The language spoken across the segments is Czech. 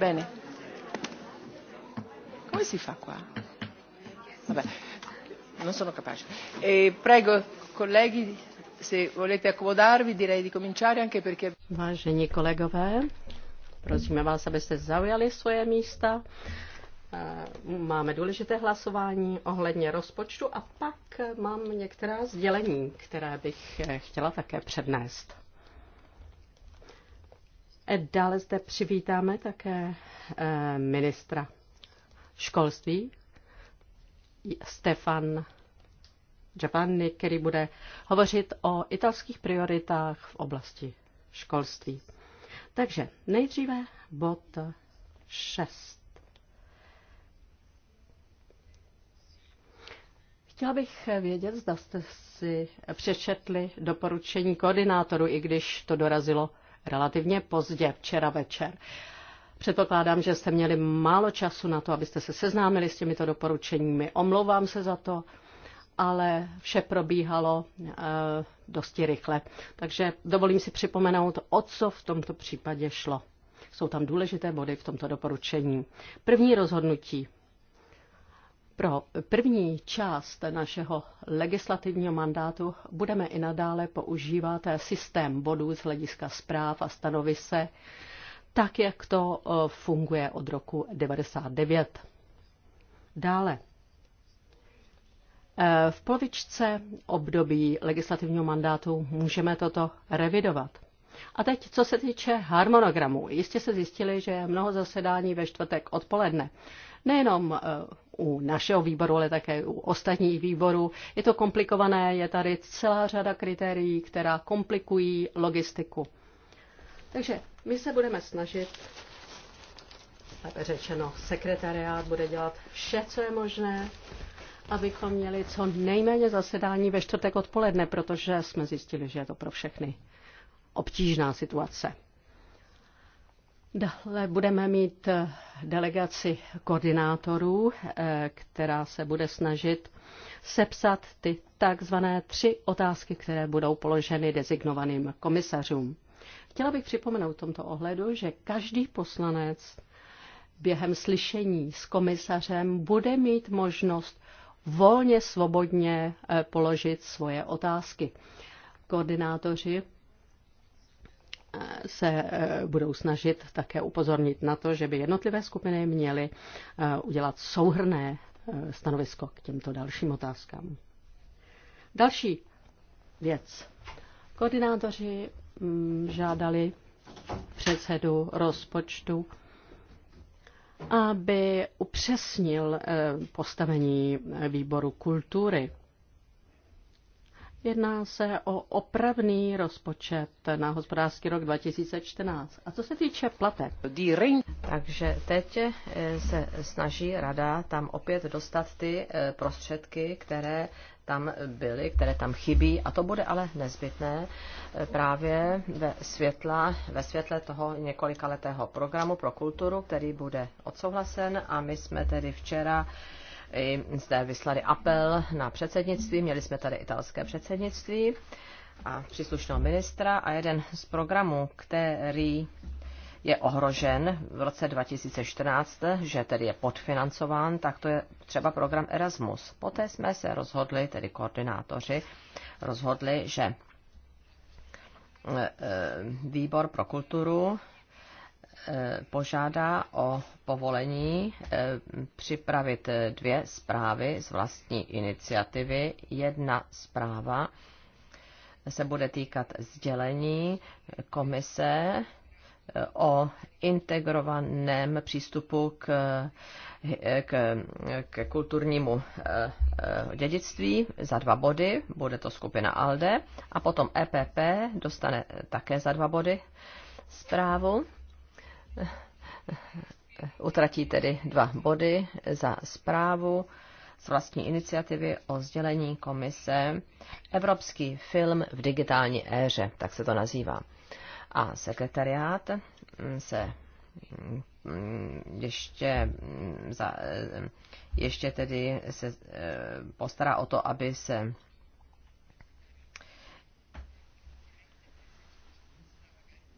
Bene. Come si fa qua? Vabbè, non sono capace. E prego, colleghi, se volete accomodarvi, direi di cominciare anche perché... Vážení kolegové, prosíme vás, abyste zaujali svoje místa. Eh, máme důležité hlasování ohledně rozpočtu a pak mám některá sdělení, které bych eh, chtěla také přednést. Dále zde přivítáme také eh, ministra školství Stefan Giovanni, který bude hovořit o italských prioritách v oblasti školství. Takže nejdříve bod 6. Chtěla bych vědět, zda jste si přečetli doporučení koordinátoru, i když to dorazilo relativně pozdě včera večer. Předpokládám, že jste měli málo času na to, abyste se seznámili s těmito doporučeními. Omlouvám se za to, ale vše probíhalo e, dosti rychle. Takže dovolím si připomenout, o co v tomto případě šlo. Jsou tam důležité body v tomto doporučení. První rozhodnutí pro první část našeho legislativního mandátu budeme i nadále používat systém bodů z hlediska zpráv a stanovise, tak jak to eh, funguje od roku 99. Dále. Eh, v polovičce období legislativního mandátu můžeme toto revidovat. A teď, co se týče harmonogramu. Jistě se zjistili, že je mnoho zasedání ve čtvrtek odpoledne. Nejenom eh, u našeho výboru, ale také u ostatních výborů. Je to komplikované, je tady celá řada kritérií, která komplikují logistiku. Takže my se budeme snažit, lépe řečeno, sekretariát bude dělat vše, co je možné, abychom měli co nejméně zasedání ve čtvrtek odpoledne, protože jsme zjistili, že je to pro všechny obtížná situace. Dále budeme mít eh, delegaci koordinátorů, eh, která se bude snažit sepsat ty takzvané tři otázky, které budou položeny designovaným komisařům. Chtěla bych připomenout v tomto ohledu, že každý poslanec během slyšení s komisařem bude mít možnost volně, svobodně eh, položit svoje otázky. Koordinátoři se eh, budou snažit také upozornit na to, že by jednotlivé skupiny měly eh, udělat souhrné eh, stanovisko k těmto dalším otázkám. Další věc. Koordinátoři mm, žádali předsedu rozpočtu, aby upřesnil postavení výboru kultury. Jedná se o opravný rozpočet na hospodářský rok 2014. A co se týče plateb? Takže teď eh, se snaží rada tam opět dostat ty eh, prostředky, které tam byly, které tam chybí a to bude ale nezbytné eh, právě ve, světla, ve světle toho několikaletého programu pro kulturu, který bude odsouhlasen a my jsme tedy včera i zde vyslali apel na předsednictví. Měli jsme tady italské předsednictví a příslušného ministra a jeden z programů, který je ohrožen v roce 2014, že tedy je podfinancován, tak to je třeba program Erasmus. Poté jsme se rozhodli, tedy koordinátoři, rozhodli, že e, e, výbor pro kulturu Eh, požádá o povolení eh, připravit eh, dvě zprávy z vlastní iniciativy. Jedna zpráva se bude týkat sdělení komise o integrovaném přístupu k, k, k kulturnímu dědictví za dva body, bude to skupina ALDE, a potom EPP dostane také za dva body zprávu utratí tedy dva body za zprávu z vlastní iniciativy o sdělení komise Evropský film v digitální éře, tak se to nazývá. A sekretariát se ještě, za, ještě tedy se eh, postará o to, aby se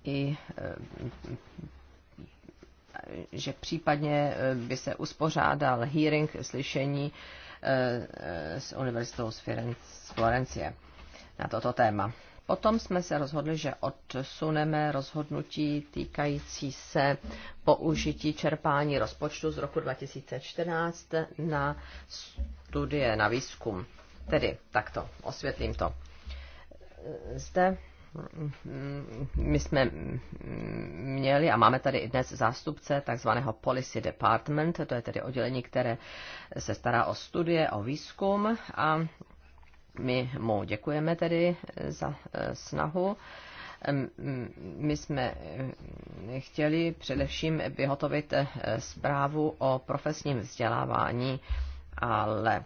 i eh, že případně eh, by se uspořádal hearing, slyšení eh, eh, s univerzitou z Florencie na toto téma. Potom jsme se rozhodli, že odsuneme rozhodnutí týkající se použití čerpání rozpočtu z roku 2014 na studie, na výzkum. Tedy takto, osvětlím to. Zde my jsme měli a máme tady i dnes zástupce takzvaného Policy Department, to je tedy oddělení, které se stará o studie, o výzkum a my mu děkujeme tedy za eh, snahu. My jsme eh, chtěli především vyhotovit eh, zprávu o profesním vzdělávání, ale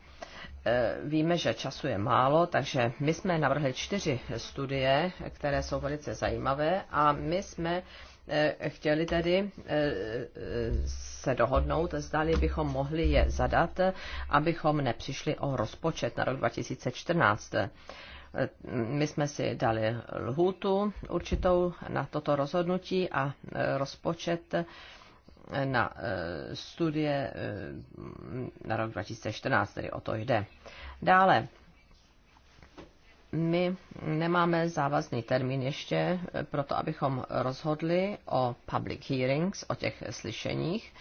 Eh, víme, že času je málo, takže my jsme navrhli čtyři studie, které jsou velice zajímavé a my jsme eh, chtěli tedy eh, se dohodnout, zdali bychom mohli je zadat, abychom nepřišli o rozpočet na rok 2014. My jsme si dali lhůtu určitou na toto rozhodnutí a rozpočet na eh, studie eh, na rok 2014, tedy o to jde. Dále, my nemáme závazný termín ještě eh, proto, abychom rozhodli o public hearings, o těch slyšeních,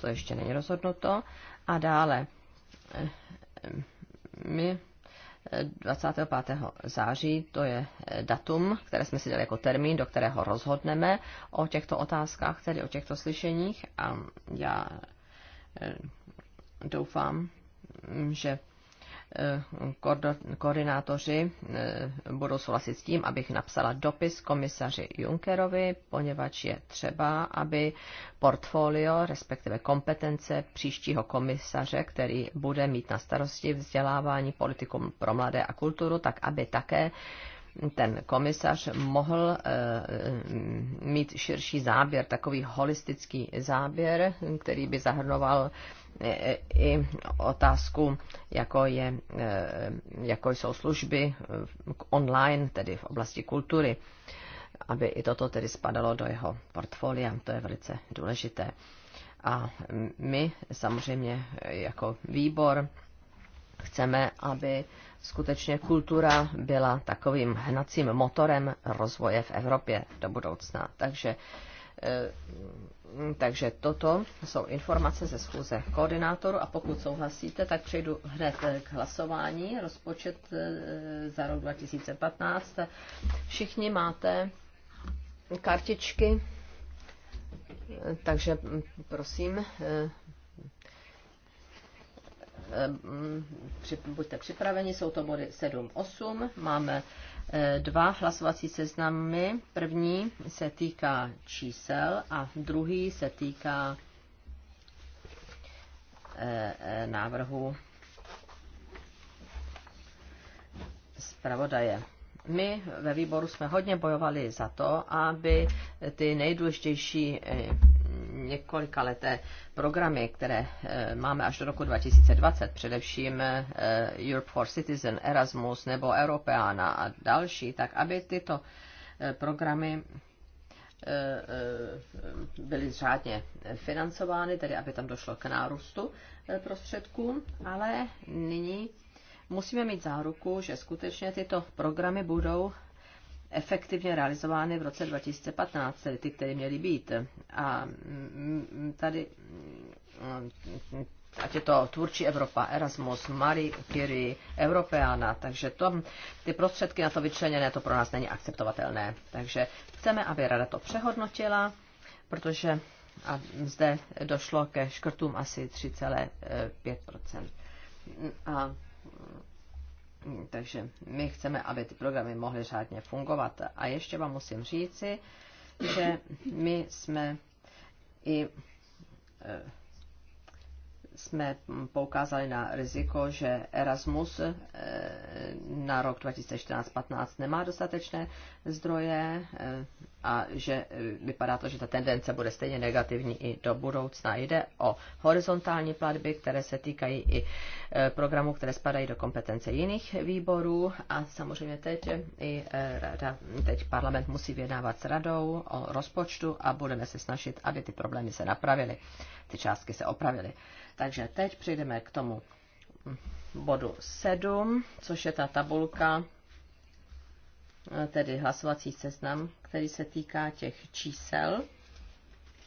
to ještě není rozhodnuto. A dále, my 25. září, to je eh, datum, které jsme si dali jako termín, do kterého rozhodneme o těchto otázkách, tedy o těchto slyšeních a já eh, doufám, že koordinátoři e, budou souhlasit s tím, abych napsala dopis komisaři Junckerovi, poněvadž je třeba, aby portfolio, respektive kompetence příštího komisaře, který bude mít na starosti vzdělávání politikum pro mladé a kulturu, tak aby také ten komisař mohl e, mít širší záběr, takový holistický záběr, který by zahrnoval E, e, i otázku, jako, je, e, jako jsou služby online, tedy v oblasti kultury, aby i toto tedy spadalo do jeho portfolia. To je velice důležité. A my samozřejmě jako výbor chceme, aby skutečně kultura byla takovým hnacím motorem rozvoje v Evropě do budoucna. Takže Mm, takže toto jsou informace ze schůze koordinátoru a pokud souhlasíte, tak přejdu hned eh, k hlasování. Rozpočet eh, za rok 2015. Všichni máte kartičky, eh, takže mm, prosím, mm, buďte připraveni, jsou to body 7-8, máme dva hlasovací seznamy. První se týká čísel a druhý se týká eh, eh, návrhu zpravodaje. My ve výboru jsme hodně bojovali za to, aby ty nejdůležitější eh, několika leté programy, které eh, máme až do roku 2020, především eh, Europe for Citizen, Erasmus nebo Europeana a další, tak aby tyto eh, programy byly řádně financovány, tedy aby tam došlo k nárůstu prostředků, ale nyní musíme mít záruku, že skutečně tyto programy budou efektivně realizovány v roce 2015, tedy ty, které měly být. A mm, tady, mm, ať je to Tvůrčí Evropa, Erasmus, Marie Curie, Europeana, takže to, ty prostředky na to vyčleněné, to pro nás není akceptovatelné. Takže chceme, aby Rada to přehodnotila, protože a zde došlo ke škrtům asi 3,5%. Eh, a takže my chceme, aby ty programy mohly řádně fungovat. A ještě vám musím říci, že my jsme i jsme poukázali na riziko, že Erasmus eh, na rok 2014-15 nemá dostatečné zdroje eh, a že eh, vypadá to, že ta tendence bude stejně negativní i do budoucna. Jde o horizontální platby, které se týkají i programů, které spadají do kompetence jiných výborů a samozřejmě teď i rada, teď parlament musí vyjednávat s radou o rozpočtu a budeme se snažit, aby ty problémy se napravily, ty částky se opravily. Takže teď přejdeme k tomu bodu 7, což je ta tabulka, tedy hlasovací seznam, který se týká těch čísel.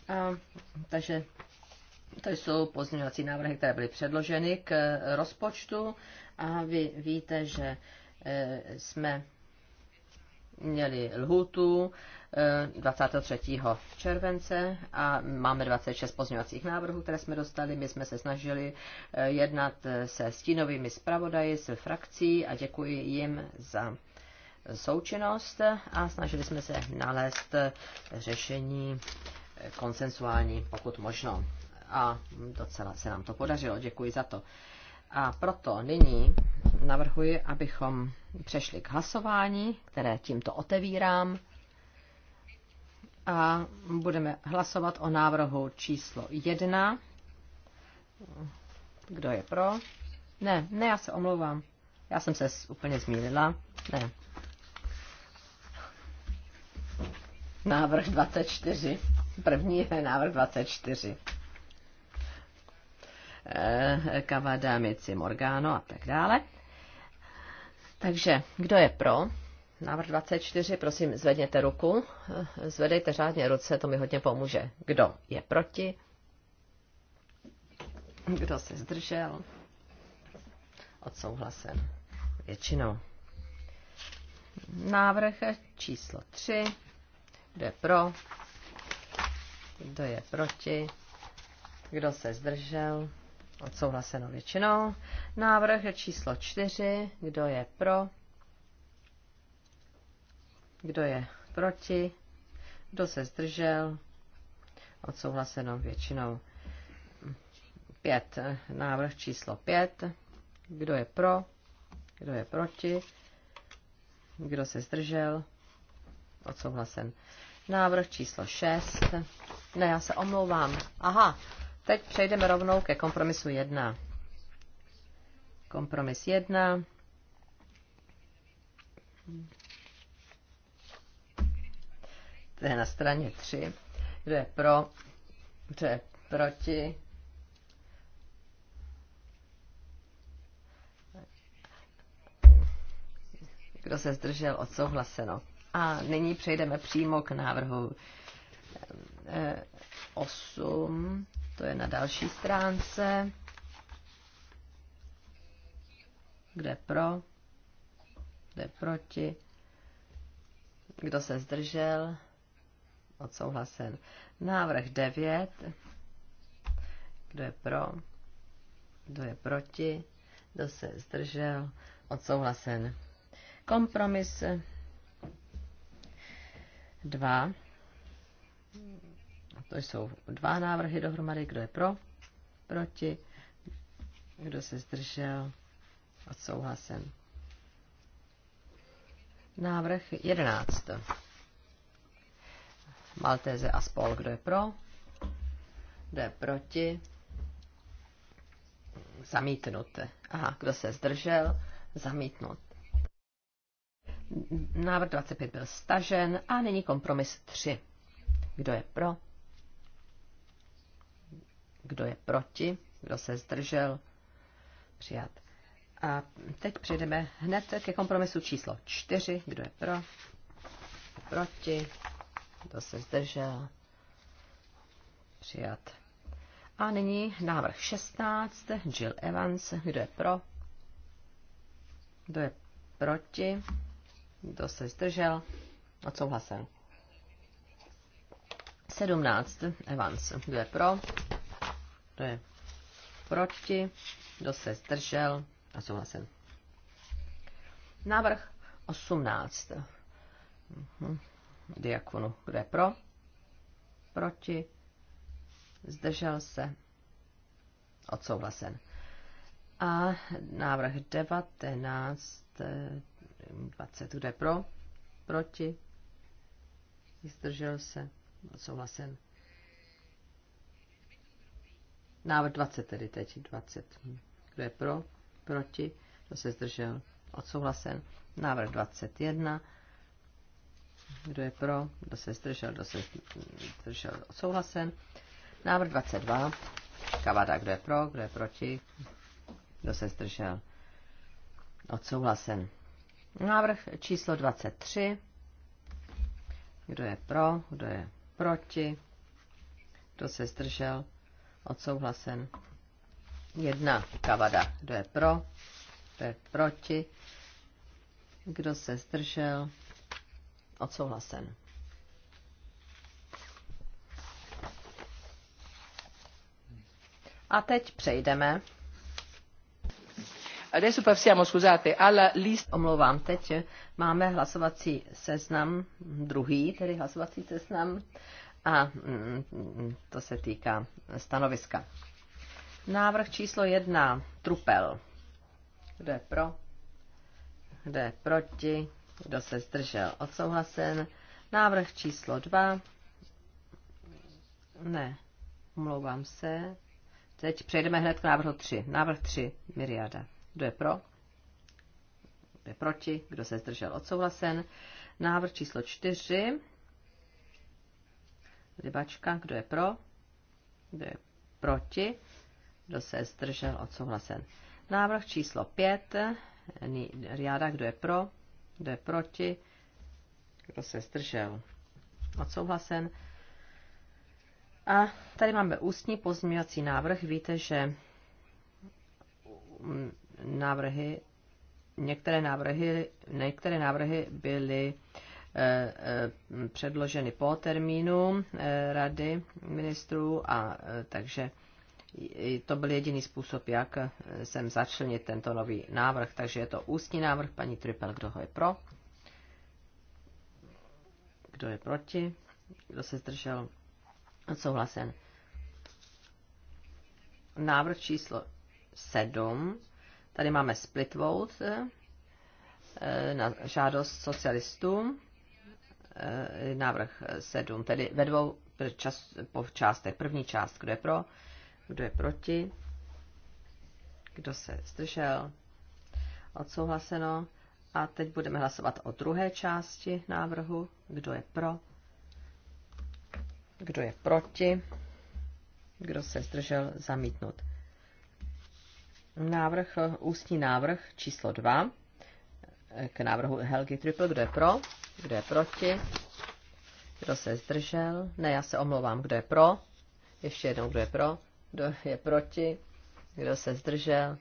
A, takže to jsou pozměňovací návrhy, které byly předloženy k rozpočtu a vy víte, že eh, jsme měli lhutu 23. Eh, července a máme 26 pozměňovacích návrhů, které jsme dostali. My jsme se snažili eh, jednat eh, se stínovými zpravodaji, s frakcí a děkuji jim za součinnost a snažili jsme se nalézt řešení konsensuální, pokud možno. A docela se nám to podařilo, děkuji za to. A proto nyní navrhuji, abychom přešli k hlasování, které tímto otevírám a budeme hlasovat o návrhu číslo 1. Kdo je pro? Ne, ne, já se omlouvám. Já jsem se úplně zmínila. Ne. Návrh 24. První je návrh 24. Kavada, Mici, Morgano a tak dále. Takže, kdo je pro? Návrh 24, prosím, zvedněte ruku. Zvedejte řádně ruce, to mi hodně pomůže. Kdo je proti? Kdo se zdržel? Odsouhlasen většinou. Návrh číslo 3. Kdo je pro? Kdo je proti? Kdo se zdržel? Odsouhlaseno většinou. Návrh číslo 4. Kdo je pro? Kdo je proti? Kdo se zdržel? Odsouhlaseno většinou. Pět. Návrh číslo pět. Kdo je pro? Kdo je proti? Kdo se zdržel? Odsouhlasen. Návrh číslo 6. Ne, já se omlouvám. Aha, teď přejdeme rovnou ke kompromisu 1. Kompromis 1 to je na straně 3, kdo je pro, kdo je proti, kdo se zdržel, odsouhlaseno. A nyní přejdeme přímo k návrhu 8, eh, to je na další stránce. Kde pro? Kde proti? Kdo se zdržel? Odsouhlasen. Návrh 9. Kdo je pro? Kdo je proti? Kdo se zdržel? Odsouhlasen. Kompromis 2. To jsou dva návrhy dohromady. Kdo je pro? Proti? Kdo se zdržel? Odsouhlasen. Návrh 11. Malteze a spol. Kdo je pro? Kdo je proti? Zamítnut. Aha, kdo se zdržel? Zamítnut. Návrh 25 byl stažen a nyní kompromis 3. Kdo je pro? Kdo je proti? Kdo se zdržel? Přijat. A teď přejdeme hned ke kompromisu číslo 4. Kdo je pro? Proti? Kdo se zdržel? Přijat. A nyní návrh 16, Jill Evans. Kdo je pro? Kdo je proti? Kdo se zdržel? Odsouhlasen. 17, Evans. Kdo je pro? Kdo je proti? Kdo se zdržel? a Odsouhlasen. Návrh 18 diakonu. Kdo je pro? Proti? Zdržel se? Odsouhlasen. A návrh 19, 20. Kdo je pro? Proti? Zdržel se? Odsouhlasen. Návrh 20 tedy teď, 20. Kdo je pro? Proti? Kdo se zdržel? Odsouhlasen. Návrh 21. Kdo je pro? Kdo se zdržel? Kdo se zdržel? Souhlasen. Návrh 22. Kavada, kdo je pro? Kdo je proti? Kdo se zdržel? Odsouhlasen. Návrh číslo 23. Kdo je pro? Kdo je proti? Kdo se zdržel? Odsouhlasen. Jedna kavada. Kdo je pro? Kdo je proti? Kdo se zdržel? odsouhlasen. A teď přejdeme. Adesso passiamo, scusate, alla list... Omlouvám, teď máme hlasovací seznam, druhý tedy hlasovací seznam a mm, to se týká stanoviska. Návrh číslo jedna, Trupel. Kdo je pro? Kdo je proti? Kdo se zdržel? Odsouhlasen. Návrh číslo 2. Ne, omlouvám se. Teď přejdeme hned k návrhu 3. Návrh 3, Miriada. Kdo je pro? Kdo je proti? Kdo se zdržel? Odsouhlasen. Návrh číslo 4. Rybačka, kdo je pro? Kdo je proti? Kdo se zdržel? Odsouhlasen. Návrh číslo 5. Riada, kdo je pro? Kdo je proti? Kdo se zdržel? Odsouhlasen. A tady máme ústní pozměňovací návrh. Víte, že návrhy, některé návrhy, některé návrhy byly eh, eh, předloženy po termínu eh, rady ministrů a takže to byl jediný způsob, jak jsem eh, začlenit tento nový návrh. Takže je to ústní návrh paní Trypel, kdo ho je pro, kdo je proti, kdo se zdržel, Souhlasen. Návrh číslo 7. Tady máme split vote eh, na žádost socialistů. Eh, návrh 7, tedy ve dvou čas, po částech. První část, kdo je pro, kdo je proti? Kdo se zdržel? Odsouhlaseno. A teď budeme hlasovat o druhé části návrhu. Kdo je pro? Kdo je proti? Kdo se zdržel? Zamítnut. Návrh, ústní návrh číslo 2 k návrhu Helgi Triple. Kdo je pro? Kdo je proti? Kdo se zdržel? Ne, já se omlouvám. Kdo je pro? Ještě jednou, kdo je pro? kdo je proti, kdo se zdržel.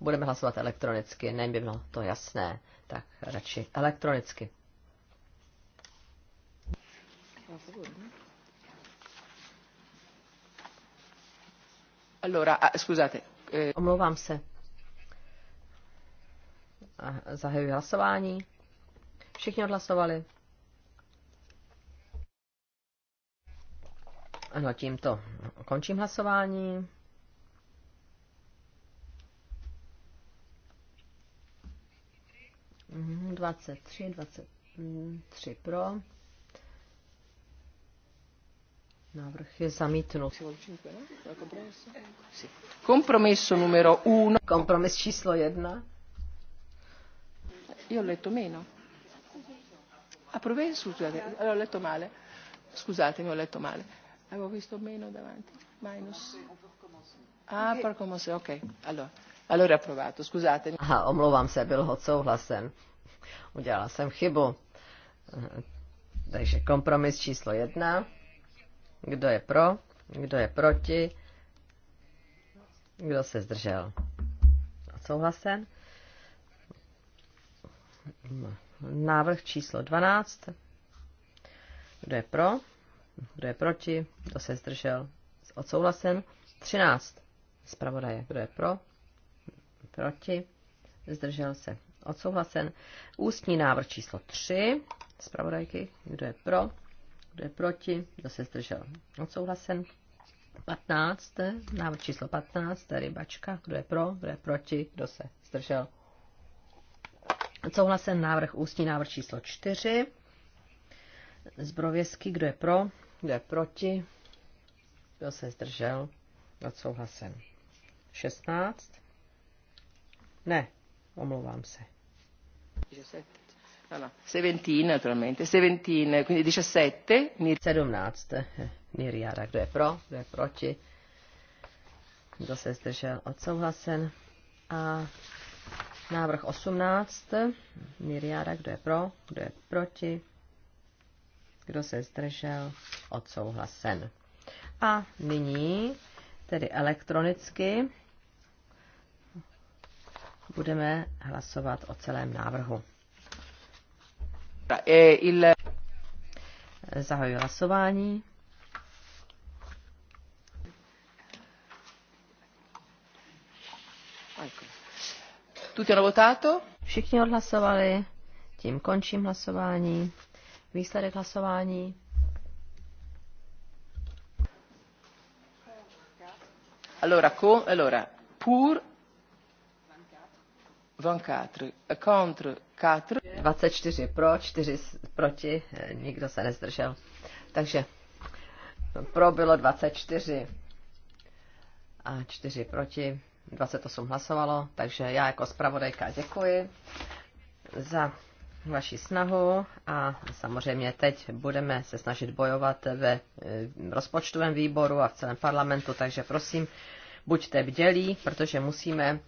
Budeme hlasovat elektronicky, nevím, by bylo to jasné, tak radši elektronicky. Allora, ah, scusate. Eh, Omlouvám se. Zahajuji hlasování. Všichni odhlasovali. Ano, tímto končím hlasování. Mhm, 23, 23 pro. Návrh je zamítnut. Kompromiso numero uno. Kompromis číslo jedna. Io ho letto meno. Approveso, scusate, ho letto male. Scusatemi, ho letto male Avevo visto meno davanti. Minus. Ah, per commencer, ok. Allora, allora ho provato, scusate. Aha, omlouvám se, byl souhlasen. Udělala jsem chybu. Eh, takže kompromis číslo jedna. Kdo je pro? Kdo je proti? Kdo se zdržel? Souhlasen. Hm, návrh číslo 12. Kdo je pro? Kdo je proti? Kdo se zdržel? Odsouhlasen. 13. Zpravodaje. Kdo je pro? Proti? Zdržel se. Odsouhlasen. Ústní návrh číslo 3. Zpravodajky. Kdo je pro? Kdo je proti? Kdo se zdržel? Odsouhlasen. 15. Návrh číslo 15. Rybačka. Kdo je pro? Kdo je proti? Kdo se zdržel? Odsouhlasen. návrh ústní návrh číslo 4. Zbrověsky, kdo je pro, kdo je proti? Kdo se zdržel? Odsouhlasen. 16. Ne, omlouvám se. 17. No, 17 naturalmente, 17, 17. 17, Niriara, kdo je pro, kdo je proti, kdo se zdržel, odsouhlasen. A návrh 18, Miriada, kdo je pro, kdo je proti, kdo se zdržel, odsouhlasen. A nyní tedy elektronicky budeme hlasovat o celém návrhu. E, Zahajuji hlasování. Všichni odhlasovali, tím končím hlasování. Výsledek hlasování. Allora, co, allora, pur 24, contre 4. 24 pro, 4 proti, eh, nikdo se nezdržel. Takže pro bylo 24 a 4 proti, 28 hlasovalo, takže já jako zpravodajka děkuji za vaši snahu a samozřejmě teď budeme se snažit bojovat ve eh, rozpočtovém výboru a v celém parlamentu, takže prosím, buďte bdělí, protože musíme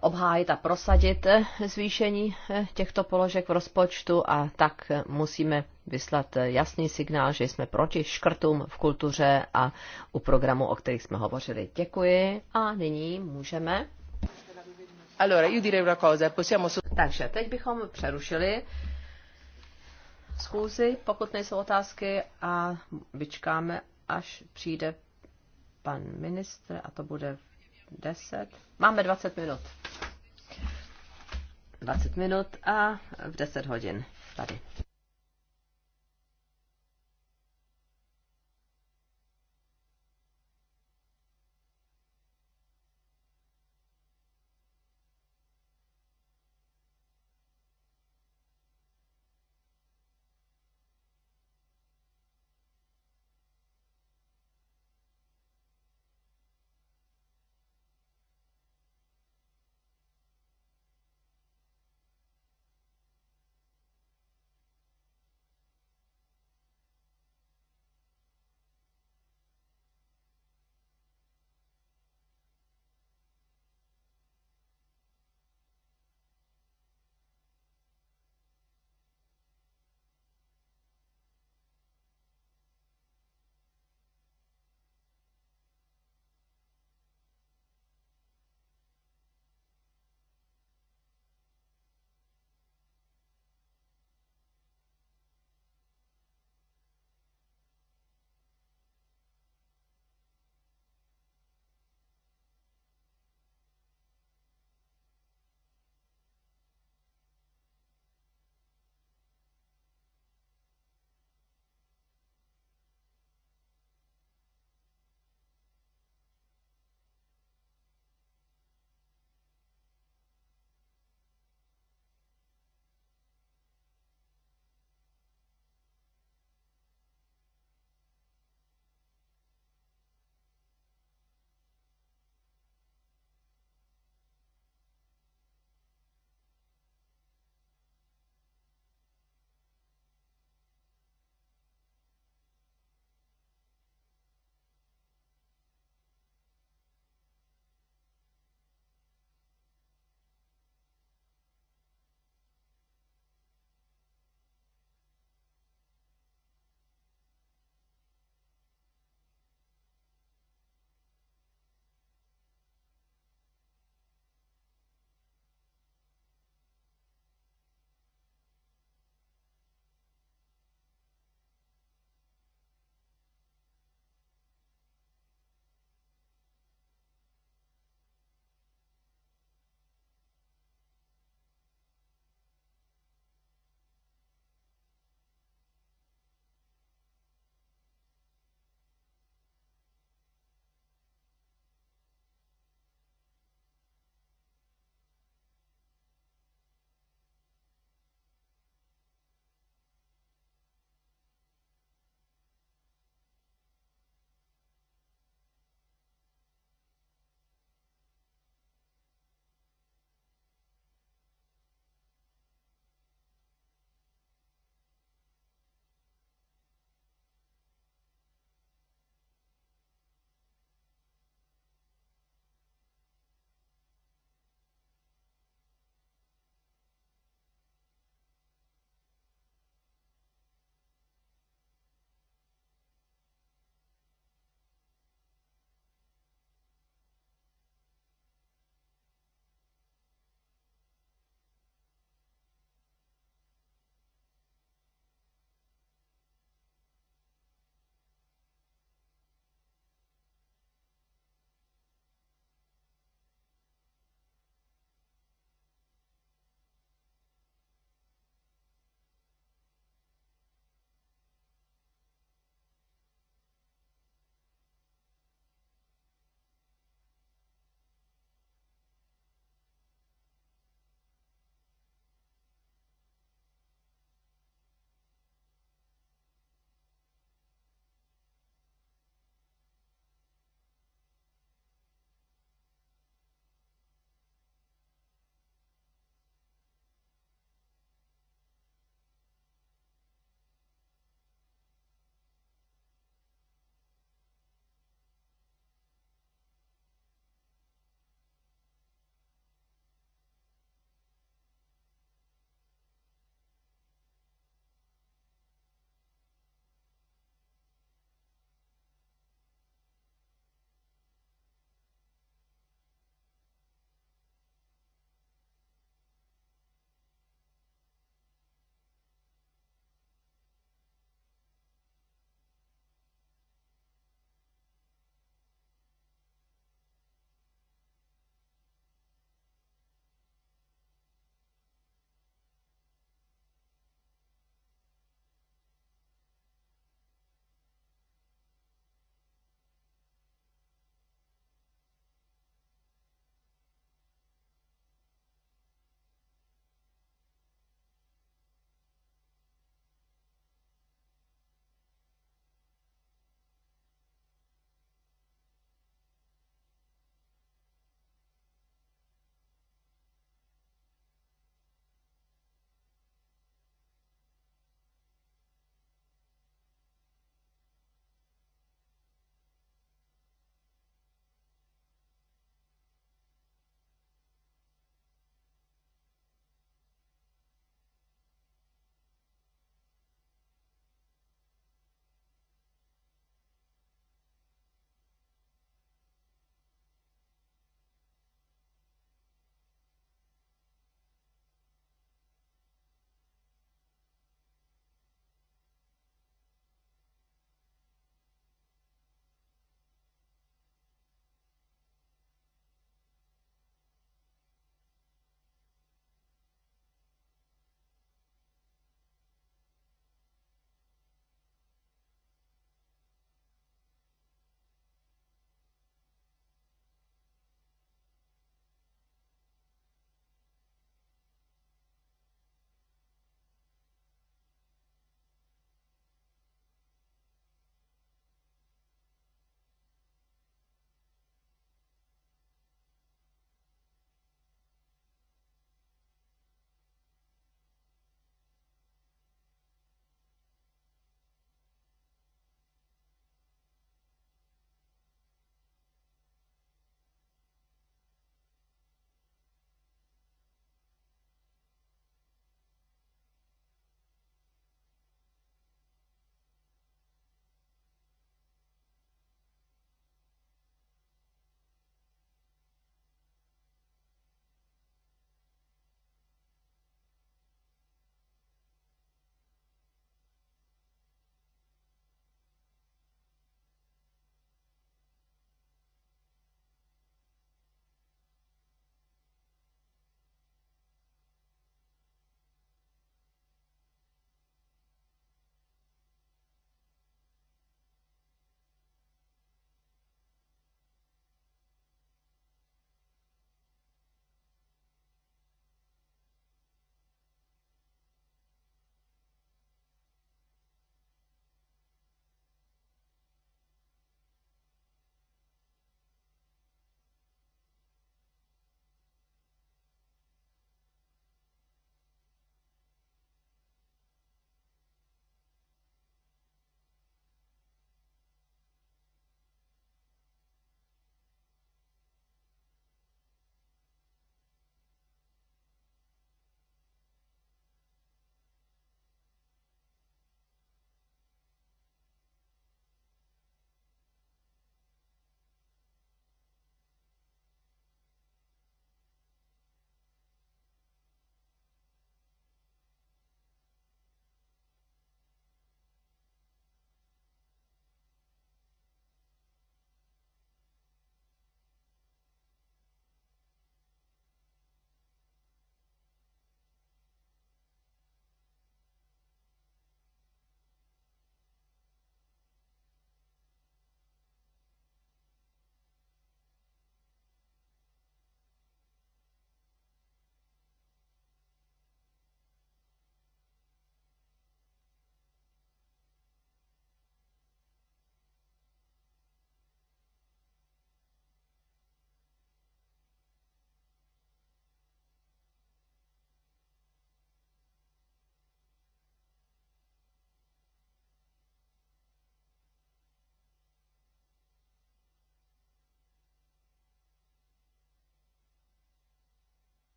obhájit a prosadit zvýšení eh, těchto položek v rozpočtu a tak musíme vyslat jasný signál, že jsme proti škrtům v kultuře a u programu, o kterých jsme hovořili. Děkuji a nyní můžeme Allora, io direi una cosa, possiamo... Takže teď bychom přerušili schůzi, pokud nejsou otázky a vyčkáme, až přijde pan ministr a to bude 10. Máme 20 minut. 20 minut a v 10 hodin tady.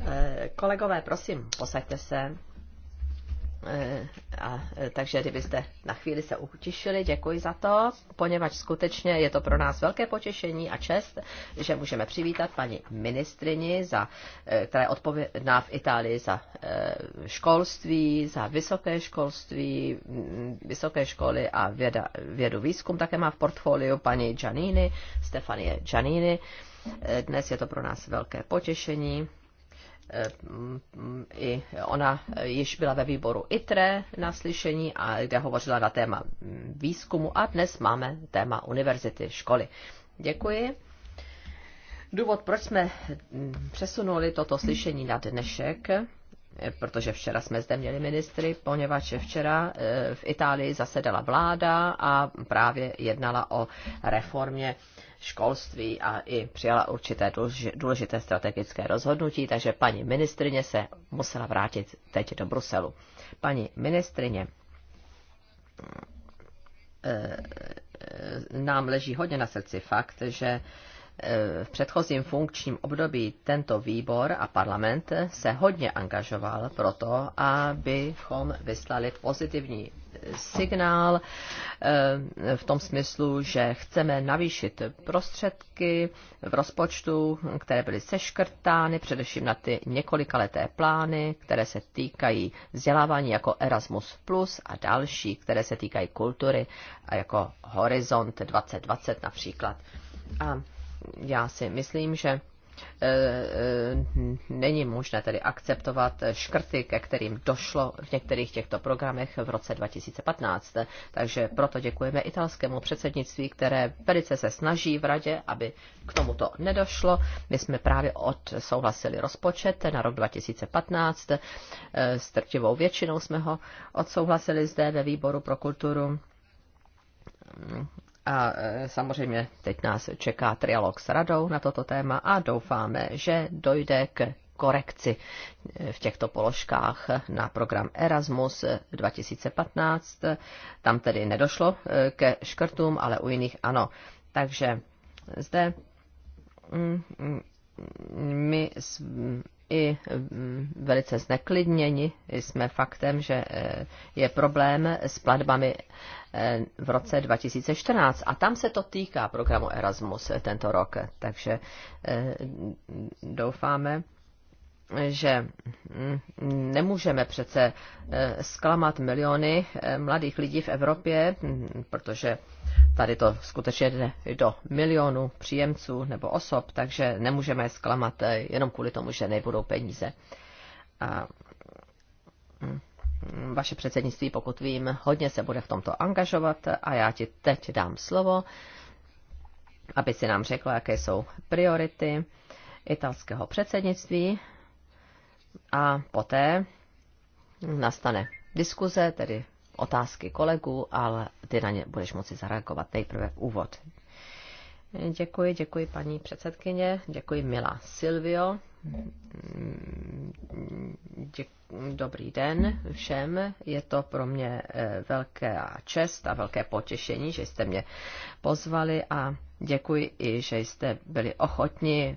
Eh, kolegové, prosím, posaďte se. Eh, a, eh, takže kdybyste na chvíli se utišili, děkuji za to, poněvadž skutečně je to pro nás velké potěšení a čest, že můžeme přivítat paní ministrini, za, která je odpovědná v Itálii za školství, za vysoké školství, mm, vysoké školy a věda, vědu výzkum také má v portfoliu paní Giannini, Stefanie Giannini dnes je to pro nás velké potěšení. Eh, I ona již byla ve výboru ITRE na slyšení, a kde hovořila na téma výzkumu a dnes máme téma univerzity, školy. Děkuji. Důvod, proč jsme přesunuli toto slyšení na dnešek, eh, protože včera jsme zde měli ministry, poněvadž včera eh, v Itálii zasedala vláda a právě jednala o reformě školství a i přijala určité důležité strategické rozhodnutí, takže paní ministrině se musela vrátit teď do Bruselu. Paní ministrině eh, eh, nám leží hodně na srdci fakt, že eh, v předchozím funkčním období tento výbor a parlament se hodně angažoval pro to, abychom vyslali pozitivní signál eh, v tom smyslu, že chceme navýšit prostředky v rozpočtu, které byly seškrtány, především na ty několikaleté plány, které se týkají vzdělávání jako Erasmus Plus a další, které se týkají kultury jako Horizont 2020 například. A já si myslím, že Eh, eh, není možné tedy akceptovat škrty, ke kterým došlo v některých těchto programech v roce 2015. Takže proto děkujeme italskému předsednictví, které velice se snaží v radě, aby k tomuto nedošlo. My jsme právě odsouhlasili rozpočet na rok 2015. Eh, s trtivou většinou jsme ho odsouhlasili zde ve výboru pro kulturu a e, samozřejmě teď nás čeká trialog s radou na toto téma a doufáme, že dojde k korekci e, v těchto položkách na program Erasmus 2015. Tam tedy nedošlo e, ke škrtům, ale u jiných ano. Takže zde mm, mm, my i mm, velice zneklidněni jsme faktem, že e, je problém s platbami e, v roce 2014. A tam se to týká programu Erasmus tento rok. Takže e, doufáme, že mm, nemůžeme přece eh, zklamat miliony eh, mladých lidí v Evropě, mm, protože tady to skutečně jde do milionů příjemců nebo osob, takže nemůžeme je zklamat eh, jenom kvůli tomu, že nebudou peníze. A mm, vaše předsednictví, pokud vím, hodně se bude v tomto angažovat a já ti teď dám slovo, aby si nám řekla, jaké jsou priority italského předsednictví a poté nastane diskuze, tedy otázky kolegů, ale ty na ně budeš moci zareagovat nejprve úvod. Děkuji, děkuji paní předsedkyně, děkuji milá Silvio. Děkuji. Dobrý den všem. Je to pro mě eh, velké čest a velké potěšení, že jste mě pozvali a děkuji i, že jste byli ochotni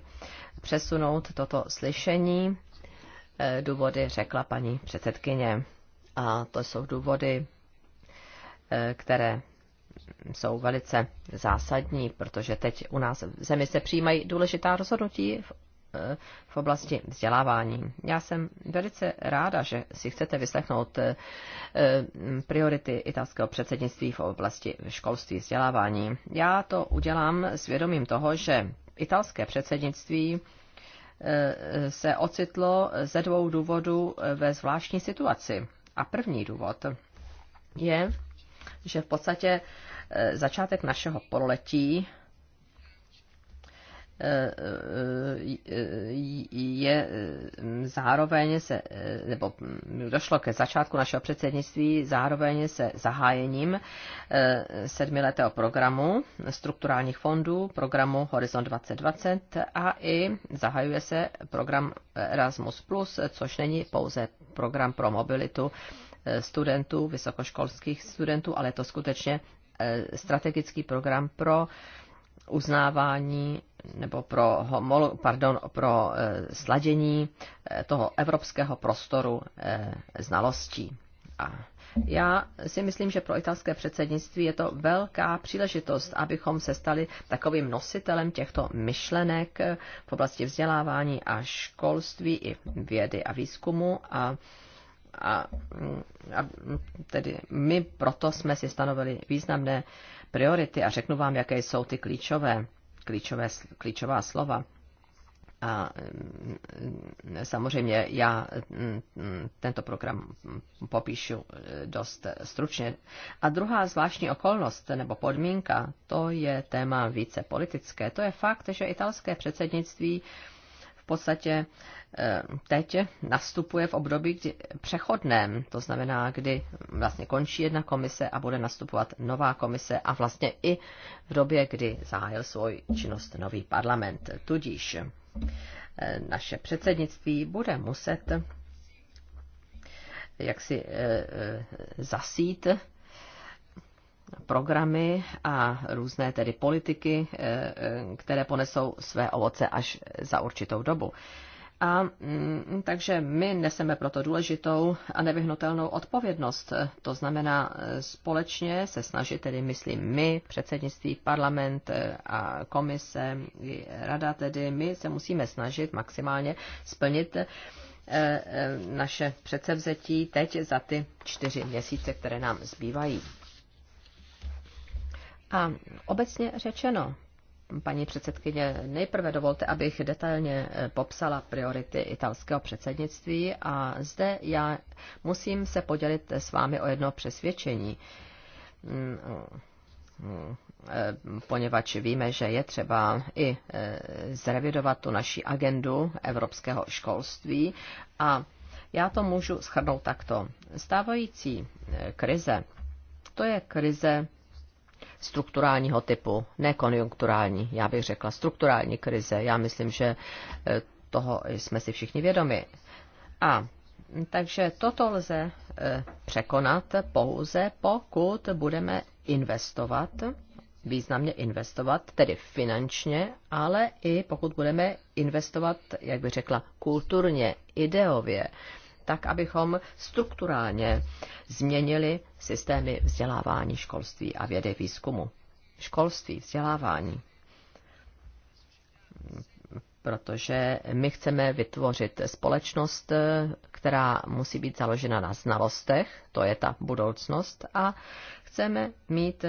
přesunout toto slyšení Eh, důvody řekla paní předsedkyně. A to jsou důvody, eh, které jsou velice zásadní, protože teď u nás v zemi se přijímají důležitá rozhodnutí v, eh, v oblasti vzdělávání. Já jsem velice ráda, že si chcete vyslechnout priority italského předsednictví v oblasti školství vzdělávání. Já to udělám svědomím toho, že italské předsednictví se ocitlo ze dvou důvodů ve zvláštní situaci. A první důvod je, že v podstatě eh, začátek našeho pololetí je zároveň se, nebo došlo ke začátku našeho předsednictví, zároveň se zahájením eh, sedmiletého programu strukturálních fondů, programu Horizon 2020 a i zahajuje se program Erasmus+, což není pouze program pro mobilitu eh, studentů, vysokoškolských studentů, ale je to skutečně eh, strategický program pro uznávání nebo pro, homolo, pardon, pro eh, sladění eh, toho evropského prostoru eh, znalostí. A já si myslím, že pro italské předsednictví je to velká příležitost, abychom se stali takovým nositelem těchto myšlenek v oblasti vzdělávání a školství i vědy a výzkumu a a, a tedy my proto jsme si stanovili významné priority a řeknu vám, jaké jsou ty klíčové, klíčové klíčová slova. A mm, mm, samozřejmě já mm, tento program popíšu eh, dost stručně. A druhá zvláštní okolnost nebo podmínka, to je téma více politické. To je fakt, že italské předsednictví podstatě eh, teď nastupuje v období kdy, přechodném, to znamená, kdy vlastně končí jedna komise a bude nastupovat nová komise a vlastně i v době, kdy zahájil svoji činnost nový parlament. Tudíž eh, naše předsednictví bude muset eh, jak si zasít programy a různé tedy politiky, eh, eh, které ponesou své ovoce až za určitou dobu. A mm, takže my neseme proto důležitou a nevyhnutelnou odpovědnost. To znamená eh, společně se snažit, tedy myslím my, předsednictví, parlament a komise, rada tedy, my se musíme snažit maximálně splnit naše předsevzetí teď za ty čtyři měsíce, které nám zbývají. A obecně řečeno, paní předsedkyně, nejprve dovolte, abych detailně eh, popsala priority italského předsednictví a zde já musím se podělit s vámi o jedno přesvědčení mm, mm, mm, eh, poněvadž víme, že je třeba i eh, zrevidovat tu naši agendu evropského školství. A já to můžu schrnout takto. Stávající krize, to je krize strukturálního typu, ne konjunkturální, já bych řekla strukturální krize. Já myslím, že eh, toho jsme si všichni vědomi. A takže toto lze eh, překonat pouze, pokud budeme investovat, významně investovat, tedy finančně, ale i pokud budeme investovat, jak bych řekla, kulturně, ideově tak abychom strukturálně změnili systémy vzdělávání, školství a vědy výzkumu. Školství, vzdělávání. Protože my chceme vytvořit společnost, která musí být založena na znalostech, to je ta budoucnost, a chceme mít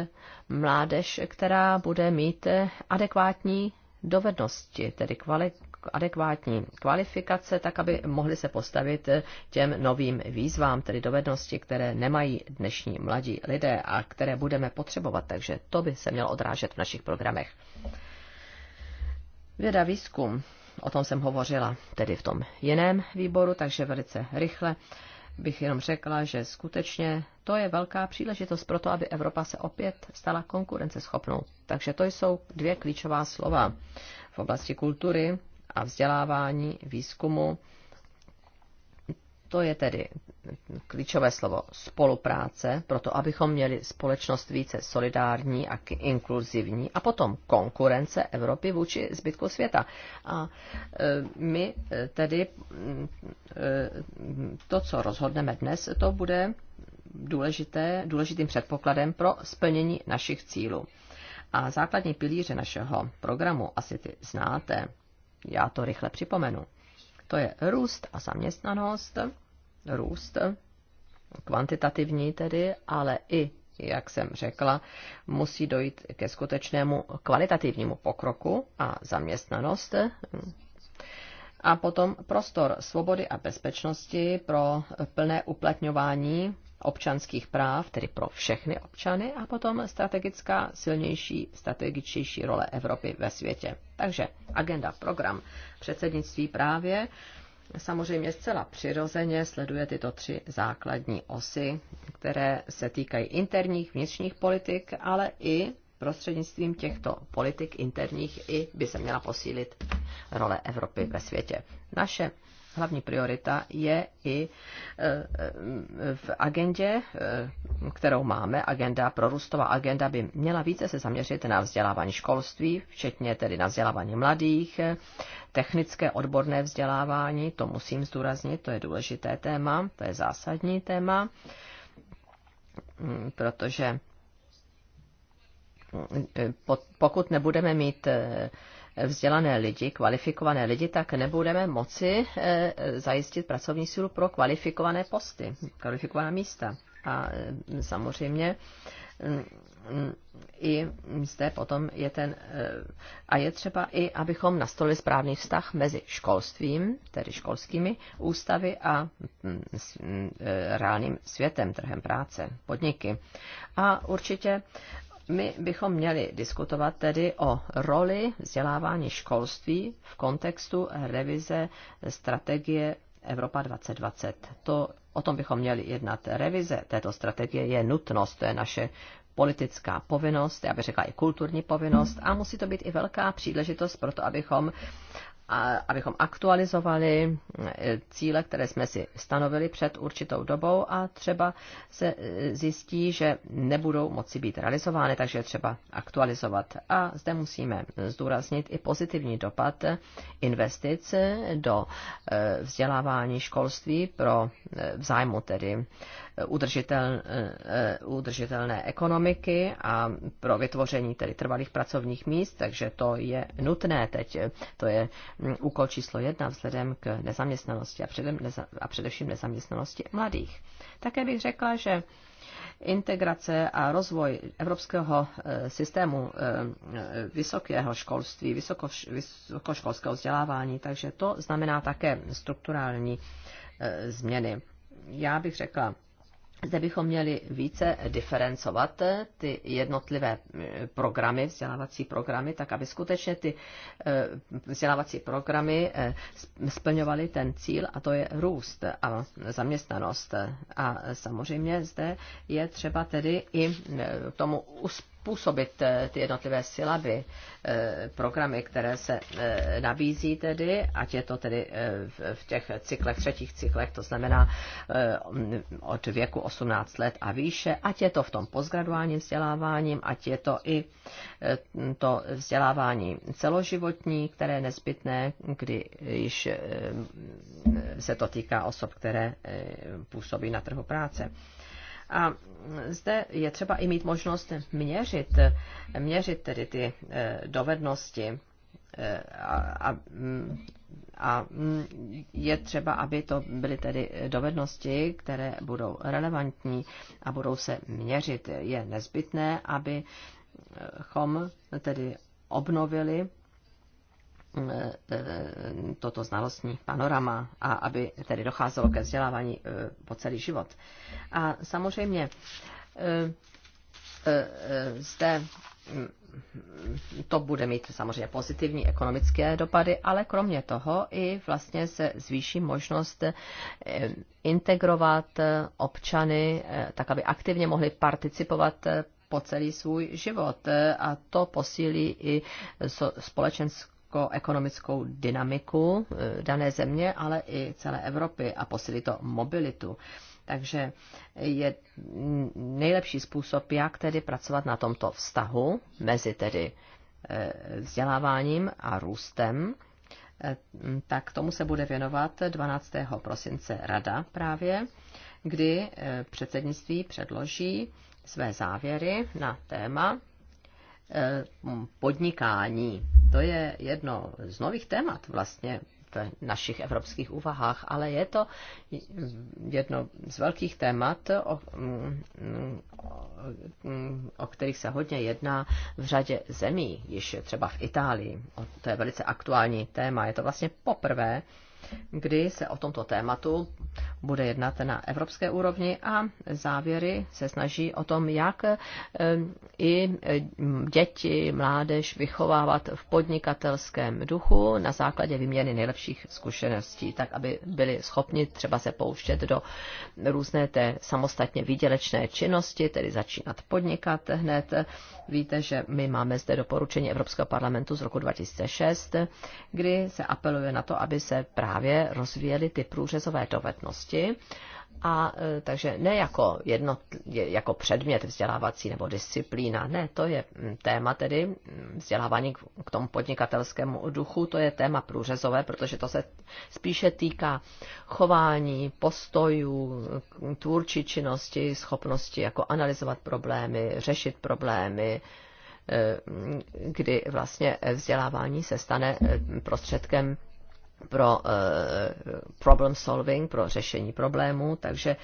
mládež, která bude mít adekvátní dovednosti, tedy kvalit, adekvátní kvalifikace, tak aby mohli se postavit těm novým výzvám, tedy dovednosti, které nemají dnešní mladí lidé a které budeme potřebovat. Takže to by se mělo odrážet v našich programech. Věda výzkum, o tom jsem hovořila tedy v tom jiném výboru, takže velice rychle bych jenom řekla, že skutečně to je velká příležitost pro to, aby Evropa se opět stala konkurenceschopnou. Takže to jsou dvě klíčová slova v oblasti kultury, a vzdělávání, výzkumu. To je tedy klíčové slovo spolupráce, proto abychom měli společnost více solidární a inkluzivní a potom konkurence Evropy vůči zbytku světa. A e, my e, tedy e, to, co rozhodneme dnes, to bude důležité, důležitým předpokladem pro splnění našich cílů. A základní pilíře našeho programu asi ty znáte. Já to rychle připomenu. To je růst a zaměstnanost, růst, kvantitativní tedy, ale i, jak jsem řekla, musí dojít ke skutečnému kvalitativnímu pokroku a zaměstnanost, a potom prostor svobody a bezpečnosti pro plné uplatňování občanských práv, tedy pro všechny občany, a potom strategická, silnější, strategičtější role Evropy ve světě. Takže agenda, program předsednictví právě samozřejmě zcela přirozeně sleduje tyto tři základní osy, které se týkají interních vnitřních politik, ale i prostřednictvím těchto politik interních i by se měla posílit role Evropy ve světě. Naše hlavní priorita je i e, e, v agendě, e, kterou máme, agenda prorůstová agenda by měla více se zaměřit na vzdělávání školství, včetně tedy na vzdělávání mladých, technické odborné vzdělávání, to musím zdůraznit, to je důležité téma, to je zásadní téma, mm, protože mm, pokud nebudeme mít vzdělané lidi, kvalifikované lidi, tak nebudeme moci eh, zajistit pracovní sílu pro kvalifikované posty, kvalifikovaná místa. A mm, samozřejmě mm, i zde potom je ten, eh, a je třeba i, abychom nastolili správný vztah mezi školstvím, tedy školskými ústavy a mm, eh, reálným světem, trhem práce, podniky. A určitě my bychom měli diskutovat tedy o roli vzdělávání školství v kontextu revize strategie Evropa 2020. To, o tom bychom měli jednat. Revize této strategie je nutnost, to je naše politická povinnost, já bych řekla i kulturní povinnost a musí to být i velká příležitost pro to, abychom a abychom aktualizovali eh, cíle, které jsme si stanovili před určitou dobou a třeba se eh, zjistí, že nebudou moci být realizovány, takže je třeba aktualizovat. A zde musíme zdůraznit i pozitivní dopad eh, investic do vzdělávání školství pro vzájmu tedy udržitel, eh, udržitelné ekonomiky a pro vytvoření tedy trvalých pracovních míst, takže to je nutné teď. To je mm, úkol číslo jedna vzhledem k nezaměstnanosti a, předem, a především nezaměstnanosti mladých. Také bych řekla, že integrace a rozvoj evropského eh, systému eh, vysokého školství, vysoko, vysokoškolského vzdělávání, takže to znamená také strukturální změny. Já bych řekla, zde bychom měli více diferencovat eh, ty jednotlivé eh, programy, vzdělávací programy, tak aby skutečně ty eh, vzdělávací programy splňovaly ten cíl a to je růst a zaměstnanost. A samozřejmě zde je třeba tedy i tomu uspět působit eh, ty jednotlivé silaby, eh, programy, které se eh, nabízí tedy, ať je to tedy v těch cyklech, třetích cyklech, to znamená od věku 18 let a výše, ať je to v tom postgraduálním vzděláváním, ať je to i to vzdělávání celoživotní, které je nezbytné, kdy již se to týká osob, které působí na trhu práce. A zde je třeba i mít možnost měřit, měřit tedy ty eh, dovednosti eh, a, a, a mm, je třeba, aby to byly tedy dovednosti, které budou relevantní a budou se měřit. Je nezbytné, abychom tedy obnovili E, e, toto znalostní panorama a aby tedy docházelo ke vzdělávání e, po celý život. A samozřejmě zde mm, to bude mít samozřejmě pozitivní ekonomické dopady, ale kromě toho i vlastně se zvýší možnost integrovat občany tak, aby aktivně mohli participovat po celý svůj život a to posílí i společenskou ekonomickou dynamiku e, dané země, ale i celé Evropy a posílí to mobilitu. Takže je nejlepší způsob, jak tedy pracovat na tomto vztahu mezi tedy e, vzděláváním a růstem, e, tak tomu se bude věnovat 12. prosince rada právě, kdy předsednictví předloží své závěry na téma podnikání to je jedno z nových témat vlastně v našich evropských úvahách, ale je to jedno z velkých témat, o, o kterých se hodně jedná v řadě zemí, již třeba v Itálii. To je velice aktuální téma. Je to vlastně poprvé, kdy se o tomto tématu bude jednat na evropské úrovni a závěry se snaží o tom, jak eh, i mm, děti, mládež vychovávat v podnikatelském duchu na základě výměny nejlepších zkušeností, tak aby byli schopni třeba se pouštět do různé té samostatně výdělečné činnosti, tedy začínat podnikat hned. Víte, že my máme zde doporučení Evropského parlamentu z roku 2006, kdy se apeluje na to, aby se právě právě rozvíjeli ty průřezové dovednosti. A e, takže ne jako, jedno jako předmět vzdělávací nebo disciplína, ne, to je mm, téma tedy mm, vzdělávání k tomu podnikatelskému duchu, to je téma průřezové, protože to se spíše týká chování, postojů, tvůrčí činnosti, schopnosti jako analyzovat problémy, řešit problémy, e, kdy vlastně vzdělávání se stane e, prostředkem pro eh, problem solving, pro řešení problémů, takže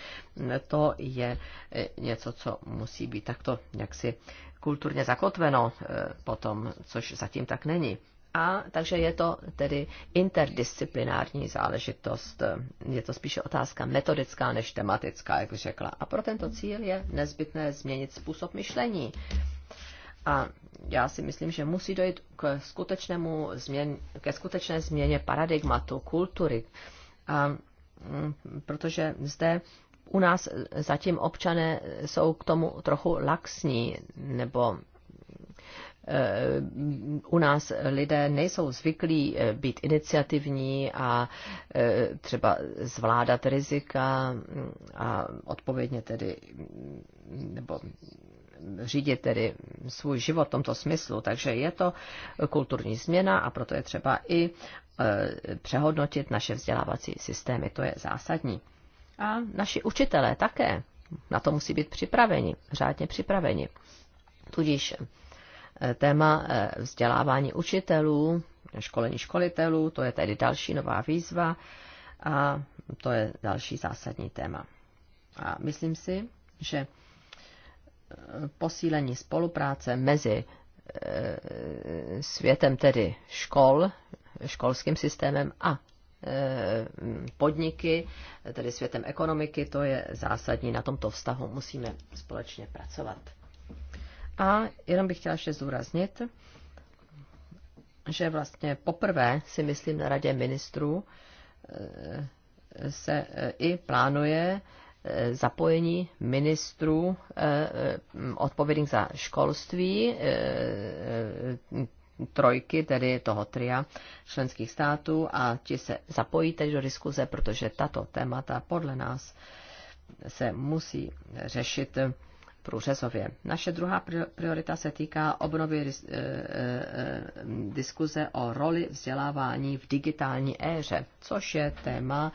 to je eh, něco, co musí být takto jaksi kulturně zakotveno eh, potom, což zatím tak není. A takže je to tedy interdisciplinární záležitost. Je to spíše otázka metodická než tematická, jak řekla. A pro tento cíl je nezbytné změnit způsob myšlení. A já si myslím, že musí dojít k, skutečnému změn, ke skutečné změně paradigmatu, kultury. A, mm, protože zde u nás zatím občané jsou k tomu trochu laxní, nebo eh, u nás lidé nejsou zvyklí eh, být iniciativní a eh, třeba zvládat rizika mm, a odpovědně tedy, mm, nebo řídit tedy svůj život v tomto smyslu. Takže je to kulturní změna a proto je třeba i e, přehodnotit naše vzdělávací systémy. To je zásadní. A naši učitelé také na to musí být připraveni, řádně připraveni. Tudíž e, téma e, vzdělávání učitelů, školení školitelů, to je tedy další nová výzva a to je další zásadní téma. A myslím si, že posílení spolupráce mezi eh, světem tedy škol, školským systémem a eh, podniky, tedy světem ekonomiky, to je zásadní. Na tomto vztahu musíme společně pracovat. A jenom bych chtěla ještě zdůraznit, že vlastně poprvé si myslím na radě ministrů eh, se i plánuje Eh, zapojení ministrů eh, eh, odpovědných za školství trojky, tedy toho tria členských států a ti se zapojí teď do diskuze, protože tato témata podle nás se musí řešit průřezově. Naše druhá priorita se týká obnovy diskuze o roli vzdělávání v digitální éře, což je téma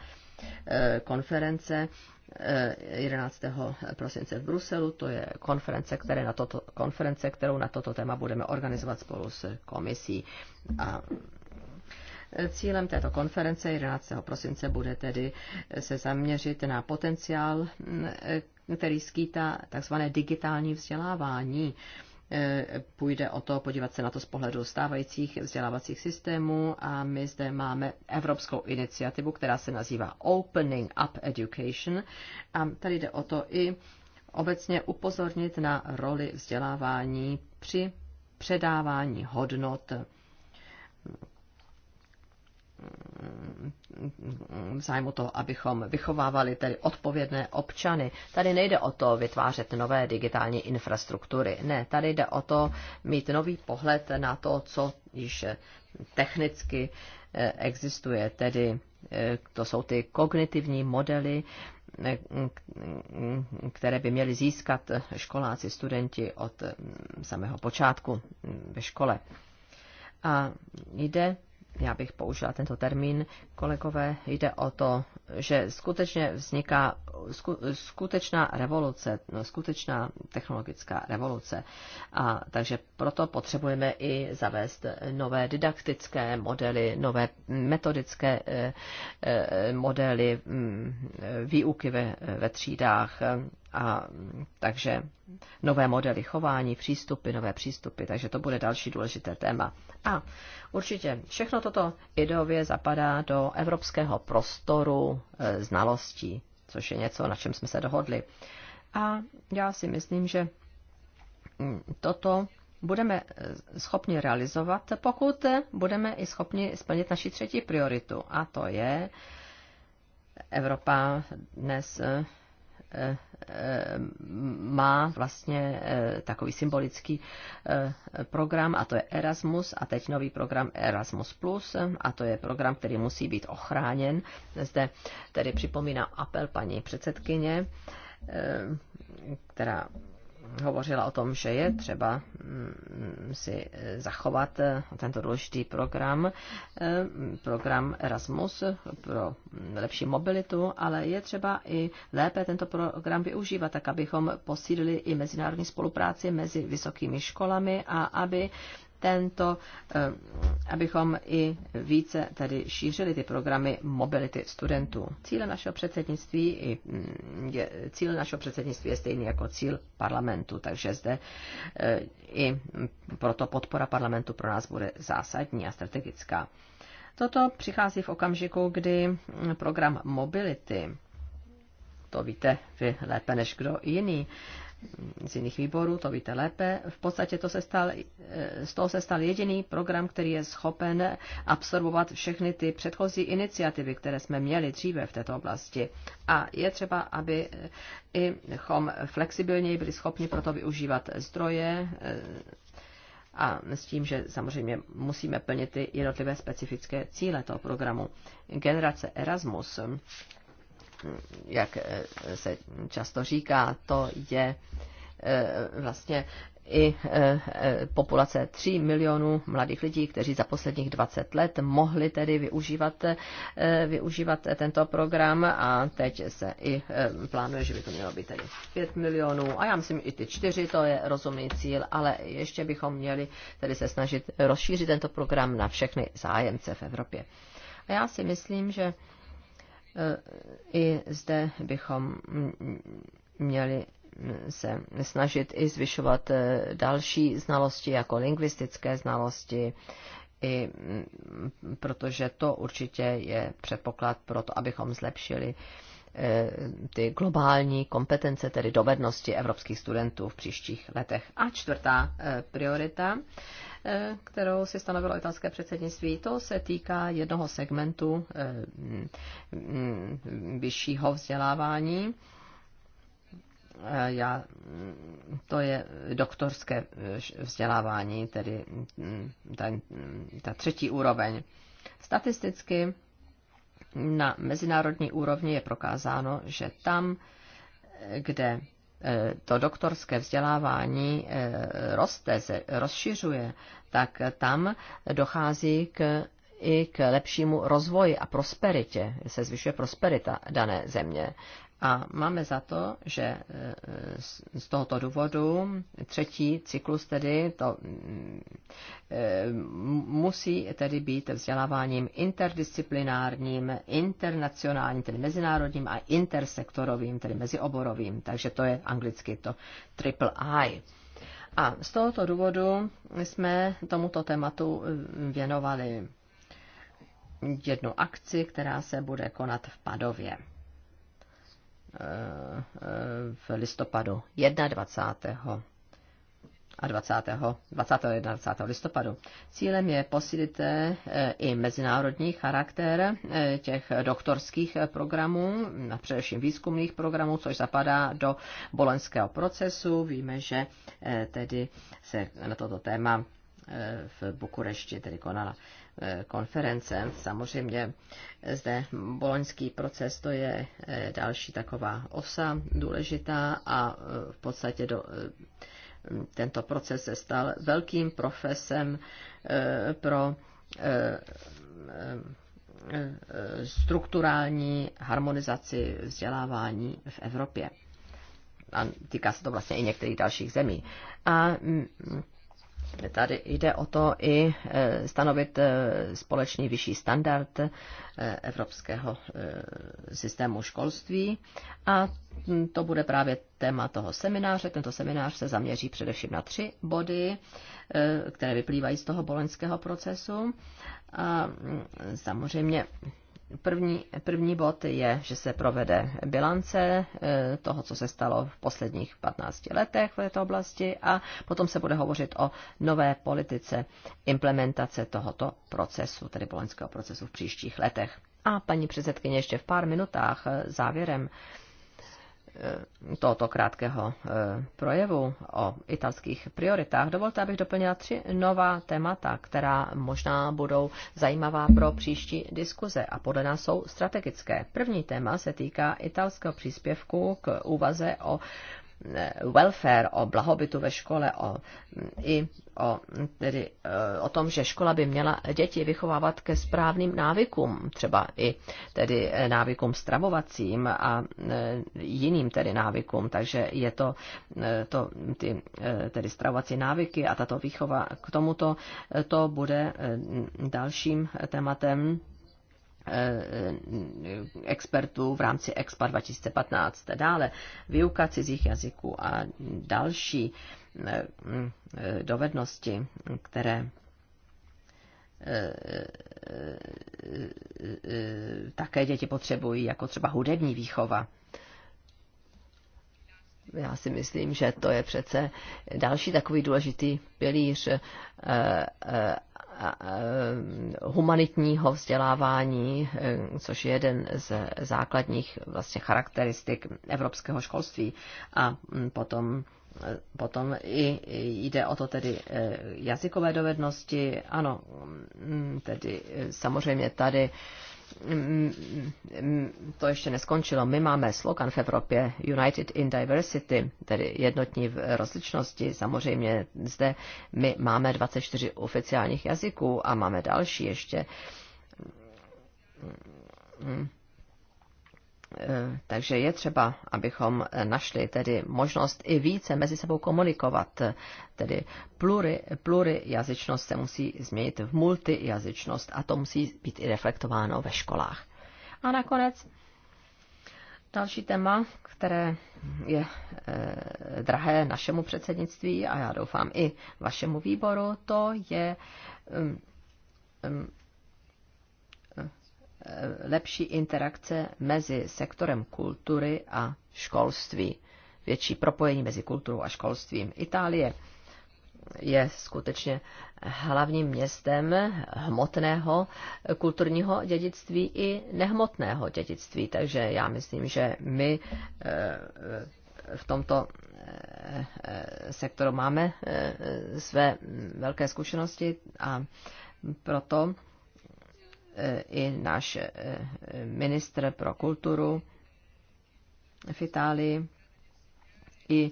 konference 11. prosince v Bruselu, to je konference, které na toto, konference, kterou na toto téma budeme organizovat spolu s komisí. A Cílem této konference 11. prosince bude tedy se zaměřit na potenciál, který skýtá tzv. digitální vzdělávání. Eh, půjde o to podívat se na to z pohledu stávajících vzdělávacích systémů a my zde máme evropskou iniciativu, která se nazývá Opening Up Education a tady jde o to i obecně upozornit na roli vzdělávání při předávání hodnot v zájmu toho, abychom vychovávali tedy odpovědné občany. Tady nejde o to vytvářet nové digitální infrastruktury. Ne, tady jde o to mít nový pohled na to, co již technicky eh, existuje. Tedy eh, to jsou ty kognitivní modely, eh, které by měli získat školáci, studenti od mm, samého počátku mm, ve škole. A jde já bych použila tento termín, kolegové, jde o to, že skutečně vzniká sku, skutečná revoluce, no, skutečná technologická revoluce. A takže proto potřebujeme i zavést nové didaktické modely, nové metodické eh, eh, modely eh, výuky ve, ve třídách, a takže nové modely chování, přístupy, nové přístupy, takže to bude další důležité téma. A určitě všechno toto ideově zapadá do evropského prostoru e, znalostí, což je něco, na čem jsme se dohodli. A já si myslím, že mm, toto budeme e, schopni realizovat, pokud budeme i schopni splnit naši třetí prioritu. A to je Evropa dnes e, má vlastně eh, takový symbolický eh, program a to je Erasmus a teď nový program Erasmus+, Plus a to je program, který musí být ochráněn. Zde tedy připomínám apel paní předsedkyně, eh, která hovořila o tom, že je třeba mm, si zachovat eh, tento důležitý program, eh, program Erasmus pro lepší mobilitu, ale je třeba i lépe tento program využívat, tak abychom posílili i mezinárodní spolupráci mezi vysokými školami a aby tento, eh, abychom i více tady šířili ty programy mobility studentů. Cílem našeho předsednictví mm, je, cíl našeho předsednictví je stejný jako cíl parlamentu, takže zde eh, i proto podpora parlamentu pro nás bude zásadní a strategická. Toto přichází v okamžiku, kdy mm, program mobility to víte vy lépe než kdo jiný, z jiných výborů, to víte lépe. V podstatě to se stal, e, z toho se stal jediný program, který je schopen absorbovat všechny ty předchozí iniciativy, které jsme měli dříve v této oblasti. A je třeba, aby e, i chom flexibilněji byli schopni proto využívat zdroje e, a s tím, že samozřejmě musíme plnit ty jednotlivé specifické cíle toho programu. Generace Erasmus jak eh, se často říká, to je eh, vlastně i eh, populace 3 milionů mladých lidí, kteří za posledních 20 let mohli tedy využívat, využívat tento program a teď se i plánuje, že by to mělo být tedy 5 milionů a já myslím i ty 4, to je rozumný cíl, ale ještě bychom měli tedy se snažit rozšířit tento program na všechny zájemce v Evropě. A já si myslím, že i zde bychom měli se snažit i zvyšovat eh, další znalosti, jako lingvistické znalosti, i mm, protože to určitě je předpoklad pro to, abychom zlepšili eh, ty globální kompetence, tedy dovednosti evropských studentů v příštích letech. A čtvrtá eh, priorita kterou si stanovilo italské předsednictví. To se týká jednoho segmentu eh, vyššího vzdělávání eh, já, to je doktorské eh, vzdělávání, tedy mm, ta, mm, ta třetí úroveň. Statisticky na mezinárodní úrovni je prokázáno, že tam, kde Eh, to doktorské vzdělávání eh, roste, rozšiřuje, tak tam dochází k i k lepšímu rozvoji a prosperitě, se zvyšuje prosperita dané země. A máme za to, že eh, z tohoto důvodu třetí cyklus tedy to mm, eh, musí tedy být vzděláváním interdisciplinárním, internacionálním, tedy mezinárodním a intersektorovým, tedy mezioborovým. Takže to je anglicky to triple I. A z tohoto důvodu jsme tomuto tématu eh, věnovali jednu akci, která se bude konat v Padově v listopadu 21. a 20. 21. 20. listopadu. Cílem je posílit eh, i mezinárodní charakter eh, těch doktorských programů, především výzkumných programů, což zapadá do bolenského procesu. Víme, že eh, tedy se na toto téma v Bukurešti tedy konala Eh, konference. Samozřejmě eh, zde boloňský proces to je eh, další taková osa důležitá a v podstatě do, tento proces se stal velkým profesem pro strukturální harmonizaci vzdělávání v Evropě. A týká se to vlastně i některých dalších zemí. A mm, Tady jde o to i e, stanovit e, společný vyšší standard e, evropského systému školství a to bude právě téma toho semináře. Tento seminář se zaměří především na tři body, které vyplývají z toho boloňského procesu. A samozřejmě První, první bod je, že se provede bilance eh, toho, co se stalo v posledních 15 letech v této oblasti a potom se bude hovořit o nové politice implementace tohoto procesu, tedy boloňského procesu v příštích letech. A paní předsedkyně ještě v pár minutách eh, závěrem Eh, tohoto krátkého eh, projevu o italských prioritách, dovolte, abych doplnila tři nová témata, která možná budou zajímavá pro příští diskuze a podle nás jsou strategické. První téma se týká italského příspěvku k úvaze o welfare, o blahobytu ve škole, o, i o, tedy, e, o tom, že škola by měla děti vychovávat ke správným návykům, třeba i tedy e, návykům stravovacím a e, jiným tedy návykům, takže je to, to ty tedy stravovací návyky a tato výchova k tomuto, to bude dalším tématem Eh, expertů v rámci EXPA 2015. Dále výuka cizích jazyků a další eh, dovednosti, které eh, také děti potřebují, jako třeba hudební výchova. Já si myslím, že to je přece další takový důležitý pilíř humanitního vzdělávání, eh, což je jeden z základních vlastně charakteristik evropského školství. A mm, potom eh, Potom i jde o to tedy eh, jazykové dovednosti. Ano, mm, tedy samozřejmě tady Mm, mm, to ještě neskončilo. My máme slogan v Evropě United in Diversity, tedy jednotní v rozličnosti. Samozřejmě zde my máme 24 oficiálních jazyků a máme další ještě. Mm, Eh, takže je třeba, abychom eh, našli tedy možnost i více mezi sebou komunikovat. Eh, tedy plury, plurijazyčnost se musí změnit v multijazyčnost a to musí být i reflektováno ve školách. A nakonec další téma, které je e, drahé našemu předsednictví a já doufám i vašemu výboru, to je e, lepší interakce mezi sektorem kultury a školství, větší propojení mezi kulturou a školstvím. Itálie je skutečně hlavním městem hmotného kulturního dědictví i nehmotného dědictví. Takže já myslím, že my eh, v tomto eh, eh, sektoru máme své velké zkušenosti a proto i náš eh, ministr pro kulturu v Itálii. I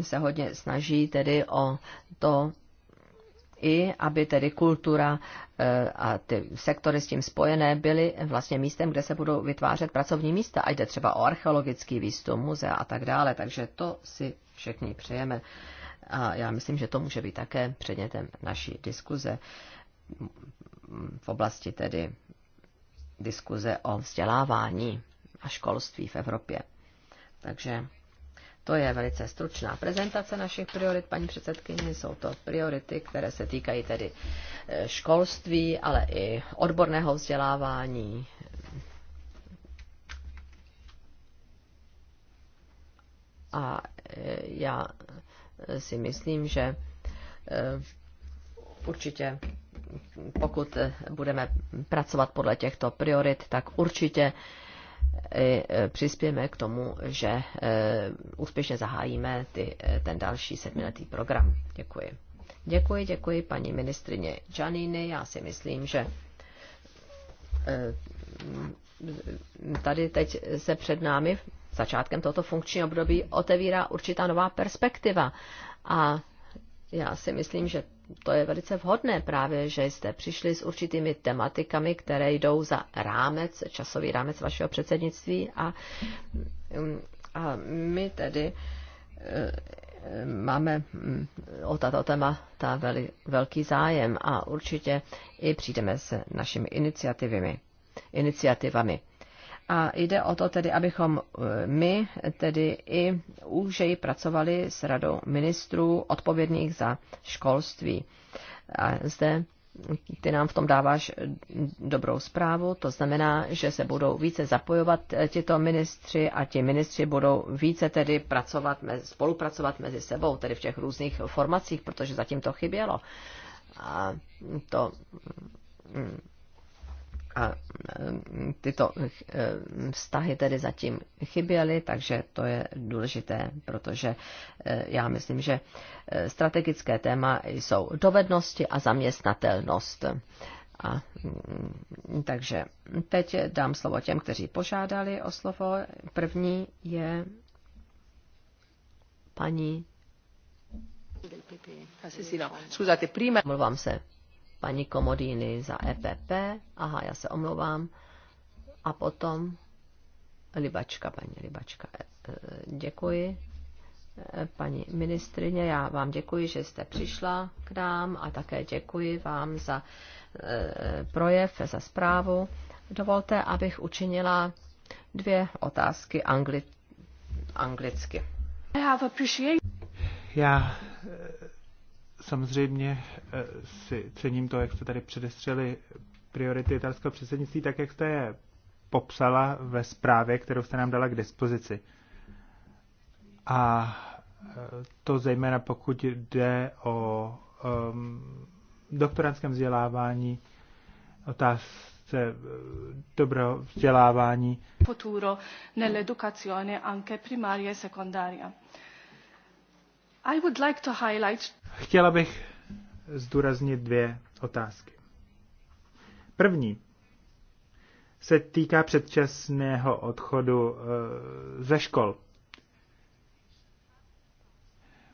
se hodně snaží tedy o to, i aby tedy kultura eh, a ty sektory s tím spojené byly vlastně místem, kde se budou vytvářet pracovní místa, a jde třeba o archeologický výstup, muzea a tak dále. Takže to si všichni přejeme. A já myslím, že to může být také předmětem naší diskuze v oblasti tedy diskuze o vzdělávání a školství v Evropě. Takže to je velice stručná prezentace našich priorit, paní předsedkyně. Jsou to priority, které se týkají tedy eh, školství, ale i odborného vzdělávání. A eh, já eh, si myslím, že určitě pokud eh, budeme pracovat podle těchto priorit, tak určitě eh, přispějeme k tomu, že eh, úspěšně zahájíme ty, ten další sedmiletý program. Děkuji. Děkuji, děkuji paní ministrině Janiny. Já si myslím, že tady teď se před námi začátkem tohoto funkčního období otevírá určitá nová perspektiva. A já si myslím, že to je velice vhodné právě, že jste přišli s určitými tematikami, které jdou za rámec, časový rámec vašeho předsednictví a, mm, a my tedy eh, máme mm, o tato téma ta veli, velký zájem a určitě i přijdeme s našimi iniciativami. iniciativami. A jde o to tedy, abychom e, my tedy i úžeji pracovali s radou ministrů odpovědných za školství. A zde ty nám v tom dáváš dobrou zprávu, to znamená, že se budou více zapojovat e, tito ministři a ti ministři budou více tedy pracovat, spolupracovat mezi sebou, tedy v těch různých formacích, protože zatím to chybělo. A to mm, a e, tyto e, vztahy tedy zatím chyběly, takže to je důležité, protože e, já myslím, že strategické téma jsou dovednosti a zaměstnatelnost. A, takže teď dám slovo těm, kteří požádali o slovo. První je paní. No. Mluvám se paní Komodíny za EPP, aha, já se omlouvám, a potom Libačka, paní Libačka. E, e, děkuji, e, paní ministrině, já vám děkuji, že jste přišla k nám a také děkuji vám za projev, za zprávu. Dovolte, abych učinila dvě otázky angli- anglicky. Já Samozřejmě eh, si cením to, jak jste tady předestřeli priority italského předsednictví, tak jak jste je popsala ve zprávě, kterou jste nám dala k dispozici. A eh, to zejména pokud jde o um, ehm, doktorantském vzdělávání, otázce eh, dobrého vzdělávání. Futuro nell'educazione anche primaria e secondaria. I would like to highlight... Chtěla bych zdůraznit dvě otázky. První se týká předčasného odchodu eh, ze škol.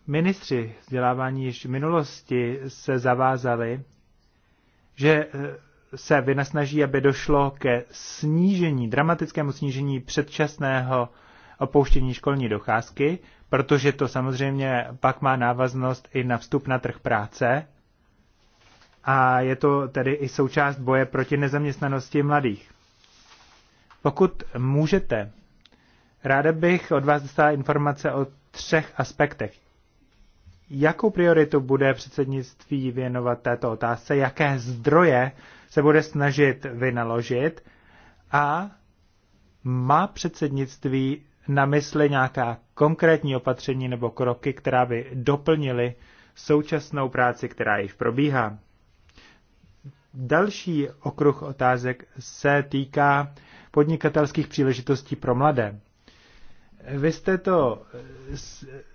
Ministři vzdělávání již v minulosti se zavázali, že eh, se vynasnaží, aby došlo ke snížení, dramatickému snížení předčasného opouštění školní docházky protože to samozřejmě pak má návaznost i na vstup na trh práce a je to tedy i součást boje proti nezaměstnanosti mladých. Pokud můžete, ráda bych od vás dostala informace o třech aspektech. Jakou prioritu bude předsednictví věnovat této otázce, jaké zdroje se bude snažit vynaložit a má předsednictví na mysli nějaká konkrétní opatření nebo kroky, která by doplnily současnou práci, která již probíhá. Další okruh otázek se týká podnikatelských příležitostí pro mladé. Vy jste to eh,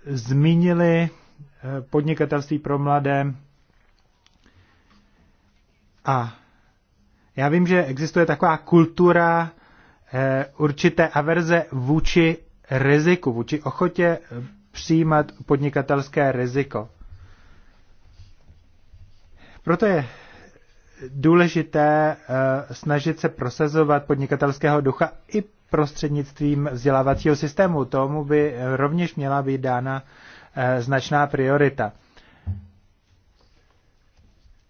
zmínili, eh, podnikatelství pro mladé. A já vím, že existuje taková kultura eh, určité averze vůči riziku, vůči ochotě přijímat podnikatelské riziko. Proto je důležité eh, snažit se prosazovat podnikatelského ducha i prostřednictvím vzdělávacího systému. Tomu by eh, rovněž měla být dána eh, značná priorita.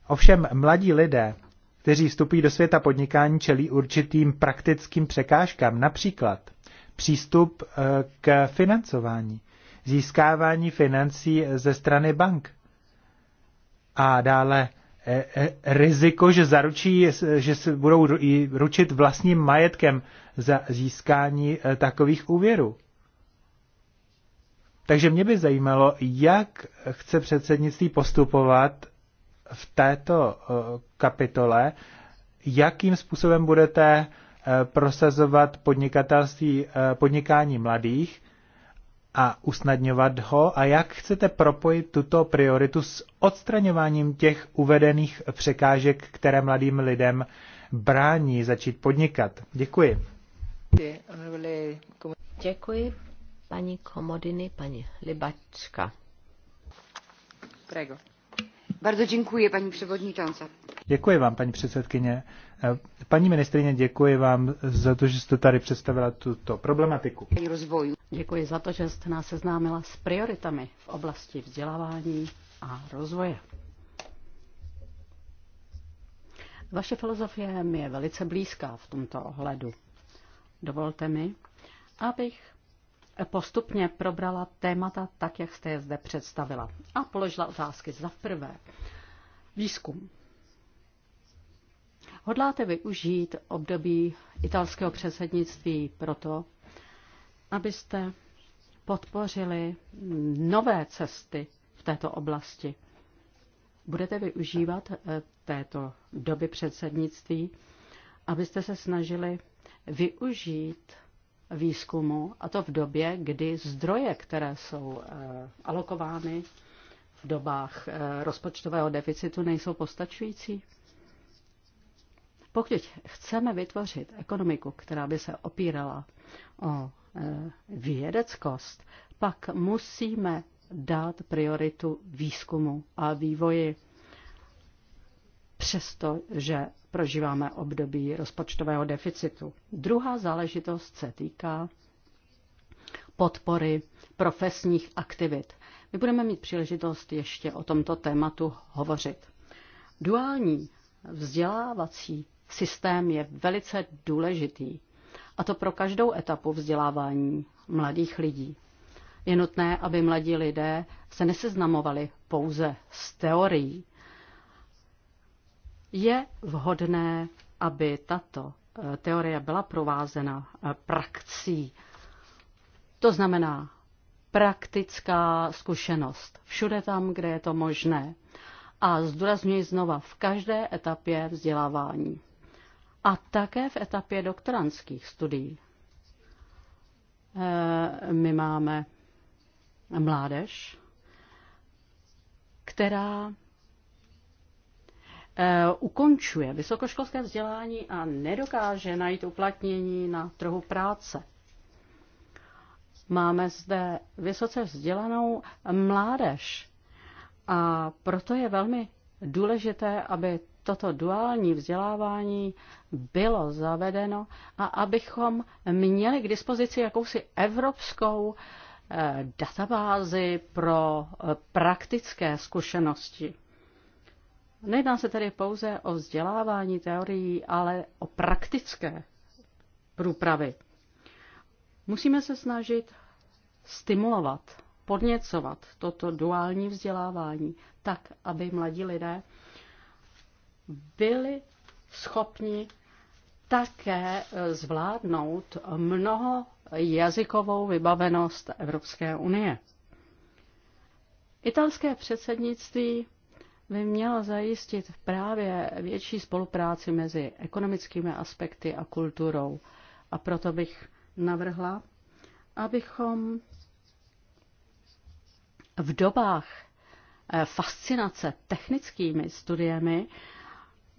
Ovšem mladí lidé, kteří vstupují do světa podnikání, čelí určitým praktickým překážkám. Například přístup eh, k financování, získávání financí ze strany bank. A dále eh, eh, riziko, že zaručí, že se budou i ručit vlastním majetkem za získání takových úvěrů. Takže mě by zajímalo, jak chce předsednictví postupovat v této kapitole, jakým způsobem budete Eh, prosazovat podnikatelství, eh, podnikání mladých a usnadňovat ho a jak chcete propojit tuto prioritu s odstraňováním těch uvedených překážek, které mladým lidem brání začít podnikat. Děkuji. Děkuji, paní Komodiny, paní Libačka. Prego děkuji, e, paní Děkuji vám, paní předsedkyně. Paní ministrině, děkuji vám za to, že jste tady představila tuto problematiku. Děkuji za to, že jste nás seznámila s prioritami v oblasti vzdělávání a rozvoje. Vaše filozofie mi je velice blízká v tomto ohledu. Dovolte mi, abych postupně probrala témata tak, jak jste je zde představila a položila otázky. Za prvé, výzkum. Hodláte využít období italského předsednictví proto, abyste podpořili nové cesty v této oblasti? Budete využívat eh, této doby předsednictví, abyste se snažili využít výzkumu, a to v době, kdy zdroje, které jsou eh, alokovány v dobách eh, rozpočtového deficitu, nejsou postačující? Pokud chceme vytvořit ekonomiku, která by se opírala o eh, vědeckost, pak musíme dát prioritu výzkumu a vývoji přesto, že prožíváme období rozpočtového deficitu. Druhá záležitost se týká podpory profesních aktivit. My budeme mít příležitost ještě o tomto tématu hovořit. Duální vzdělávací systém je velice důležitý, a to pro každou etapu vzdělávání mladých lidí. Je nutné, aby mladí lidé se neseznamovali pouze s teorií, je vhodné, aby tato eh, teorie byla provázena eh, praxí. To znamená praktická zkušenost všude tam, kde je to možné. A zdůrazňuji znova v každé etapě vzdělávání. A také v etapě doktorantských studií. Eh, my máme mládež, která Eh, ukončuje vysokoškolské vzdělání a nedokáže najít uplatnění na trhu práce. Máme zde vysoce vzdělanou mládež a proto je velmi důležité, aby toto duální vzdělávání bylo zavedeno a abychom měli k dispozici jakousi evropskou eh, databázi pro eh, praktické zkušenosti. Nejedná se tedy pouze o vzdělávání teorií, ale o praktické průpravy. Musíme se snažit stimulovat, podněcovat toto duální vzdělávání tak, aby mladí lidé byli schopni také e, zvládnout mnoho jazykovou vybavenost Evropské unie. Italské předsednictví by měla zajistit právě větší spolupráci mezi ekonomickými aspekty a kulturou. A proto bych navrhla, abychom v dobách eh, fascinace technickými studiemi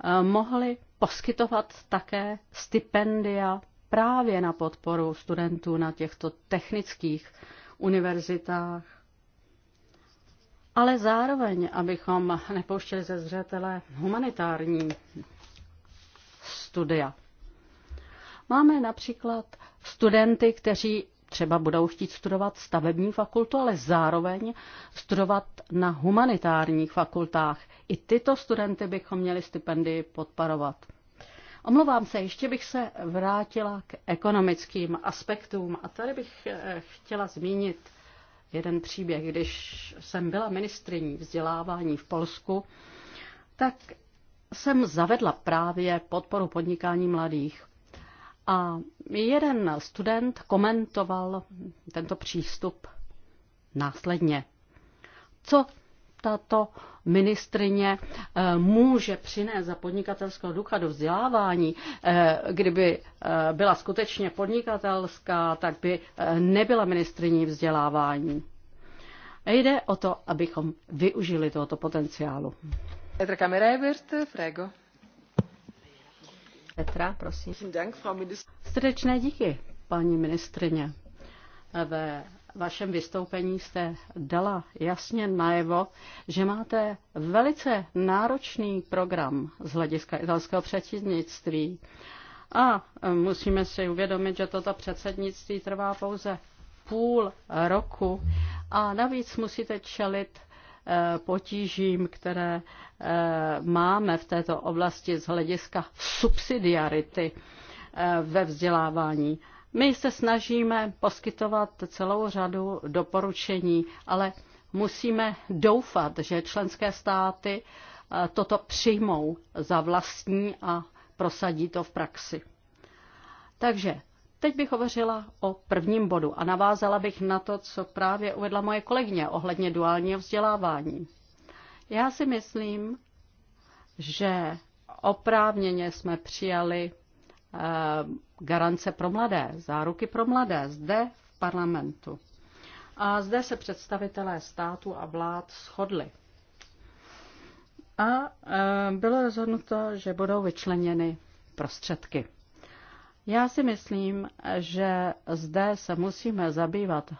eh, mohli poskytovat také stipendia právě na podporu studentů na těchto technických univerzitách ale zároveň, abychom nepouštěli ze zřetele humanitární studia. Máme například studenty, kteří třeba budou chtít studovat stavební fakultu, ale zároveň studovat na humanitárních fakultách. I tyto studenty bychom měli stipendii podparovat. Omlouvám se, ještě bych se vrátila k ekonomickým aspektům a tady bych eh, chtěla zmínit jeden příběh. Když jsem byla ministriní vzdělávání v Polsku, tak jsem zavedla právě podporu podnikání mladých. A jeden student komentoval tento přístup následně. Co tato ministrině eh, může přinést za podnikatelského ducha do vzdělávání, eh, kdyby eh, byla skutečně podnikatelská, tak by nebyla ministriní vzdělávání. Jde o to, abychom využili tohoto potenciálu. Petra Kamerevert, Frego. Petra, prosím. Srdečné díky, paní ministrině. Ve vašem vystoupení jste dala jasně najevo, že máte velice náročný program z hlediska italského předsednictví. A e, musíme si uvědomit, že toto předsednictví trvá pouze půl roku a navíc musíte čelit e, potížím, které e, máme v této oblasti z hlediska subsidiarity ve vzdělávání. My se snažíme poskytovat celou řadu doporučení, ale musíme doufat, že členské státy eh, toto přijmou za vlastní a prosadí to v praxi. Takže teď bych hovořila o prvním bodu a navázala bych na to, co právě uvedla moje kolegyně ohledně duálního vzdělávání. Já si myslím, že oprávněně jsme přijali Eh, garance pro mladé, záruky pro mladé zde v parlamentu. A zde se představitelé státu a vlád shodli. A eh, bylo rozhodnuto, že budou vyčleněny prostředky. Já si myslím, že zde se musíme zabývat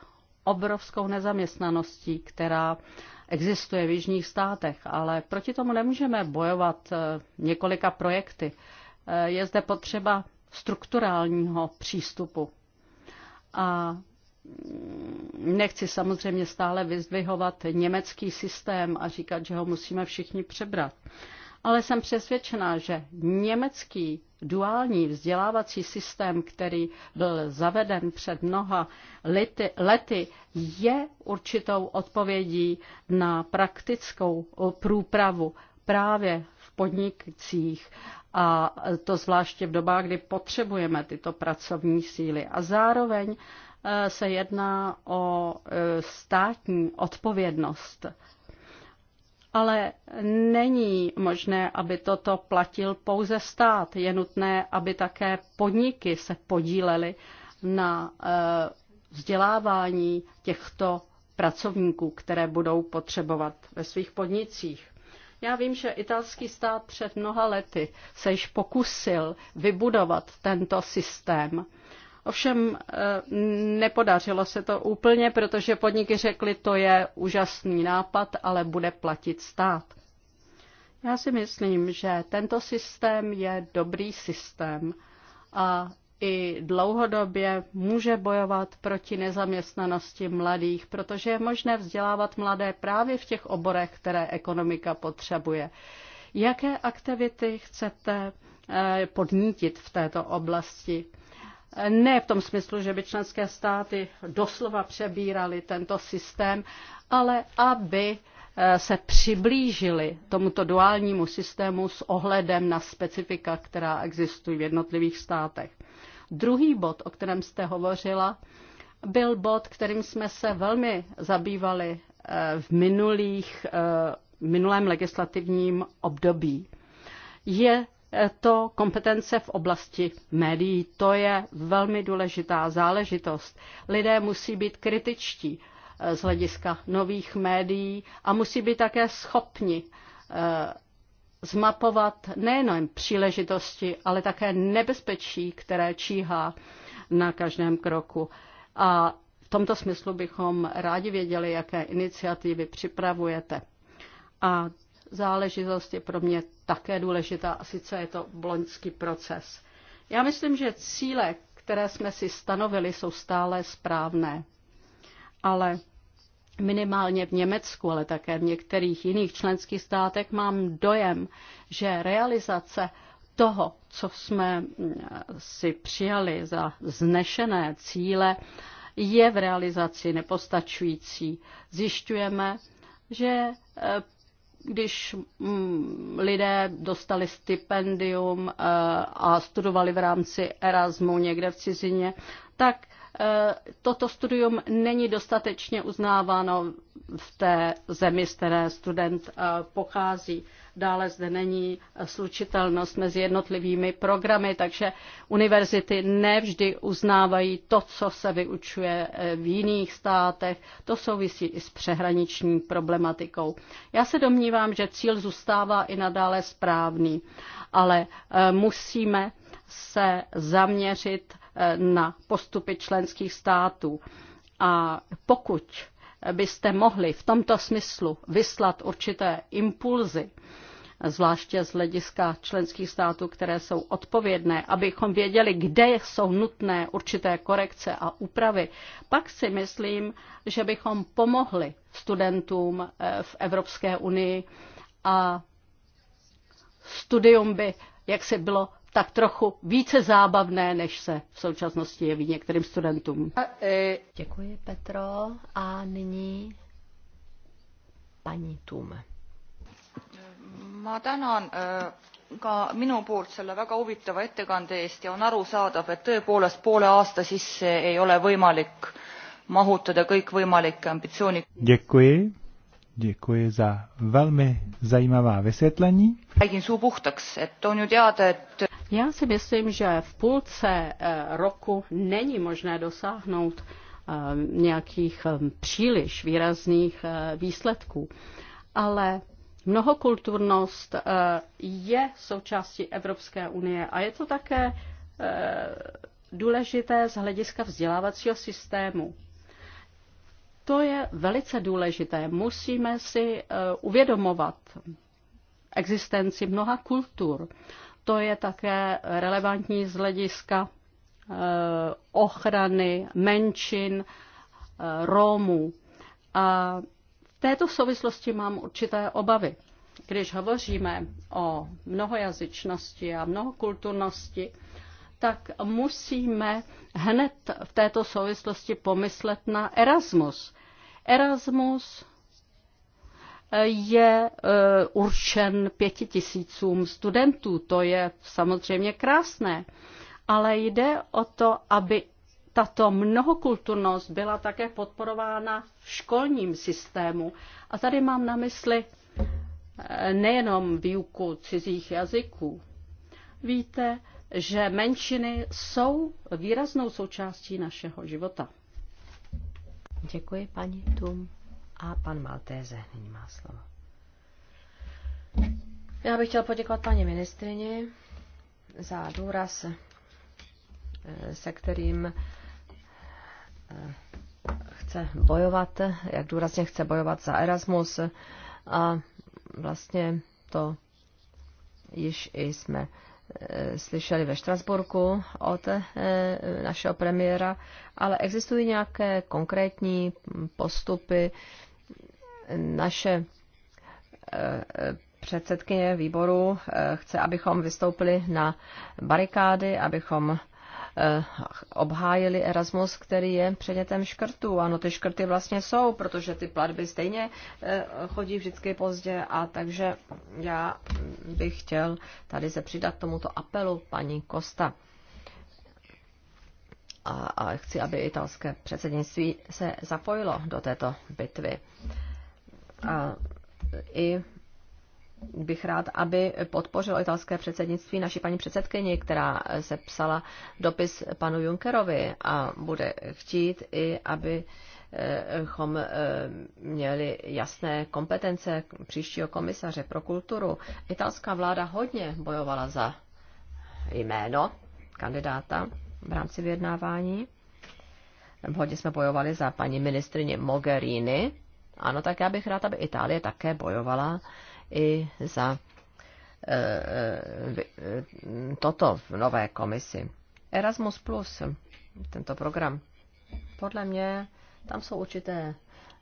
obrovskou nezaměstnaností, která existuje v jižních státech, ale proti tomu nemůžeme bojovat eh, několika projekty. Eh, je zde potřeba strukturálního přístupu. A mm, nechci samozřejmě stále vyzdvihovat německý systém a říkat, že ho musíme všichni přebrat. Ale jsem přesvědčená, že německý duální vzdělávací systém, který byl zaveden před mnoha lety, lety je určitou odpovědí na praktickou průpravu právě v podnikcích a to zvláště v dobách, kdy potřebujeme tyto pracovní síly. A zároveň eh, se jedná o eh, státní odpovědnost. Ale není možné, aby toto platil pouze stát. Je nutné, aby také podniky se podílely na eh, vzdělávání těchto pracovníků, které budou potřebovat ve svých podnicích. Já vím, že italský stát před mnoha lety se již pokusil vybudovat tento systém. Ovšem eh, nepodařilo se to úplně, protože podniky řekly, to je úžasný nápad, ale bude platit stát. Já si myslím, že tento systém je dobrý systém a i dlouhodobě může bojovat proti nezaměstnanosti mladých, protože je možné vzdělávat mladé právě v těch oborech, které ekonomika potřebuje. Jaké aktivity chcete eh, podnítit v této oblasti? Ne v tom smyslu, že by členské státy doslova přebírali tento systém, ale aby eh, se přiblížili tomuto duálnímu systému s ohledem na specifika, která existují v jednotlivých státech. Druhý bod, o kterém jste hovořila, byl bod, kterým jsme se velmi zabývali eh, v minulých, v eh, minulém legislativním období. Je eh, to kompetence v oblasti médií. To je velmi důležitá záležitost. Lidé musí být kritičtí z hlediska nových médií a musí být také schopni zmapovat nejenom příležitosti, ale také nebezpečí, které číhá na každém kroku. A v tomto smyslu bychom rádi věděli, jaké iniciativy připravujete. A záležitost je pro mě také důležitá, a sice je to bloňský proces. Já myslím, že cíle, které jsme si stanovili, jsou stále správné. Ale minimálně v Německu, ale také v některých jiných členských státech mám dojem, že realizace toho, co jsme mm, si přijali za znešené cíle, je v realizaci nepostačující. Zjišťujeme, že e, když mm, lidé dostali stipendium e, a studovali v rámci Erasmu někde v cizině, tak toto studium není dostatečně uznáváno v té zemi, z které student eh, pochází. Dále zde není slučitelnost mezi jednotlivými programy, takže univerzity nevždy uznávají to, co se vyučuje eh, v jiných státech. To souvisí i s přehraniční problematikou. Já se domnívám, že cíl zůstává i nadále správný, ale eh, musíme se zaměřit na postupy členských států. A pokud byste mohli v tomto smyslu vyslat určité impulzy, zvláště z hlediska členských států, které jsou odpovědné, abychom věděli, kde jsou nutné určité korekce a úpravy, pak si myslím, že bychom pomohli studentům eh, v Evropské unii a studium by jak se bylo tak trochu více zábavné, než se v současnosti jeví některým studentům. E, Děkuji, Petro. A nyní paní Tum. Ma tänan e, ka minu poolt selle väga huvitava ettekande eest ja on aru saadav, et tõepoolest poole aasta sisse ei ole võimalik mahutada kõik kõikvõimalikke ambitsiooni. Děkuji. Děkuji za velmi zajímavá vysvětlení. Räägin suu puhtaks, et on ju teada, et já si myslím, že v půlce eh, roku není možné dosáhnout eh, nějakých eh, příliš výrazných výsledků, ale mnohokulturnost je součástí Evropské unie a je to také důležité z hlediska vzdělávacího systému. To je velice důležité. Musíme si uvědomovat existenci mnoha kultur to je také relevantní z hlediska eh, ochrany menšin eh, Rómů. A v této souvislosti mám určité obavy. Když hovoříme o mnohojazyčnosti a mnohokulturnosti, tak musíme hned v této souvislosti pomyslet na Erasmus. Erasmus je eh, určen pěti tisícům studentů. To je samozřejmě krásné, ale jde o to, aby tato mnohokulturnost byla také podporována v školním systému. A tady mám na mysli eh, nejenom výuku cizích jazyků. Víte, že menšiny jsou výraznou součástí našeho života. Děkuji, paní Tum. A pan Maltéze nyní má slovo. Já bych chtěl poděkovat paní ministrině za důraz, eh, se kterým eh, chce bojovat, jak důrazně chce bojovat za Erasmus. A vlastně to již i jsme Eh, slyšeli ve Štrasburku od eh, našeho premiéra, ale existují nějaké konkrétní postupy. Naše eh, předsedkyně výboru chce, abychom vystoupili na barikády, abychom Eh, obhájili Erasmus, který je předmětem škrtů. Ano, ty škrty vlastně jsou, protože ty platby stejně eh, chodí vždycky pozdě a takže já bych chtěl tady se přidat tomuto apelu paní Kosta a, a chci, aby italské předsednictví se zapojilo do této bitvy. A i bych rád, aby podpořilo italské předsednictví naší paní předsedkyni, která se psala dopis panu Junkerovi a bude chtít i, aby chom eh, měli jasné kompetence příštího komisaře pro kulturu. Italská vláda hodně bojovala za jméno kandidáta v rámci vyjednávání. Hodně jsme bojovali za paní ministrině Mogherini. Ano, tak já bych rád, aby Itálie také bojovala i za e, e, e, toto v nové komisi. Erasmus Plus, tento program, podle mě tam jsou určité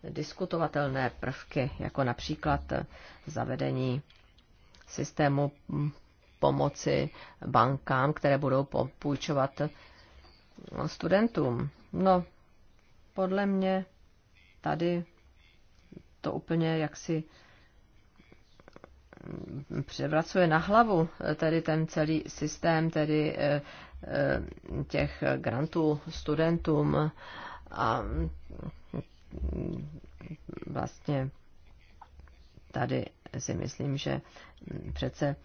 diskutovatelné prvky, jako například zavedení systému pomoci bankám, které budou půjčovat studentům. No, podle mě tady to úplně jaksi převracuje na hlavu eh, tedy ten celý systém tedy eh, eh, těch grantů studentům a mm, vlastně tady si myslím, že mm, přece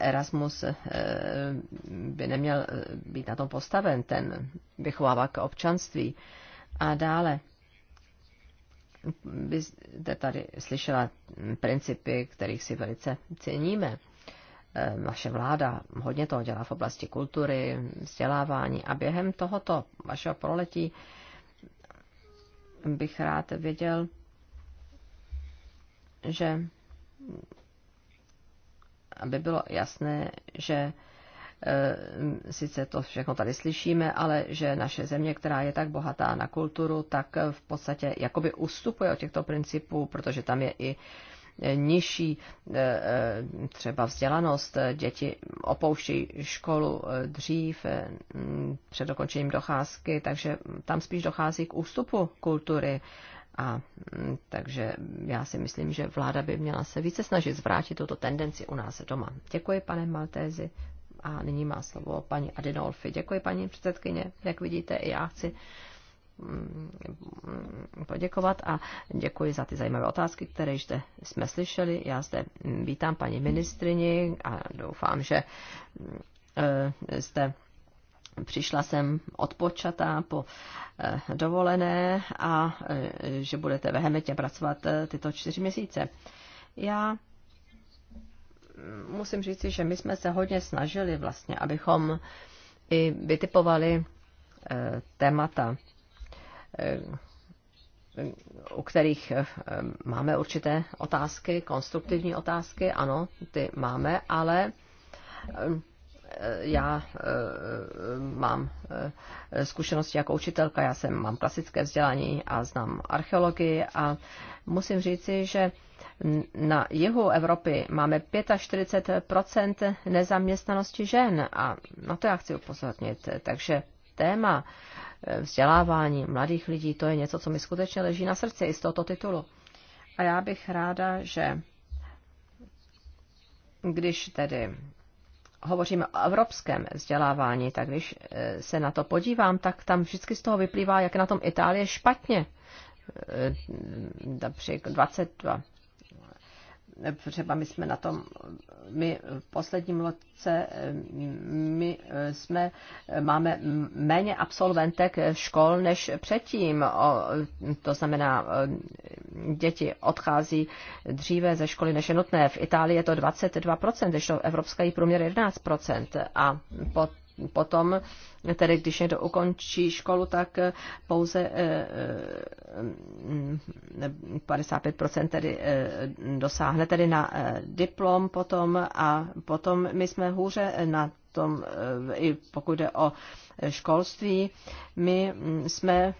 Erasmus by neměl být na tom postaven, ten vychovává k občanství. A dále byste tady slyšela principy, kterých si velice ceníme. Eh, vaše vláda hodně toho dělá v oblasti kultury, vzdělávání a během tohoto vašeho proletí bych rád věděl, že aby bylo jasné, že Eh, sice to všechno tady slyšíme, ale že naše země, která je tak bohatá na kulturu, tak v podstatě jakoby ustupuje od těchto principů, protože tam je i nižší eh, eh, třeba vzdělanost. Děti opouštějí školu dřív mm, před dokončením docházky, takže tam spíš dochází k ústupu kultury. A mm, takže já si myslím, že vláda by měla se více snažit zvrátit tuto tendenci u nás doma. Děkuji, pane Maltézi, a nyní má slovo paní Adinolfi. Děkuji, paní předsedkyně. Jak vidíte, i já chci mm, poděkovat a děkuji za ty zajímavé otázky, které jste jsme slyšeli. Já zde vítám paní ministrini a doufám, že jste mm, přišla sem odpočatá po e, dovolené a e, že budete vehementně pracovat e, tyto čtyři měsíce. Já musím říci, že my jsme se hodně snažili vlastně, abychom i vytipovali e, témata, e, u kterých e, máme určité otázky, konstruktivní otázky, ano, ty máme, ale Eh, já eh, eh, mám zkušenosti jako učitelka, já jsem mám klasické vzdělání a znám archeologii a musím říci, že na jihu Evropy máme 45 nezaměstnanosti žen a na to já chci upozornit. Takže téma vzdělávání mladých lidí, to je něco, co mi skutečně leží na srdci i z tohoto titulu. A já bych ráda, že když tedy hovoříme o evropském vzdělávání, tak když e, se na to podívám, tak tam vždycky z toho vyplývá, jak na tom Itálie špatně. E, například 22 třeba my jsme na tom, my v posledním roce, my jsme, máme méně absolventek škol než předtím. To znamená, děti odchází dříve ze školy než je nutné. V Itálii je to 22%, když to evropský průměr je 11%. A pod potom, tedy když někdo ukončí školu, tak pouze 55% eh, eh, tedy eh, dosáhne tedy na diplom potom a potom my jsme hůře na tom, i pokud jde o školství. My hm, jsme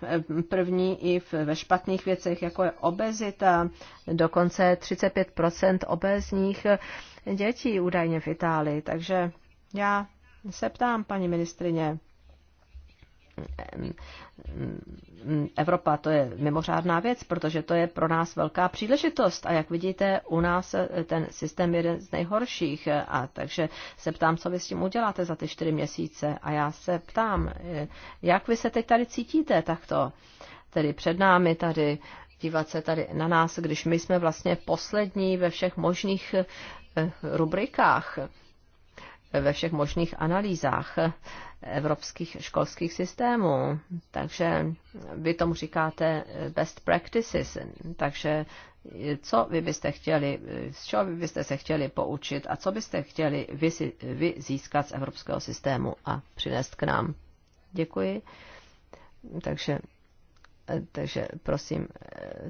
první i ve špatných věcech, jako je obezita. Dokonce 35 obezních dětí údajně v Itálii. Takže já se ptám, paní ministrině, Evropa to je mimořádná věc, protože to je pro nás velká příležitost a jak vidíte, u nás ten systém je jeden z nejhorších a takže se ptám, co vy s tím uděláte za ty čtyři měsíce a já se ptám, jak vy se teď tady cítíte takto, tedy před námi tady, dívat se tady na nás, když my jsme vlastně poslední ve všech možných eh, rubrikách ve všech možných analýzách evropských školských systémů. Takže vy tomu říkáte best practices. Takže co vy byste chtěli, z čeho vy byste se chtěli poučit a co byste chtěli vy, vy získat z evropského systému a přinést k nám? Děkuji. Takže takže prosím,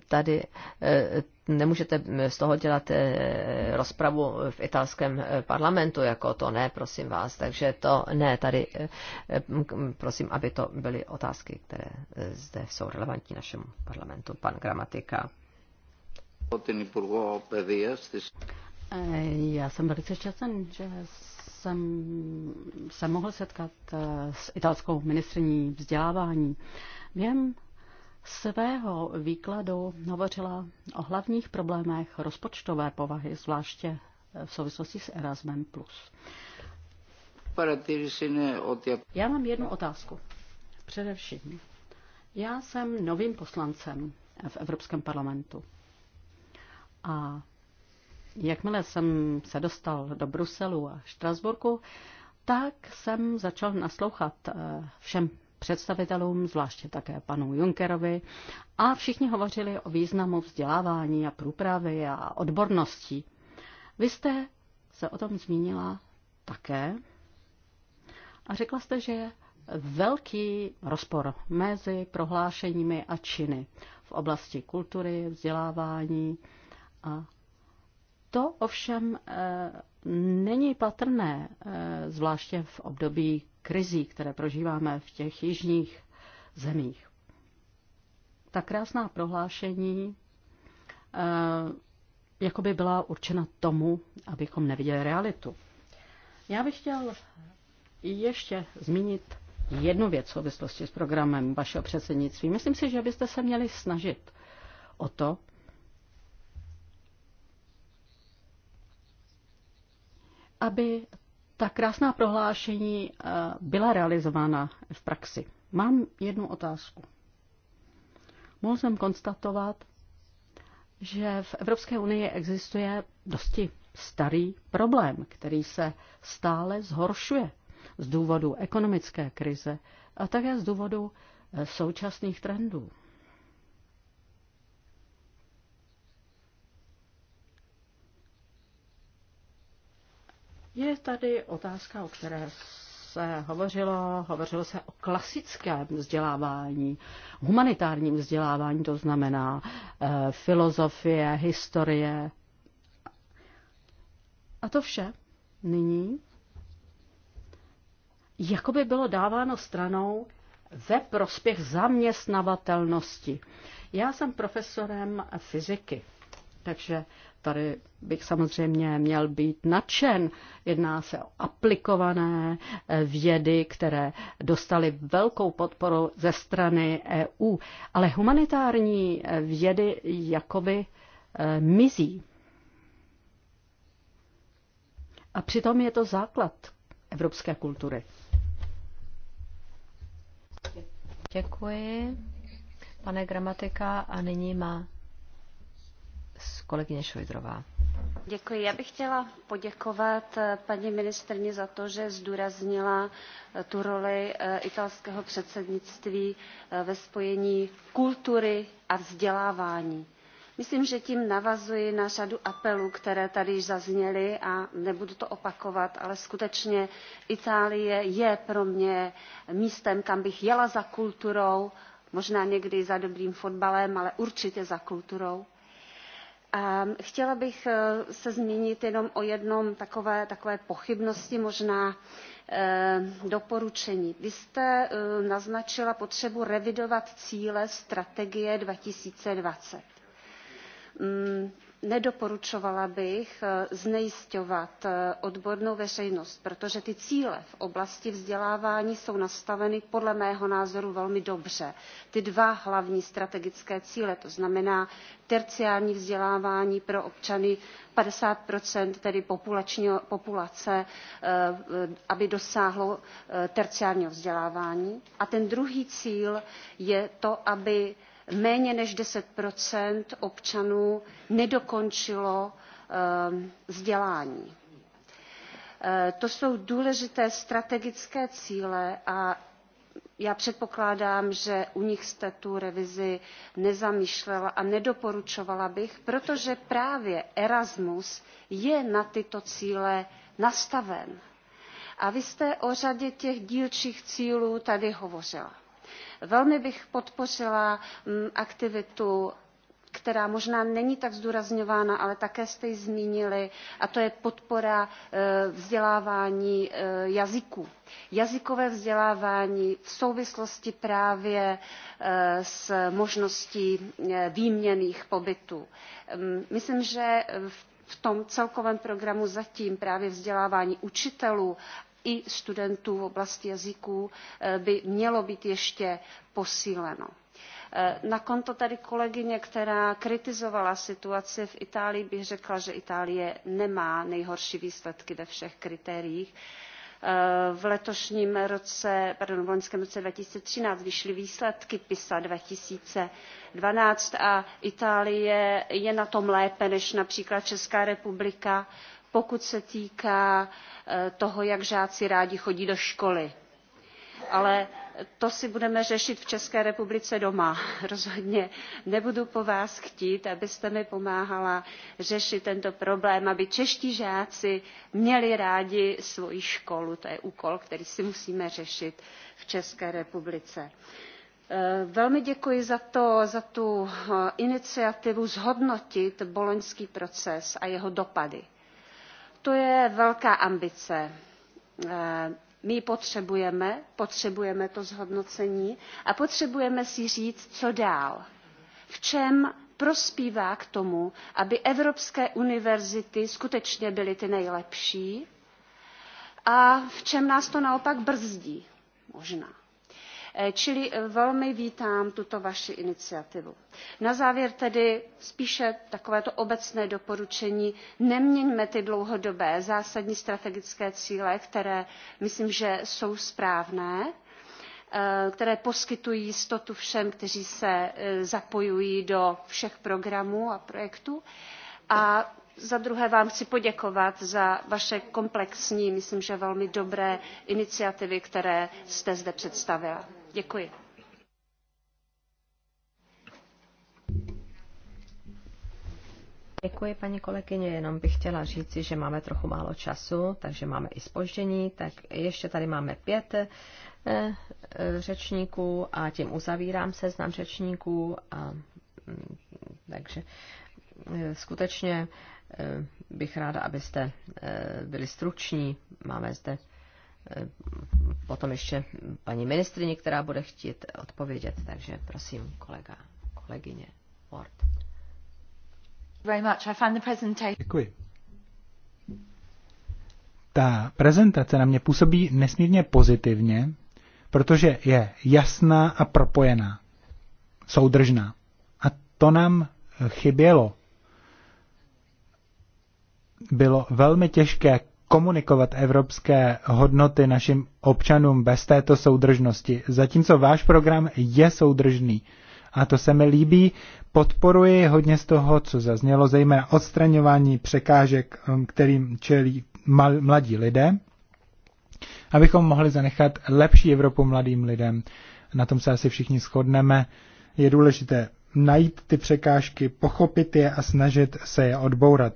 tady eh, nemůžete z toho dělat eh, rozpravu v italském eh, parlamentu, jako to ne, prosím vás. Takže to ne, tady prosím, aby to byly otázky, které zde jsou relevantní našemu parlamentu. Pan Gramatika. Já jsem velice šťastný, že jsem se mohl setkat s italskou ministriní vzdělávání. Během svého výkladu hovořila o hlavních problémech rozpočtové povahy, zvláště v souvislosti s Erasmem+. Já mám jednu otázku. Především. Já jsem novým poslancem v Evropském parlamentu. A jakmile jsem se dostal do Bruselu a Štrasburku, tak jsem začal naslouchat eh, všem představitelům, zvláště také panu Junkerovi, a všichni hovořili o významu vzdělávání a průpravy a odborností. Vy jste se o tom zmínila také a řekla jste, že je velký rozpor mezi prohlášeními a činy v oblasti kultury, vzdělávání a to ovšem e, není patrné, e, zvláště v období krizí, které prožíváme v těch jižních zemích. Ta krásná prohlášení eh, jako by byla určena tomu, abychom neviděli realitu. Já bych chtěl ještě zmínit jednu věc v souvislosti s programem vašeho předsednictví. Myslím si, že byste se měli snažit o to, aby ta krásná prohlášení eh, byla realizována v praxi. Mám jednu otázku. Mohl jsem konstatovat, že v Evropské unii existuje dosti starý problém, který se stále zhoršuje z důvodu ekonomické krize a také z důvodu eh, současných trendů. Je tady otázka, o které se hovořilo, hovořilo se o klasickém vzdělávání, humanitárním vzdělávání, to znamená e, filozofie, historie. A to vše nyní jako by bylo dáváno stranou ve prospěch zaměstnavatelnosti. Já jsem profesorem fyziky, takže Tady bych samozřejmě měl být nadšen. Jedná se o aplikované eh, vědy, které dostaly velkou podporu ze strany EU. Ale humanitární eh, vědy jakoby eh, mizí. A přitom je to základ evropské kultury. Děkuji, pane gramatika, a nyní má Kolegyně Šojdrová. Děkuji. Já bych chtěla poděkovat eh, paní ministrně za to, že zdůraznila eh, tu roli eh, italského předsednictví ve spojení kultury a vzdělávání. Myslím, že tím navazuji na řadu apelů, které tady již zazněly a nebudu to opakovat, ale skutečně Itálie je pro mě místem, kam bych jela za kulturou, možná někdy za dobrým fotbalem, ale určitě za kulturou a ehm, chtěla bych eh, se zmínit jenom o jednom takové, takové pochybnosti, možná ehm, doporučení. Vy jste eh, naznačila potřebu revidovat cíle strategie 2020 nedoporučovala bych eh, znejisťovat eh, odbornou veřejnost protože ty cíle v oblasti vzdělávání jsou nastaveny podle mého názoru velmi dobře ty dva hlavní strategické cíle to znamená terciární vzdělávání pro občany fifty tedy populace eh, aby dosáhlo terciárního vzdělávání a ten druhý cíl je to aby méně než ten občanů nedokončilo eh, vzdělání. Eh, to jsou důležité strategické cíle a já předpokládám že u nich jste tu revizi nezamýšlela a nedoporučovala bych protože právě erasmus je na tyto cíle nastaven. a vy jste o řadě těch dílčích cílů tady hovořila velmi bych podpořila mm, aktivitu která možná není tak zdůrazňována ale také jste ji zmínili a to je podpora e, vzdělávání e, jazyků jazykové vzdělávání v souvislosti právě e, s možností výměnných pobytů. Mm, myslím že v v tom celkovém programu zatím právě vzdělávání učitelů i studentů v oblasti jazyků eh, by mělo být ještě posíleno. Eh, na konto tady kolegyně, která kritizovala situaci v Itálii, bych řekla, že Itálie nemá nejhorší výsledky ve všech kritériích eh, v letošním roce, pardon, v loňském roce 2013 vyšly výsledky PISA 2012 a Itálie je na tom lépe než například Česká republika, pokud se týká eh, toho jak žáci rádi chodí do školy ale to si budeme řešit v české republice doma. rozhodně nebudu po vás chtít abyste mi pomáhala řešit tento problém aby čeští žáci měli rádi svoji školu to je úkol který si musíme řešit v české republice. Eh, velmi děkuji za, to, za tu eh, iniciativu zhodnotit boloňský proces a jeho dopady to je velká ambice. Eh, my ji potřebujeme potřebujeme to zhodnocení a potřebujeme si říct co dál v čem prospívá k tomu aby evropské univerzity skutečně byly ty nejlepší a v čem nás to naopak brzdí možná. Eh, čili eh, velmi vítám tuto vaši iniciativu. na závěr tedy spíše takovéto obecné doporučení neměňme ty dlouhodobé zásadní strategické cíle které myslím že jsou správné eh, které poskytují jistotu všem kteří se zapojují do všech programů a projektů a za druhé vám chci poděkovat za vaše komplexní myslím že velmi dobré iniciativy které jste zde představila děkuji. Děkuji, paní kolegyně. Jenom bych chtěla říci, že máme trochu málo času, takže máme i spoždění. Tak ještě tady máme pět eh, eh, řečníků a tím uzavírám seznam řečníků. A, mm, takže eh, skutečně bych ráda, abyste byli struční. Máme zde Eh, potom ještě paní ministrině, která bude chtít odpovědět. Takže prosím, kolega, kolegyně Ward. Děkuji. Ta prezentace na mě působí nesmírně pozitivně, protože je jasná a propojená, soudržná. A to nám chybělo. Bylo velmi těžké komunikovat evropské hodnoty našim občanům bez této soudržnosti. Zatímco váš program je soudržný. A to se mi líbí. Podporuji hodně z toho, co zaznělo, zejména odstraňování překážek, um, kterým čelí mal, mladí lidé, abychom mohli zanechat lepší Evropu mladým lidem. Na tom se asi všichni shodneme. Je důležité najít ty překážky, pochopit je a snažit se je odbourat.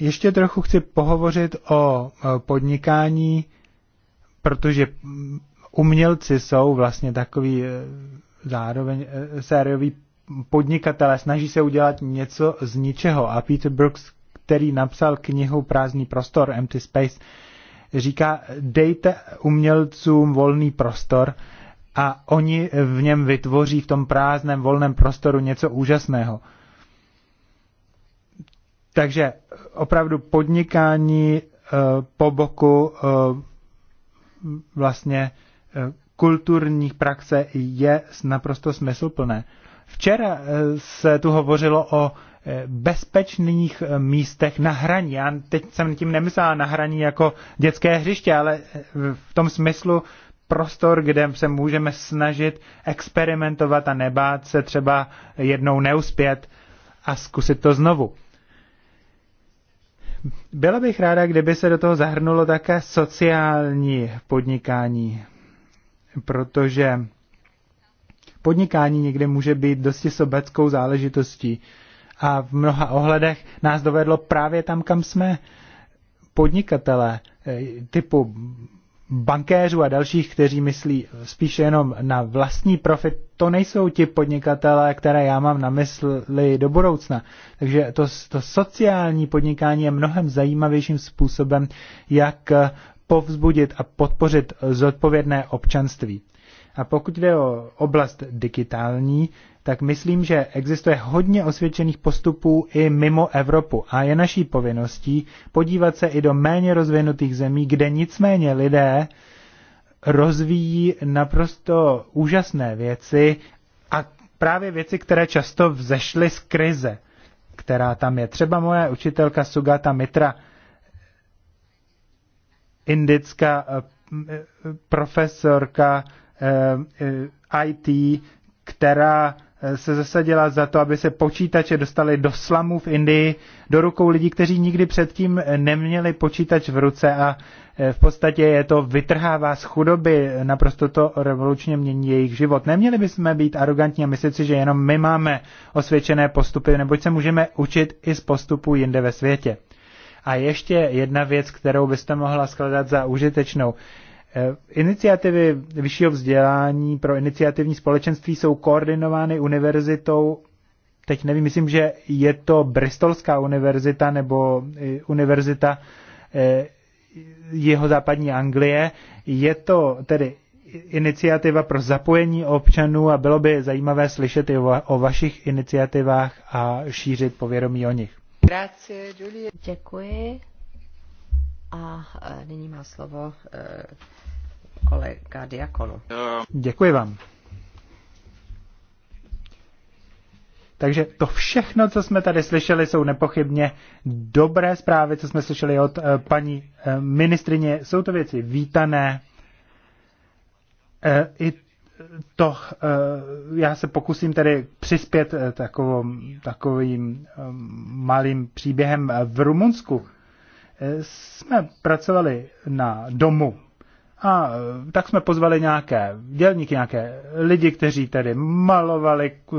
Ještě trochu chci pohovořit o e, podnikání, protože umělci jsou vlastně takový e, zároveň e, sériový podnikatelé, snaží se udělat něco z ničeho. A Peter Brooks, který napsal knihu Prázdný prostor, Empty Space, říká, dejte umělcům volný prostor a oni v něm vytvoří v tom prázdném volném prostoru něco úžasného. Takže opravdu podnikání eh, po boku eh, vlastně eh, kulturních praxe je naprosto smysluplné. Včera se tu hovořilo o bezpečných místech na hraní. Já teď jsem tím nemyslela na hraní jako dětské hřiště, ale v tom smyslu prostor, kde se můžeme snažit experimentovat a nebát se třeba jednou neuspět a zkusit to znovu. Byla bych ráda, kdyby se do toho zahrnulo také sociální podnikání, protože podnikání někde může být dosti sobeckou záležitostí a v mnoha ohledech nás dovedlo právě tam, kam jsme podnikatelé e, typu bankéřů a dalších, kteří myslí spíše jenom na vlastní profit, to nejsou ti podnikatele, které já mám na mysli do budoucna. Takže to, to sociální podnikání je mnohem zajímavějším způsobem, jak povzbudit a podpořit zodpovědné občanství. A pokud jde o oblast digitální, tak myslím, že existuje hodně osvědčených postupů i mimo Evropu a je naší povinností podívat se i do méně rozvinutých zemí, kde nicméně lidé rozvíjí naprosto úžasné věci a právě věci, které často vzešly z krize, která tam je. Třeba moje učitelka Sugata Mitra, indická eh, eh, profesorka Eh, eh, IT, která eh, se zasadila za to, aby se počítače dostali do slamu v Indii, do rukou lidí, kteří nikdy předtím neměli počítač v ruce a v podstatě je to vytrhává z chudoby, naprosto to revolučně mění jejich život. Neměli bychom být arrogantní a myslet si, že jenom my máme osvědčené postupy, neboť se můžeme učit i z postupů jinde ve světě. A ještě jedna věc, kterou byste mohla skladat za užitečnou. Eh, iniciativy vyššího vzdělání pro iniciativní společenství jsou koordinovány univerzitou, teď nevím, myslím, že je to Bristolská univerzita nebo eh, univerzita eh, jeho západní Anglie. Je to tedy iniciativa pro zapojení občanů a bylo by zajímavé slyšet i o vašich iniciativách a šířit povědomí o nich. Děkuji. A e, nyní má slovo e, kolega Diakonu. Děkuji vám. Takže to všechno, co jsme tady slyšeli, jsou nepochybně dobré zprávy, co jsme slyšeli od e, paní ministrině. Jsou to věci vítané. I to, já se pokusím tedy přispět takovým, takovým malým příběhem v Rumunsku jsme pracovali na domu a e, tak jsme pozvali nějaké dělníky, nějaké lidi, kteří tedy malovali e,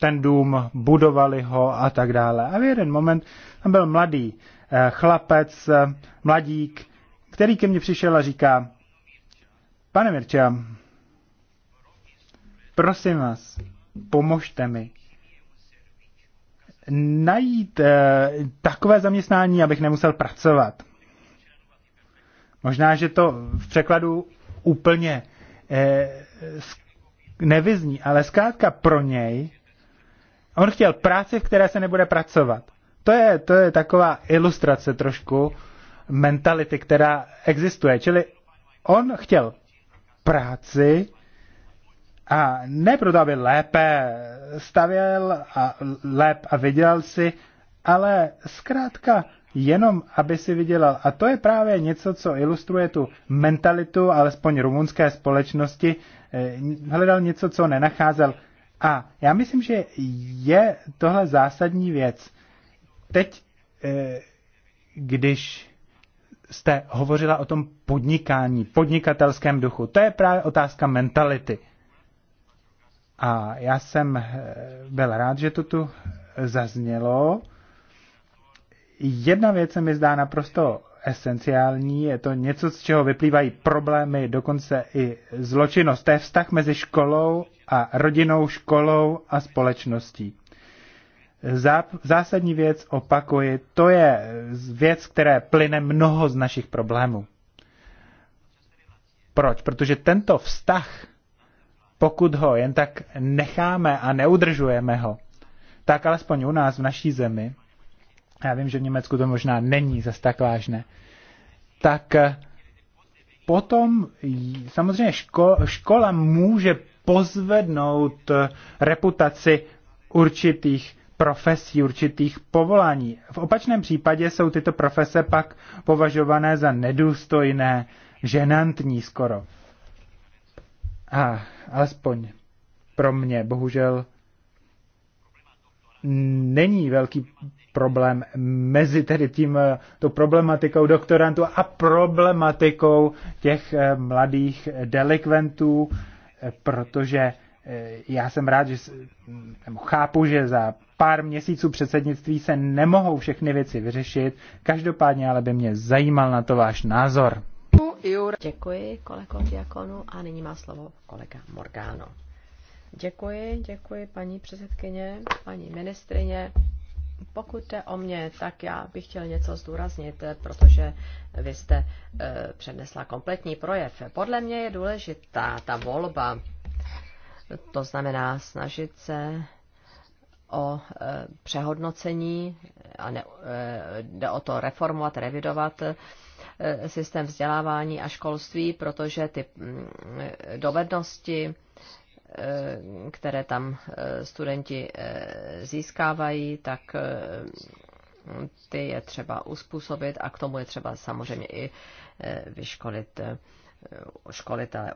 ten dům, budovali ho a tak dále. A v jeden moment tam byl mladý e, chlapec, mladík, který ke mně přišel a říká, pane Mirča, prosím vás, pomožte mi najít eh, takové zaměstnání, abych nemusel pracovat. Možná, že to v překladu úplně eh, nevyzní, ale zkrátka pro něj on chtěl práci, v které se nebude pracovat. To je, to je taková ilustrace trošku mentality, která existuje. Čili on chtěl práci, a ne proto, aby lépe stavěl a lép a vydělal si, ale zkrátka jenom, aby si vydělal. A to je právě něco, co ilustruje tu mentalitu, alespoň rumunské společnosti. Eh, hledal něco, co nenacházel. A já myslím, že je tohle zásadní věc. Teď, eh, když jste hovořila o tom podnikání, podnikatelském duchu, to je právě otázka mentality – a já jsem eh, byl rád, že to tu zaznělo. Jedna věc se mi zdá naprosto esenciální, je to něco, z čeho vyplývají problémy, dokonce i zločinnost. To je vztah mezi školou a rodinou, školou a společností. Zá, zásadní věc, opakuji, to je věc, které plyne mnoho z našich problémů. Proč? Protože tento vztah pokud ho jen tak necháme a neudržujeme ho, tak alespoň u nás v naší zemi, já vím, že v Německu to možná není zas tak vážné, tak eh, potom samozřejmě ško, škola může pozvednout eh, reputaci určitých profesí, určitých povolání. V opačném případě jsou tyto profese pak považované za nedůstojné, ženantní skoro. A alespoň pro mě, bohužel, není velký problém mezi tedy tím, eh, tou problematikou doktorantů a problematikou těch eh, mladých delikventů, eh, protože já jsem rád, že chápu, že za pár měsíců předsednictví se nemohou všechny věci vyřešit. Každopádně ale by mě zajímal na to váš názor. Děkuji kolego Diakonu a nyní má slovo kolega Morgano. Děkuji, děkuji paní předsedkyně, paní ministrině. Pokud jde o mě, tak já bych chtěl něco zdůraznit, protože vy jste e, přednesla kompletní projev. Podle mě je důležitá ta volba, to znamená snažit se o e, přehodnocení a ne, e, jde o to reformovat, revidovat. E, systém vzdělávání a školství, protože ty mm, dovednosti, eh, které tam eh, studenti eh, získávají, tak ty je třeba uspůsobit a k tomu je třeba samozřejmě i vyškolit školitele,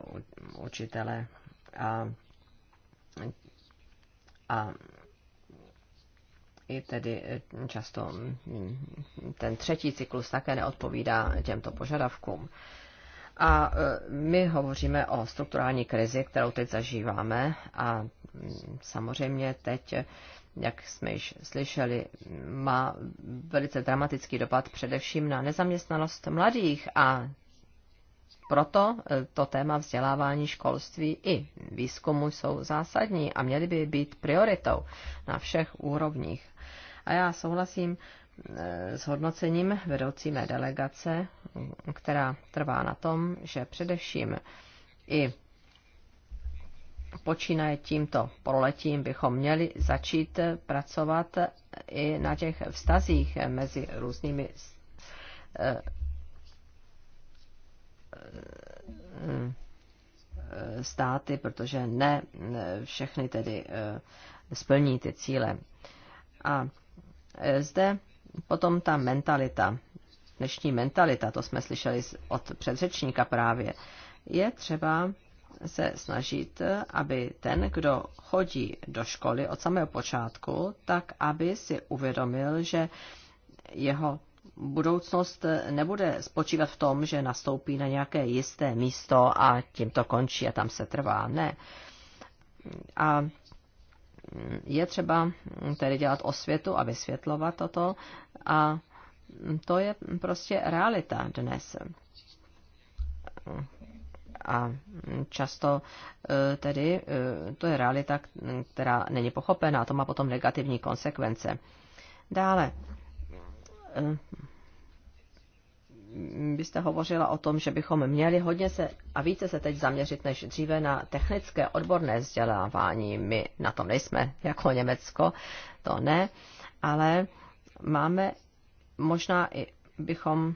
učitele a, a i tedy e, často mm, ten třetí cyklus také neodpovídá těmto požadavkům. A e, my hovoříme o strukturální krizi, kterou teď zažíváme a mm, samozřejmě teď, e, jak jsme již slyšeli, má velice dramatický dopad především na nezaměstnanost mladých a proto e, to téma vzdělávání, školství i výzkumu jsou zásadní a měly by být prioritou na všech úrovních. A já souhlasím e, s hodnocením vedoucí mé delegace, která trvá na tom, že především i počínaje tímto proletím bychom měli začít pracovat i na těch vztazích mezi různými e, státy, protože ne všechny tedy eh, splní ty cíle. A eh, zde potom ta mentalita, dnešní mentalita, to jsme slyšeli od předřečníka právě, je třeba se snažit, aby ten, kdo chodí do školy od samého počátku, tak aby si uvědomil, že jeho budoucnost nebude spočívat v tom, že nastoupí na nějaké jisté místo a tím to končí a tam se trvá. Ne. A je třeba tedy dělat osvětu a vysvětlovat toto a to je prostě realita dnes. A často eh, tedy eh, to je realita, která není pochopená a to má potom negativní konsekvence. Dále, eh, byste hovořila o tom, že bychom měli hodně se a více se teď zaměřit než dříve na technické odborné vzdělávání. My na tom nejsme jako Německo, to ne, ale máme možná i bychom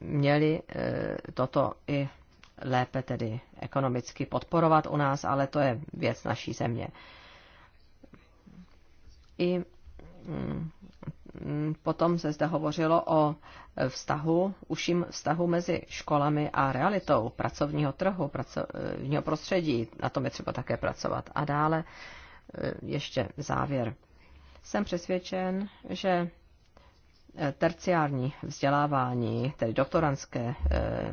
měli e, toto i lépe tedy ekonomicky podporovat u nás, ale to je věc naší země. I mm, Mm, potom se zde hovořilo o vztahu, uším vztahu mezi školami a realitou pracovního trhu, pracovního prostředí. Na tom je třeba také pracovat. A dále e, ještě závěr. Jsem přesvědčen, že e, terciární vzdělávání, tedy doktorantské, e,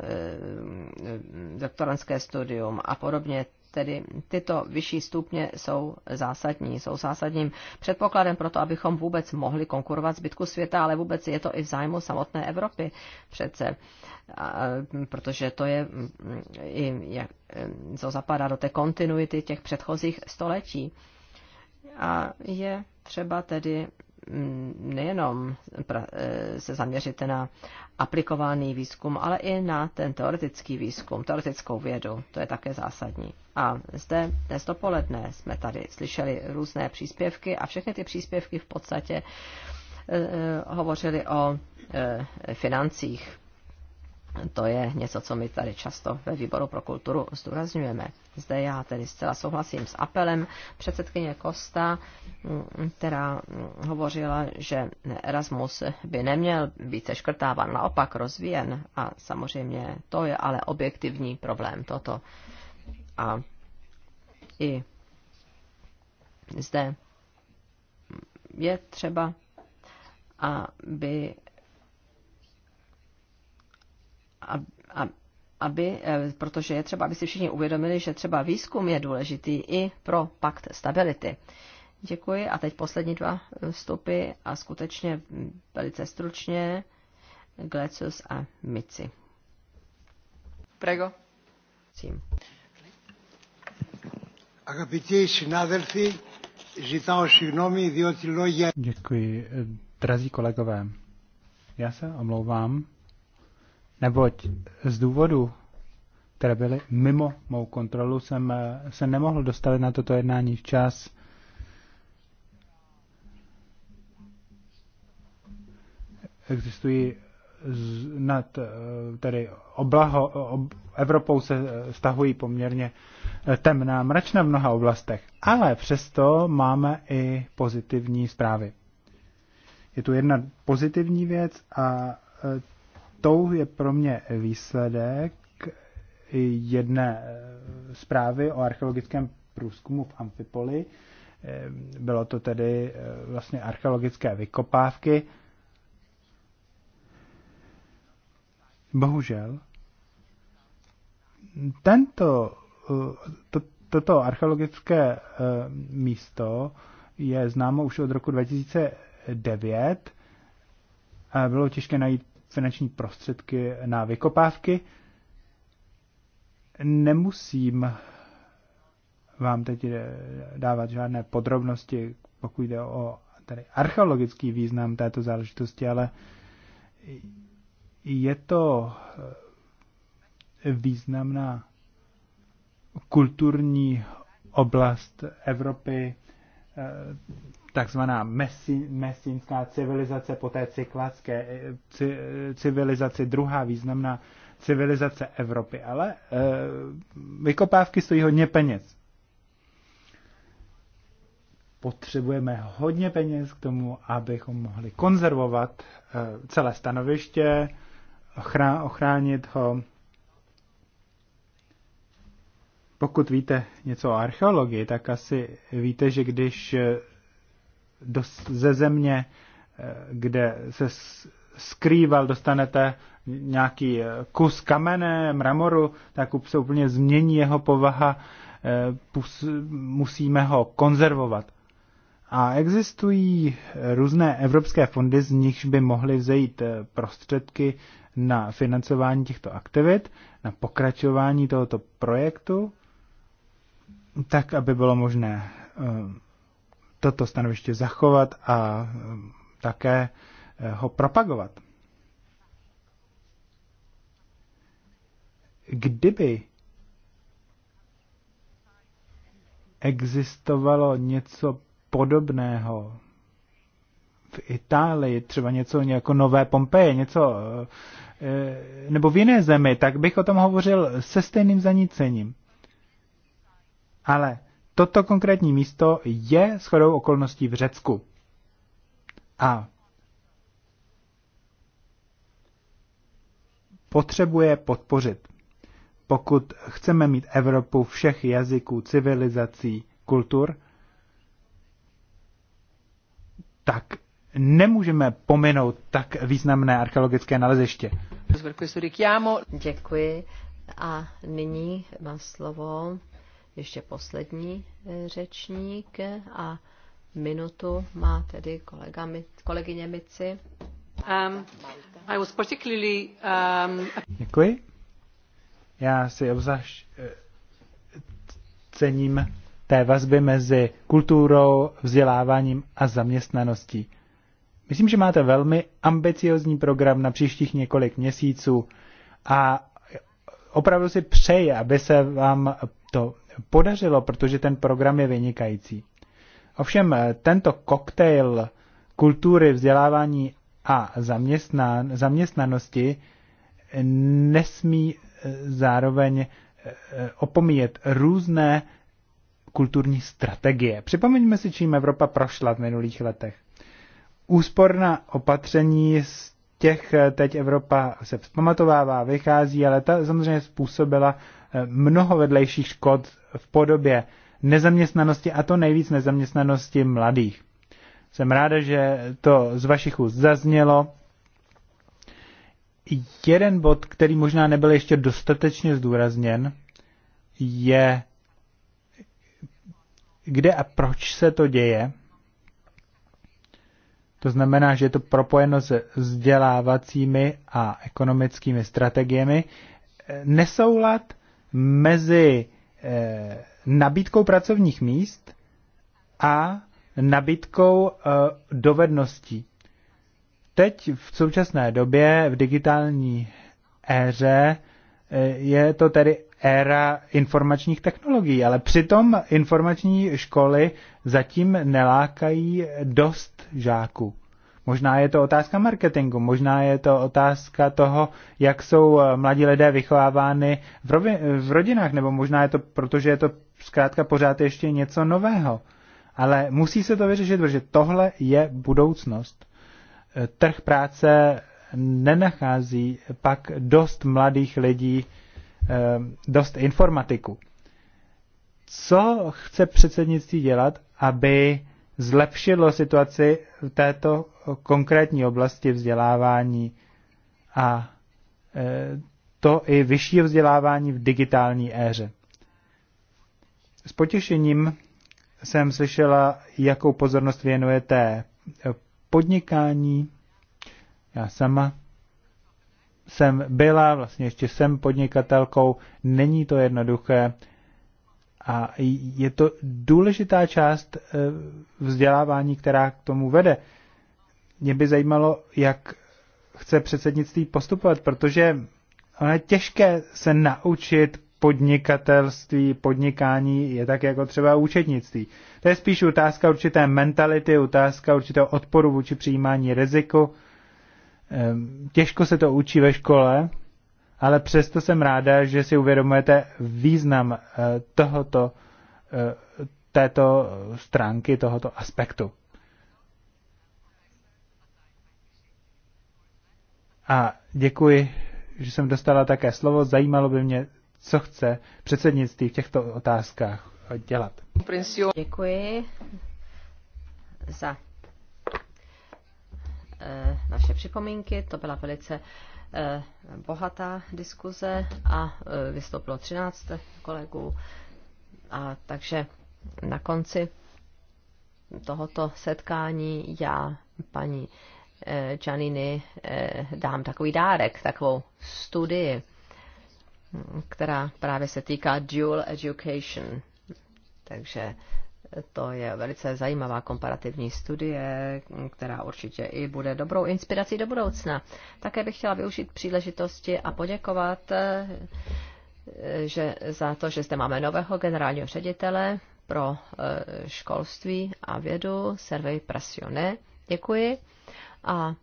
doktorantské studium a podobně, Tedy tyto vyšší stupně jsou zásadní, jsou zásadním předpokladem pro to, abychom vůbec mohli konkurovat zbytku světa, ale vůbec je to i v zájmu samotné Evropy přece, protože to je, jak, co zapadá do té kontinuity těch předchozích století. A je třeba tedy Mm, nejenom eh, se zaměřit na aplikovaný výzkum, ale i na ten teoretický výzkum, teoretickou vědu. To je také zásadní. A zde dnes dopoledne jsme tady slyšeli různé příspěvky a všechny ty příspěvky v podstatě eh, eh, hovořily o financích to je něco, co my tady často ve výboru pro kulturu zdůrazňujeme. Zde já tedy zcela souhlasím s apelem předsedkyně Kosta, která hovořila, že Erasmus by neměl být seškrtáván, naopak rozvíjen. A samozřejmě to je ale objektivní problém toto. A i zde je třeba, aby aby, eh, protože je třeba, aby si všichni uvědomili, že třeba výzkum je důležitý i pro pakt stability. Děkuji a teď poslední dva vstupy a skutečně velice stručně Glecius a Mici. Prego. Prosím. Děkuji, eh, drazí kolegové. Já se omlouvám, neboť z důvodu, které byly mimo mou kontrolu, jsem eh, se nemohl dostavit na toto jednání včas. Existují nad eh, tedy oblaho, ob, Evropou se stahují eh, poměrně temná mračna v mnoha oblastech, ale přesto máme i pozitivní zprávy. Je tu jedna pozitivní věc a tou je pro mě výsledek jedné eh, zprávy o archeologickém průzkumu v Amfipoli. Eh, bylo to tedy eh, vlastně archeologické vykopávky. Bohužel, tento, to, toto archeologické místo je známo už od roku 2009. Bylo těžké najít finanční prostředky na vykopávky. Nemusím vám teď eh, dávat žádné podrobnosti, pokud jde o tady archeologický význam této záležitosti, ale je to eh, významná kulturní oblast Evropy, eh, takzvaná mesínská civilizace, poté cyklacké eh, eh, civilizaci, druhá významná civilizace Evropy. Ale eh, vykopávky stojí hodně peněz. Potřebujeme hodně peněz k tomu, abychom mohli konzervovat celé stanoviště, ochránit ho. Pokud víte něco o archeologii, tak asi víte, že když do, ze země, eh, kde se skrýval, dostanete nějaký eh, kus kamene, mramoru, tak se úplně změní jeho povaha, eh, musíme ho konzervovat. A existují různé evropské fondy, z nichž by mohly vzejít prostředky na financování těchto aktivit, na pokračování tohoto projektu, tak aby bylo možné toto stanoviště zachovat a um, také eh, ho propagovat. Kdyby existovalo něco podobného v Itálii, třeba něco jako Nové Pompeje, něco eh, nebo v jiné zemi, tak bych o tom hovořil se stejným zanícením. Ale Toto konkrétní místo je shodou okolností v Řecku. A potřebuje podpořit, pokud chceme mít Evropu všech jazyků, civilizací, kultur, tak nemůžeme pominout tak významné archeologické naleziště. Děkuji. A nyní má slovo ještě poslední e, řečník a minutu má tedy kolega, kolegyně Mici. Um, I was particularly, um... Děkuji. Já si obzvlášť e, cením té vazby mezi kulturou, vzděláváním a zaměstnaností. Myslím, že máte velmi ambiciozní program na příštích několik měsíců a opravdu si přeji, aby se vám to podařilo, protože ten program je vynikající. Ovšem eh, tento koktejl kultury, vzdělávání a zaměstnan- zaměstnanosti eh, nesmí eh, zároveň opomíjet různé kulturní strategie. Připomeňme si, čím Evropa prošla v minulých letech. Úsporná opatření z těch teď Evropa se vzpamatovává, vychází, ale ta samozřejmě způsobila mnoho vedlejších škod v podobě nezaměstnanosti a to nejvíc nezaměstnanosti mladých. Jsem ráda, že to z vašich úst zaznělo. Jeden bod, který možná nebyl ještě dostatečně zdůrazněn, je kde a proč se to děje. To znamená, že je to propojeno se vzdělávacími a ekonomickými strategiemi. Nesoulad mezi eh, nabídkou pracovních míst a nabídkou eh, dovedností. Teď v současné době v digitální éře eh, je to tedy éra informačních technologií, ale přitom informační školy zatím nelákají dost žáků. Možná je to otázka marketingu, možná je to otázka toho, jak jsou eh, mladí lidé vychovávány v, rovi, v rodinách, nebo možná je to, protože je to zkrátka pořád ještě něco nového. Ale musí se to vyřešit, protože tohle je budoucnost. Eh, trh práce nenachází pak dost mladých lidí, eh, dost informatiku. Co chce předsednictví dělat, aby zlepšilo situaci v této konkrétní oblasti vzdělávání a e, to i vyššího vzdělávání v digitální éře. S potěšením jsem slyšela, jakou pozornost věnujete podnikání. Já sama jsem byla, vlastně ještě jsem podnikatelkou, není to jednoduché a je to důležitá část eh, vzdělávání, která k tomu vede. Mě by zajímalo, jak chce předsednictví postupovat, protože ono je těžké se naučit podnikatelství, podnikání je tak jako třeba účetnictví. To je spíš otázka určité mentality, otázka určitého odporu vůči přijímání riziku. Ehm, těžko se to učí ve škole, ale přesto jsem ráda, že si uvědomujete význam eh, tohoto, eh, této stránky, tohoto aspektu. A děkuji, že jsem dostala také slovo. Zajímalo by mě, co chce předsednictví v těchto otázkách dělat. Děkuji za naše eh, připomínky. To byla velice Eh, bohatá diskuze a eh, vystoupilo 13 kolegů. A takže na konci tohoto setkání já paní Janiny eh, dám takový dárek, takovou studii, která právě se týká dual education. Takže to je velice zajímavá komparativní studie, která určitě i bude dobrou inspirací do budoucna. Také bych chtěla využít příležitosti a poděkovat eh, že za to, že zde máme nového generálního ředitele pro eh, školství a vědu, Servej Prasione. Děkuji. A,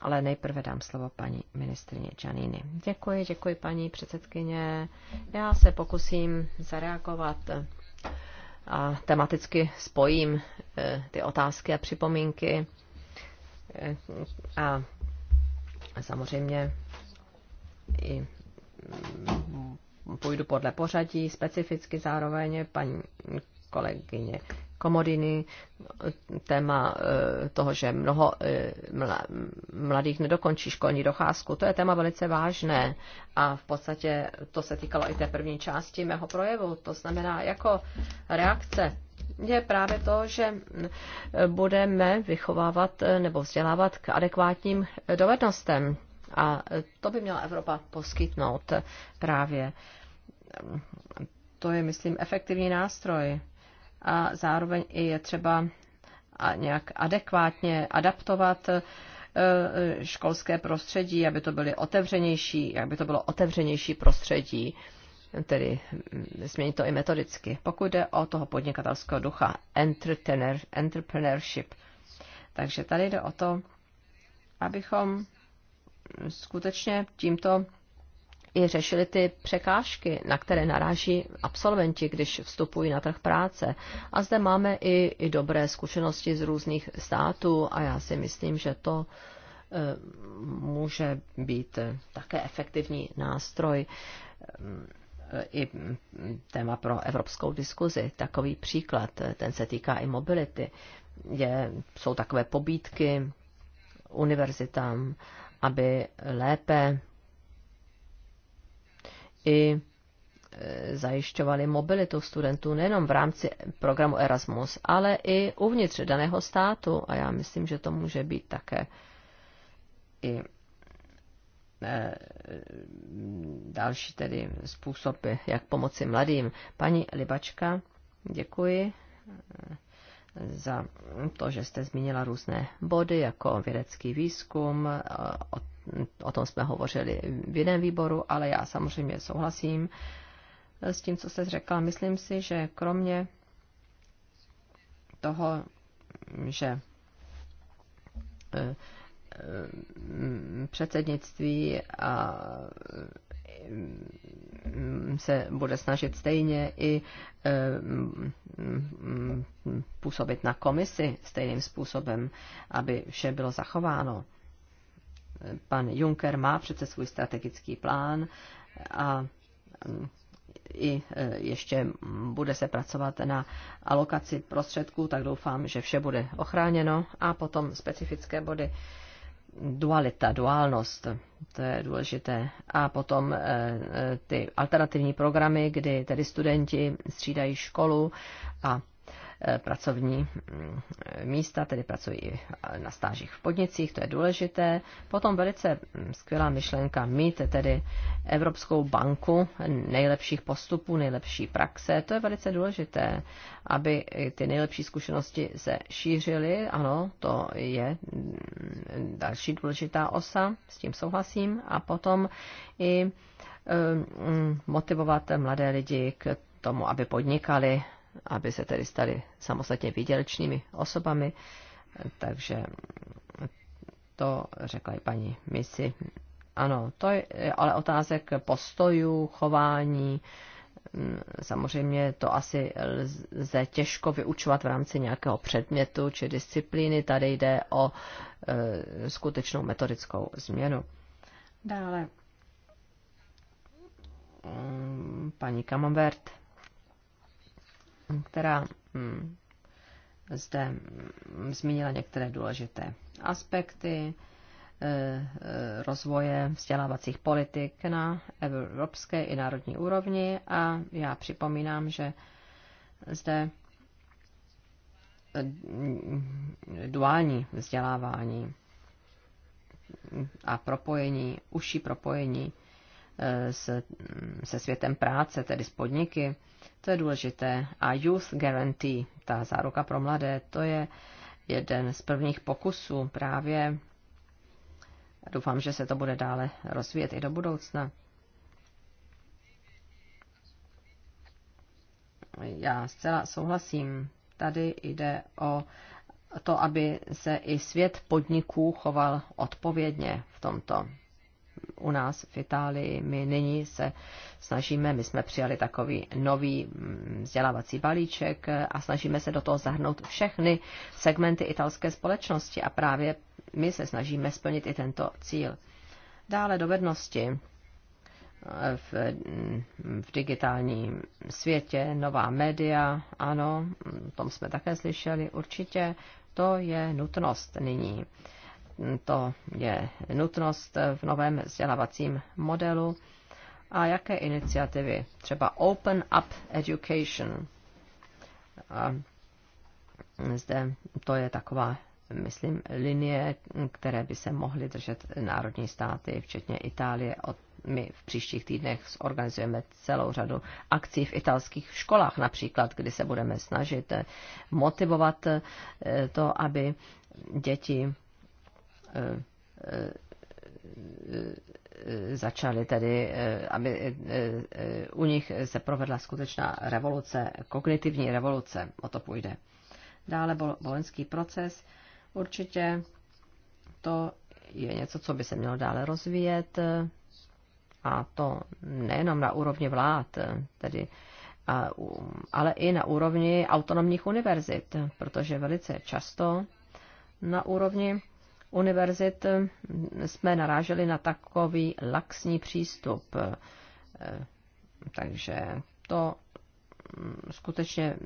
ale nejprve dám slovo paní ministrině Janiny. Děkuji, děkuji paní předsedkyně. Já se pokusím zareagovat a tematicky spojím e, ty otázky a připomínky. E, a samozřejmě i půjdu podle pořadí, specificky zároveň paní kolegyně Komodiny, téma eh, toho, že mnoho eh, mladých nedokončí školní docházku. To je téma velice vážné a v podstatě to se týkalo i té první části mého projevu. To znamená, jako reakce je právě to, že eh, budeme vychovávat nebo vzdělávat k adekvátním dovednostem. A to by měla Evropa poskytnout právě. To je, myslím, efektivní nástroj a zároveň i je třeba nějak adekvátně adaptovat eh, školské prostředí, aby to byly otevřenější, aby to bylo otevřenější prostředí, tedy mm, změnit to i metodicky. Pokud jde o toho podnikatelského ducha, entrepreneur, entrepreneurship. Takže tady jde o to, abychom skutečně tímto i řešili ty překážky, na které naráží absolventi, když vstupují na trh práce. A zde máme i, i dobré zkušenosti z různých států a já si myslím, že to eh, může být eh, také efektivní nástroj eh, i mm, téma pro evropskou diskuzi. Takový příklad, ten se týká i mobility. Je, jsou takové pobídky univerzitám, aby lépe i e, zajišťovali mobilitu studentů nejenom v rámci programu Erasmus, ale i uvnitř daného státu. A já myslím, že to může být také i e, další tedy způsoby, jak pomoci mladým. Paní Libačka, děkuji za to, že jste zmínila různé body, jako vědecký výzkum, eh, o, o tom jsme hovořili v jiném výboru, ale já samozřejmě souhlasím eh, s tím, co jste řekla. Myslím si, že kromě toho, že eh, předsednictví a Mm, se bude snažit stejně i eh, mm, působit na komisi stejným způsobem, aby vše bylo zachováno. Pan Juncker má přece svůj strategický plán a mm, i eh, ještě bude se pracovat na alokaci prostředků, tak doufám, že vše bude ochráněno a potom specifické body dualita, duálnost, to je důležité. A potom eh, eh, ty alternativní programy, kdy tedy studenti střídají školu a Eh, pracovní mm, místa, tedy pracují eh, na stážích v podnicích, to je důležité. Potom velice mm, skvělá myšlenka mít tedy Evropskou banku nejlepších postupů, nejlepší praxe, to je velice důležité, aby ty nejlepší zkušenosti se šířily, ano, to je mm, další důležitá osa, s tím souhlasím, a potom i eh, motivovat mladé lidi k tomu, aby podnikali aby se tedy stali samostatně výdělečnými osobami. Takže to řekla i paní misi. Ano, to je ale otázek postojů, chování. Samozřejmě to asi lze těžko vyučovat v rámci nějakého předmětu či disciplíny. Tady jde o e, skutečnou metodickou změnu. Dále mm, paní Kamambert která hm, zde hm, zmínila některé důležité aspekty eh, eh, rozvoje vzdělávacích politik na evropské i národní úrovni a já připomínám, že zde hm, duální vzdělávání a propojení, užší propojení eh, se, se světem práce, tedy s podniky, to je důležité. A Youth Guarantee, ta záruka pro mladé, to je jeden z prvních pokusů právě. Doufám, že se to bude dále rozvíjet i do budoucna. Já zcela souhlasím. Tady jde o to, aby se i svět podniků choval odpovědně v tomto u nás v Itálii. My nyní se snažíme, my jsme přijali takový nový mm, vzdělávací balíček a snažíme se do toho zahrnout všechny segmenty italské společnosti a právě my se snažíme splnit i tento cíl. Dále dovednosti eh, v, mm, v digitálním světě, nová média, ano, o mm, tom jsme také slyšeli určitě, to je nutnost nyní to je nutnost v novém vzdělávacím modelu. A jaké iniciativy? Třeba Open Up Education. A zde to je taková, myslím, linie, které by se mohly držet národní státy, včetně Itálie. My v příštích týdnech zorganizujeme celou řadu akcí v italských školách například, kdy se budeme snažit motivovat eh, to, aby děti Eh, eh, začali tedy, eh, aby u nich se provedla skutečná revoluce, kognitivní revoluce, o to půjde. Dále bolenský proces, určitě to je něco, co by se mělo dále rozvíjet a to nejenom na úrovni vlád, tedy ale i na úrovni autonomních univerzit, protože velice často na úrovni univerzit eh, jsme naráželi na takový laxní přístup. Eh, takže to mm, skutečně,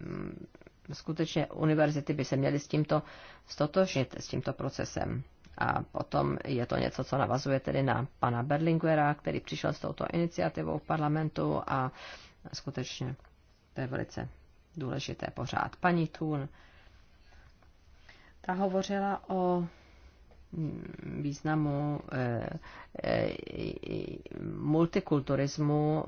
mm, skutečně univerzity by se měly s tímto stotožnit, s tímto procesem. A potom je to něco, co navazuje tedy na pana Berlinguera, který přišel s touto iniciativou v parlamentu a skutečně to je velice důležité pořád. Paní Thun, ta hovořila o významu eh, eh, multikulturismu,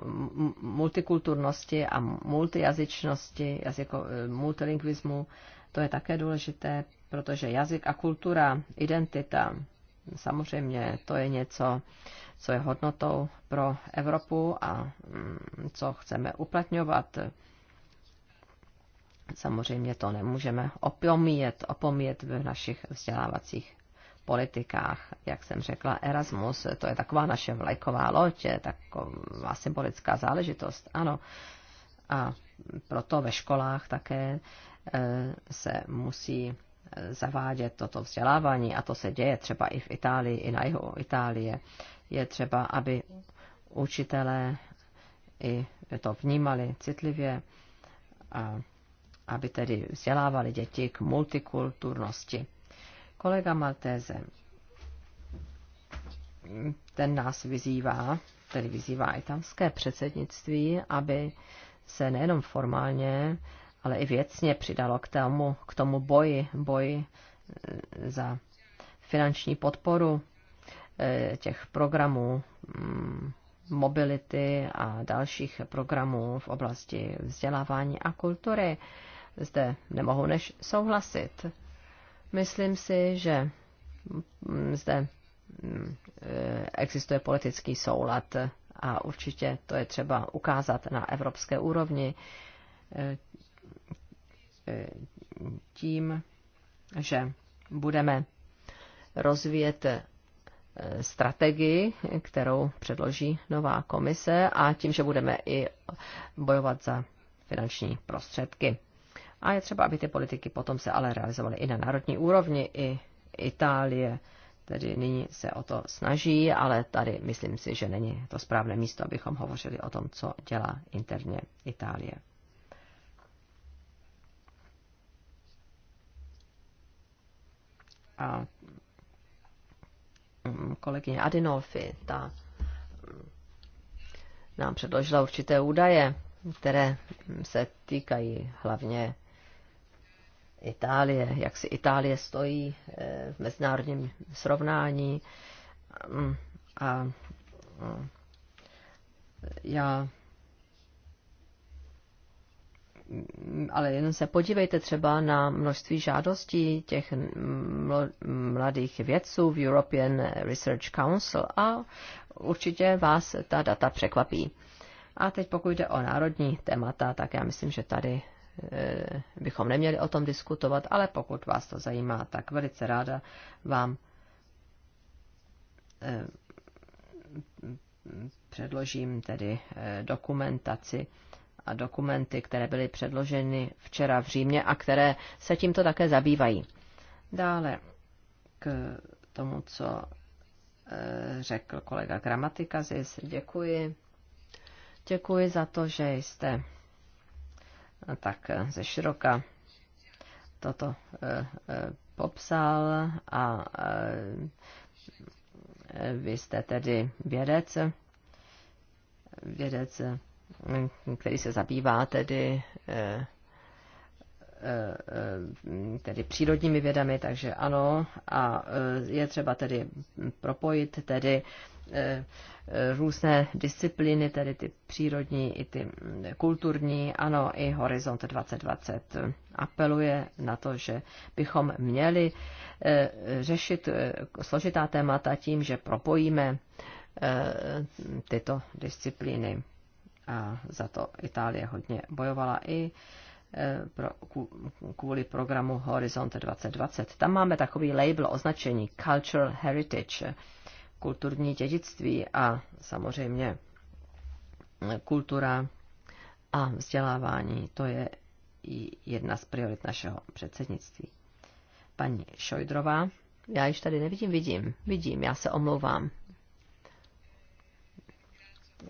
multikulturnosti a multijazyčnosti, jazyko, eh, multilingvismu. To je také důležité, protože jazyk a kultura, identita, samozřejmě to je něco, co je hodnotou pro Evropu a mm, co chceme uplatňovat. Samozřejmě to nemůžeme opomíjet, opomíjet v našich vzdělávacích politikách. Jak jsem řekla, Erasmus, to je taková naše vlajková loď, taková symbolická záležitost, ano. A proto ve školách také e, se musí zavádět toto vzdělávání a to se děje třeba i v Itálii, i na jihu Itálie. Je třeba, aby učitelé i to vnímali citlivě a aby tedy vzdělávali děti k multikulturnosti. Kolega Maltéze, ten nás vyzývá, tedy vyzývá italské předsednictví, aby se nejenom formálně, ale i věcně přidalo k tomu, k tomu boji, boji e, za finanční podporu e, těch programů mm, mobility a dalších programů v oblasti vzdělávání a kultury. Zde nemohu než souhlasit Myslím si, že mm, zde mm, eh, existuje politický soulad a určitě to je třeba ukázat na evropské úrovni eh, eh, tím, že budeme rozvíjet strategii, kterou předloží nová komise a tím, že budeme i bojovat za finanční prostředky. A je třeba, aby ty politiky potom se ale realizovaly i na národní úrovni, i Itálie tedy nyní se o to snaží, ale tady myslím si, že není to správné místo, abychom hovořili o tom, co dělá interně Itálie. A mm, kolegyně Adinolfi, ta mm, nám předložila určité údaje, které se týkají hlavně Itálie, jak si Itálie stojí eh, v mezinárodním srovnání. Mm, a mm, já mm, ale jen se podívejte třeba na množství žádostí těch mladých vědců v European Research Council a určitě vás ta data překvapí. A teď pokud jde o národní témata, tak já myslím, že tady Eh, bychom neměli o tom diskutovat, ale pokud vás to zajímá, tak velice ráda vám eh, předložím tedy eh, dokumentaci a dokumenty, které byly předloženy včera v Římě a které se tímto také zabývají. Dále k tomu, co řekl kolega Gramatikazis. Děkuji. Děkuji za to, že jste tak eh, ze široka toto eh, eh, popsal a vy jste tedy vědec, vědec, hm, který se zabývá tedy tedy přírodními vědami, takže ano, a je třeba tedy propojit tedy E, e, různé disciplíny, tedy ty přírodní i ty kulturní, ano, i Horizont 2020 apeluje na to, že bychom měli e, řešit složitá témata tím, že propojíme tyto disciplíny. A za to Itálie hodně bojovala i pro, kvůli programu Horizont 2020. Tam máme takový label označení Cultural Heritage kulturní dědictví a samozřejmě kultura a vzdělávání, to je jedna z priorit našeho předsednictví. Paní Šojdrová, já již tady nevidím, vidím, vidím, já se omlouvám.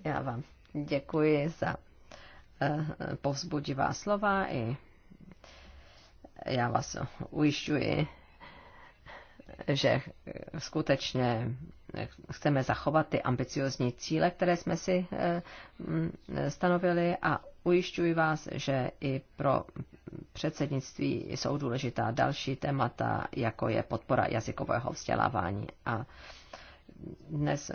Já vám děkuji za eh, povzbudivá slova i já vás ujišťuji, že skutečně chceme zachovat ty ambiciozní cíle, které jsme si eh, stanovili a ujišťuji vás, že i pro předsednictví jsou důležitá další témata, jako je podpora jazykového vzdělávání. A dnes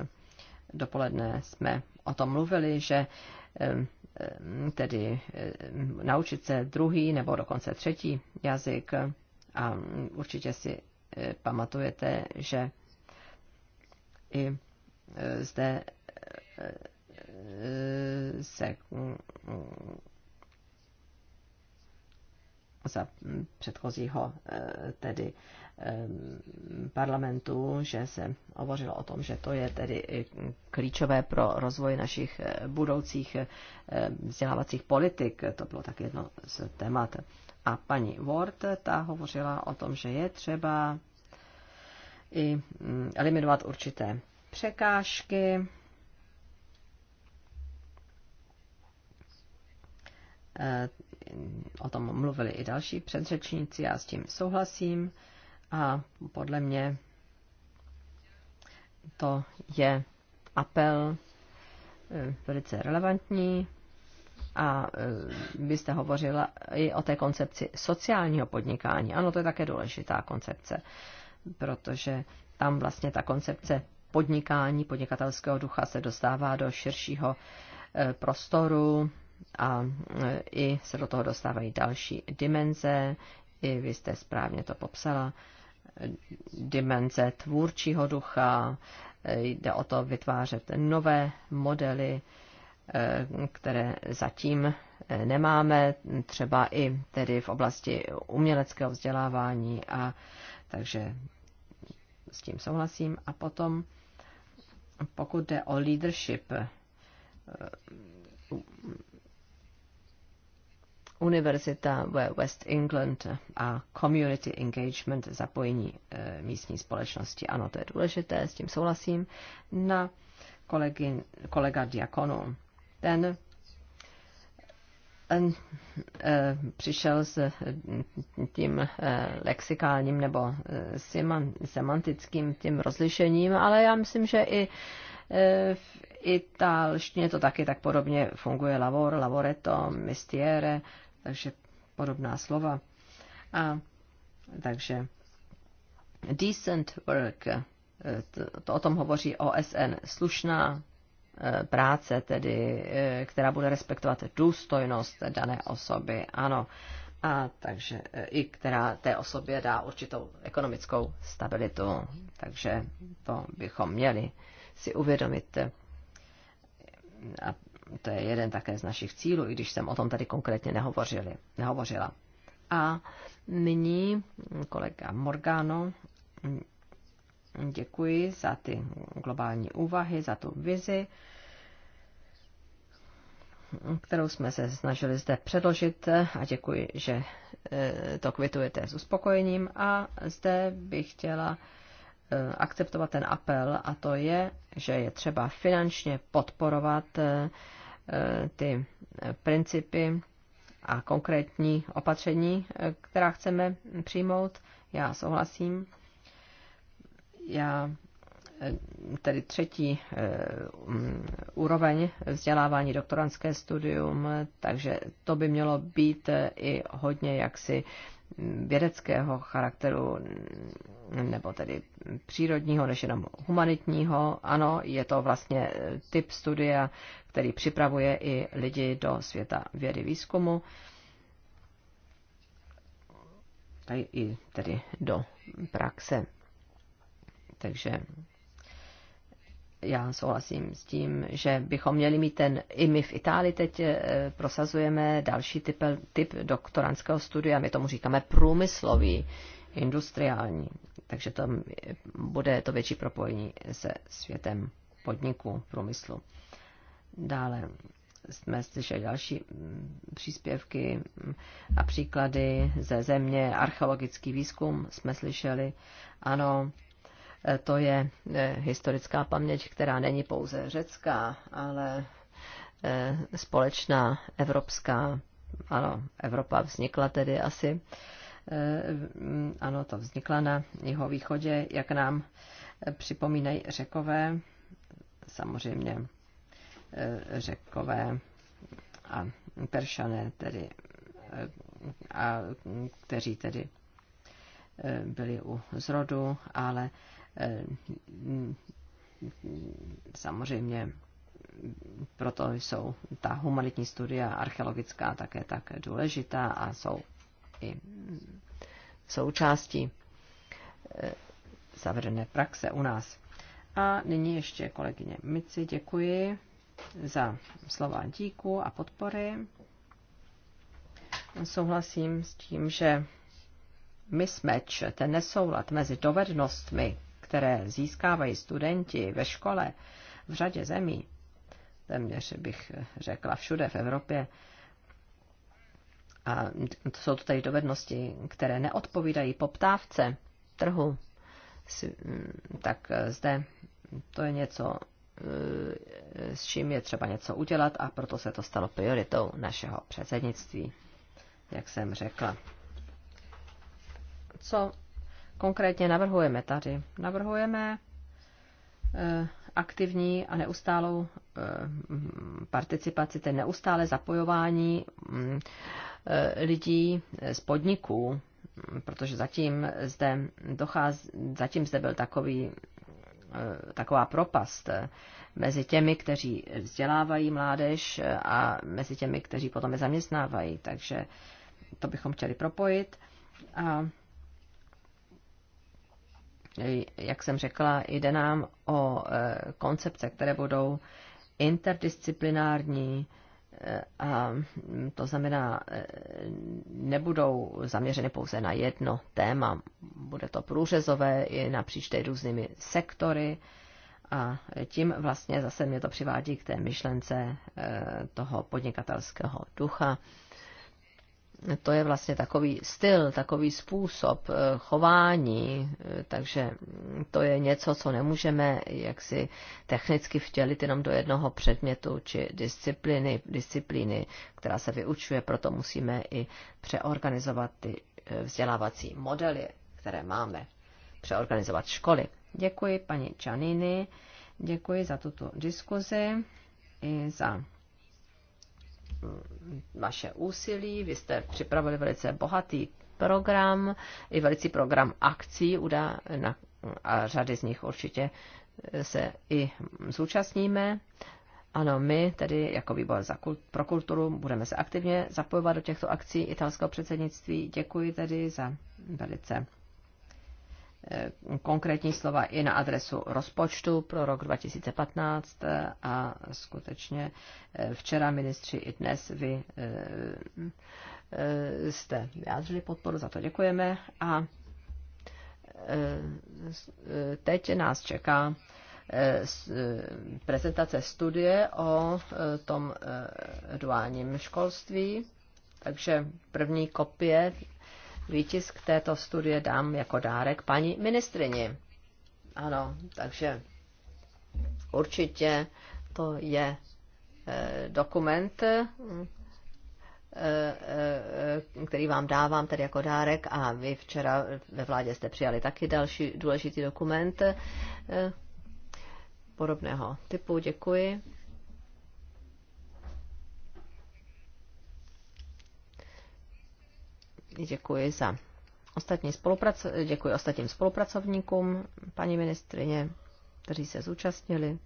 dopoledne jsme o tom mluvili, že eh, tedy eh, naučit se druhý nebo dokonce třetí jazyk a určitě si pamatujete, že i e, zde e, e, se mm, za předchozího tedy parlamentu, že se hovořilo o tom, že to je tedy klíčové pro rozvoj našich budoucích vzdělávacích politik. To bylo tak jedno z témat. A paní Ward, ta hovořila o tom, že je třeba i mm, eliminovat určité překážky, e, o tom mluvili i další předřečníci, já s tím souhlasím a podle mě to je apel e, velice relevantní a byste e, hovořila i o té koncepci sociálního podnikání. Ano, to je také důležitá koncepce, protože tam vlastně ta koncepce podnikání, podnikatelského ducha se dostává do širšího e, prostoru a e, i se do toho dostávají další dimenze, i vy jste správně to popsala, dimenze tvůrčího ducha, jde o to vytvářet nové modely, Eh, které zatím eh, nemáme, třeba i tedy v oblasti uměleckého vzdělávání a takže s tím souhlasím. A potom, pokud jde o leadership, eh, univerzita West England a community engagement, zapojení místní společnosti. Ano, to je důležité, s tím souhlasím. Na kolegy, kolega Diakonu ten eh, přišel s tím eh, lexikálním nebo eh, semantickým tím rozlišením, ale já myslím, že i v italštině to taky tak podobně funguje lavor, lavoreto, mistiere, takže podobná slova. A takže decent work, to, to o tom hovoří OSN, slušná Eh, práce, tedy, eh, která bude respektovat důstojnost dané osoby, ano. A takže eh, i která té osobě dá určitou ekonomickou stabilitu. Takže to bychom měli si uvědomit. A to je jeden také z našich cílů, i když jsem o tom tady konkrétně nehovořili, nehovořila. A nyní kolega Morgano děkuji za ty globální úvahy, za tu vizi, kterou jsme se snažili zde předložit a děkuji, že eh, to kvitujete s uspokojením. A zde bych chtěla eh, akceptovat ten apel a to je, že je třeba finančně podporovat eh, ty principy a konkrétní opatření, která chceme přijmout. Já souhlasím já eh, tedy třetí eh, mm, úroveň vzdělávání, doktorantské studium, takže to by mělo být eh, i hodně jaksi mm, vědeckého charakteru, mm, nebo tedy přírodního, než jenom humanitního. Ano, je to vlastně typ studia, který připravuje i lidi do světa vědy výzkumu, tady i tedy do praxe. Takže já souhlasím s tím, že bychom měli mít ten, i my v Itálii teď eh, prosazujeme další typ, typ doktorantského studia, my tomu říkáme průmyslový, industriální, takže to bude to větší propojení se světem podniku, průmyslu. Dále jsme slyšeli další mm, příspěvky mm, a příklady ze země, archeologický výzkum jsme slyšeli, ano, Eh, to je eh, historická paměť, která není pouze řecká, ale eh, společná evropská. Ano, Evropa vznikla tedy asi. Ano, to vznikla na jeho východě, jak nám připomínají řekové, samozřejmě řekové a peršané, tedy, a, kteří tedy byli u zrodu, ale Eh, samozřejmě proto jsou ta humanitní studia archeologická také tak důležitá a jsou i součástí eh, zavedené praxe u nás. A nyní ještě kolegyně Mici děkuji za slova díku a podpory. Souhlasím s tím, že mismatch, ten nesoulad mezi dovednostmi které získávají studenti ve škole v řadě zemí, téměř bych řekla všude v Evropě, a to jsou to tady dovednosti, které neodpovídají poptávce trhu, mm, tak eh, zde to je něco, eh, s čím je třeba něco udělat a proto se to stalo prioritou našeho předsednictví, jak jsem řekla. Co konkrétně navrhujeme tady? Navrhujeme eh, aktivní a neustálou eh, participaci, tedy neustále zapojování mm, eh, lidí z podniků, mm, protože zatím zde, docház, zatím zde byl takový, taková propast mezi těmi, kteří vzdělávají mládež a mezi těmi, kteří potom je zaměstnávají. Takže to bychom chtěli propojit. A jak jsem řekla, jde nám o e, koncepce, které budou interdisciplinární, e, a mm, to znamená, e, nebudou zaměřeny pouze na jedno téma. Bude to průřezové i napříč příště různými sektory a tím vlastně zase mě to přivádí k té myšlence toho podnikatelského ducha to je vlastně takový styl, takový způsob eh, chování, eh, takže to je něco, co nemůžeme jaksi technicky vtělit jenom do jednoho předmětu či disciplíny, disciplíny která se vyučuje, proto musíme i přeorganizovat ty eh, vzdělávací modely, které máme, přeorganizovat školy. Děkuji paní Čaniny, děkuji za tuto diskuzi i za Mm, vaše úsilí. Vy jste připravili velice bohatý program i velice program akcí na, a řady z nich určitě se i zúčastníme. Ano, my tedy jako výbor za kult, pro kulturu budeme se aktivně zapojovat do těchto akcí italského předsednictví. Děkuji tedy za velice Eh, konkrétní slova i na adresu rozpočtu pro rok 2015 eh, a skutečně eh, včera ministři i dnes vy jste vyjádřili podporu, za to děkujeme a teď nás čeká prezentace studie o tom duálním školství, takže první kopie Výtisk této studie dám jako dárek paní ministrině. Ano, takže určitě to je eh, dokument, eh, eh, který vám dávám tedy jako dárek a vy včera ve vládě jste přijali taky další důležitý dokument podobného typu. Děkuji. Děkuji za ostatní spoluprac- děkuji ostatním spolupracovníkům, paní ministrině, kteří se zúčastnili.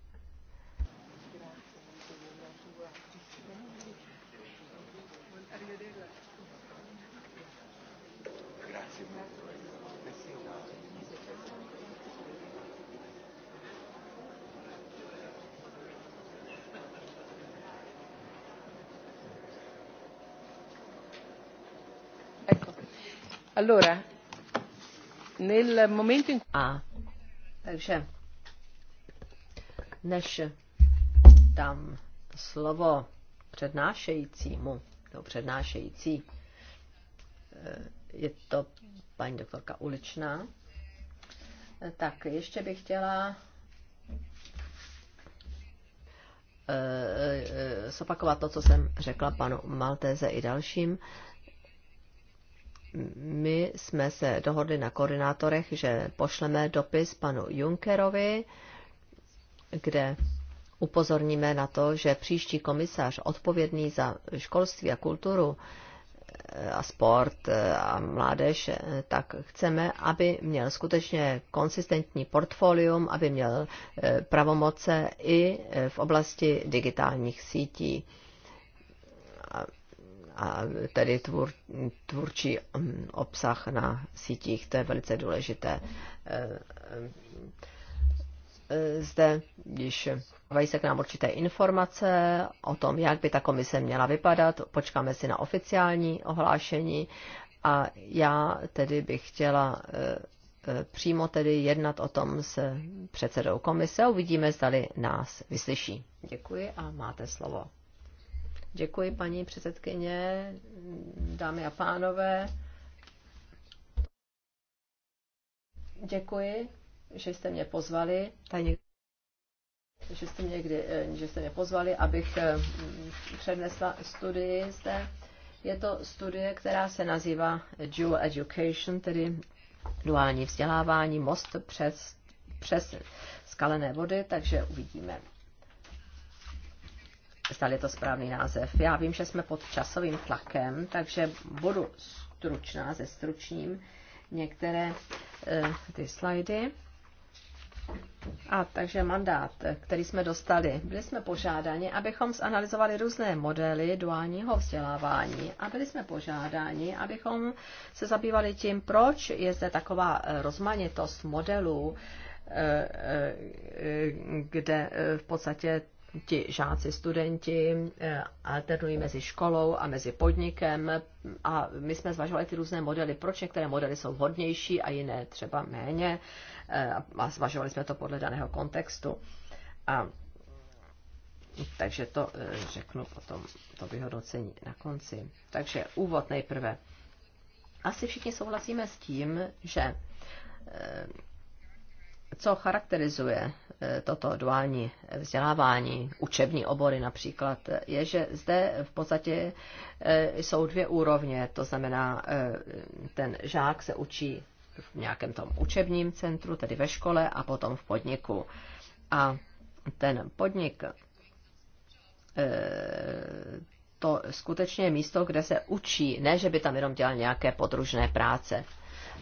A, takže, než dám slovo přednášejícímu, nebo přednášející, eh, je to paní doktorka Uličná. Eh, tak ještě bych chtěla eh, zopakovat to, co jsem řekla panu Maltéze i dalším, my jsme se dohodli na koordinátorech, že pošleme dopis panu Junkerovi, kde upozorníme na to, že příští komisař odpovědný za školství a kulturu eh, a sport eh, a mládež, eh, tak chceme, aby měl skutečně konsistentní portfolium, aby měl pravomoce i v oblasti digitálních sítí a tedy tvůr, tvůrčí mm, obsah na sítích, to je velice důležité. Eh, eh, zde když dávají se k nám určité informace o tom, jak by ta komise měla vypadat. Počkáme si na oficiální ohlášení a já tedy bych chtěla eh, přímo tedy jednat o tom s předsedou komise uvidíme, zdali nás vyslyší. Děkuji a máte slovo. Děkuji, paní předsedkyně, dámy a pánové. Děkuji, že jste mě pozvali. Tady že jste mě, kdy, eh, že jste mě pozvali, abych eh, přednesla studii zde. Je to studie, která se nazývá Dual Education, tedy duální vzdělávání, most přes, přes skalené vody, takže uvidíme zda je to správný název. Já vím, že jsme pod časovým tlakem, takže budu stručná, ze stručním některé eh, ty slajdy. A takže mandát, který jsme dostali, byli jsme požádáni, abychom zanalizovali různé modely duálního vzdělávání a byli jsme požádáni, abychom se zabývali tím, proč je zde taková eh, rozmanitost modelů, eh, kde v podstatě ti žáci, studenti eh, alternují mezi školou a mezi podnikem a my jsme zvažovali ty různé modely, proč některé modely jsou vhodnější a jiné třeba méně eh, a zvažovali jsme to podle daného kontextu. A takže to eh, řeknu potom, to vyhodnocení na konci. Takže úvod nejprve. Asi všichni souhlasíme s tím, že co charakterizuje eh, toto duální vzdělávání, učební obory například, je, že zde v podstatě eh, jsou dvě úrovně. To znamená, eh, ten žák se učí v nějakém tom učebním centru, tedy ve škole a potom v podniku. A ten podnik to skutečně je místo, kde se učí, ne, že by tam jenom dělal nějaké podružné práce,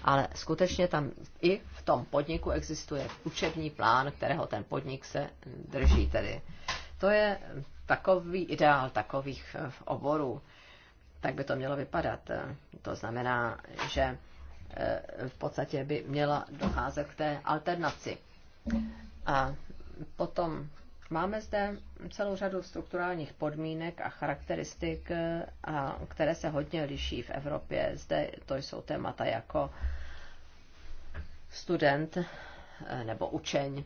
ale skutečně tam i tom podniku existuje učební plán, kterého ten podnik se drží tedy. To je takový ideál takových eh, oborů. Tak by to mělo vypadat. To znamená, že eh, v podstatě by měla docházet k té alternaci. A potom máme zde celou řadu strukturálních podmínek a charakteristik, eh, a které se hodně liší v Evropě. Zde to jsou témata jako student eh, nebo učeň,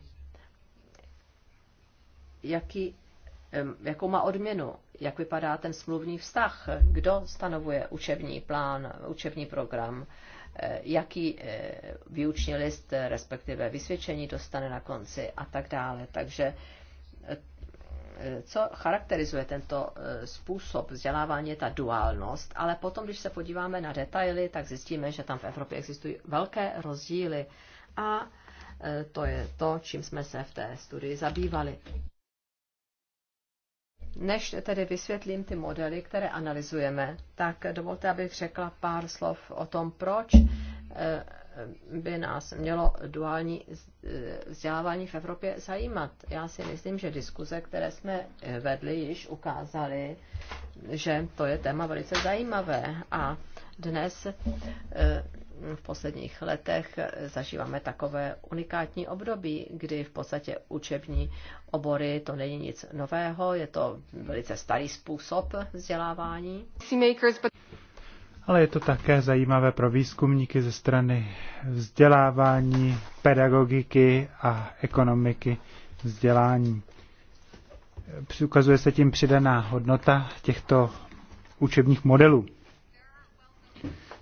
jaký, jakou má odměnu, jak vypadá ten smluvní vztah, kdo stanovuje učební plán, učební program, eh, jaký eh, výuční list, respektive vysvědčení dostane na konci a tak dále. Takže co charakterizuje tento e, způsob vzdělávání, je ta duálnost, ale potom, když se podíváme na detaily, tak zjistíme, že tam v Evropě existují velké rozdíly a e, to je to, čím jsme se v té studii zabývali. Než tedy vysvětlím ty modely, které analyzujeme, tak dovolte, abych řekla pár slov o tom, proč e, by nás mělo duální vzdělávání v Evropě zajímat. Já si myslím, že diskuze, které jsme eh, vedli, již ukázaly, že to je téma velice zajímavé a dnes eh, v posledních letech eh, zažíváme takové unikátní období, kdy v podstatě učební obory to není nic nového, je to velice starý způsob vzdělávání ale je to také zajímavé pro výzkumníky ze strany vzdělávání, pedagogiky a ekonomiky vzdělání. Ukazuje se tím přidaná hodnota těchto učebních modelů.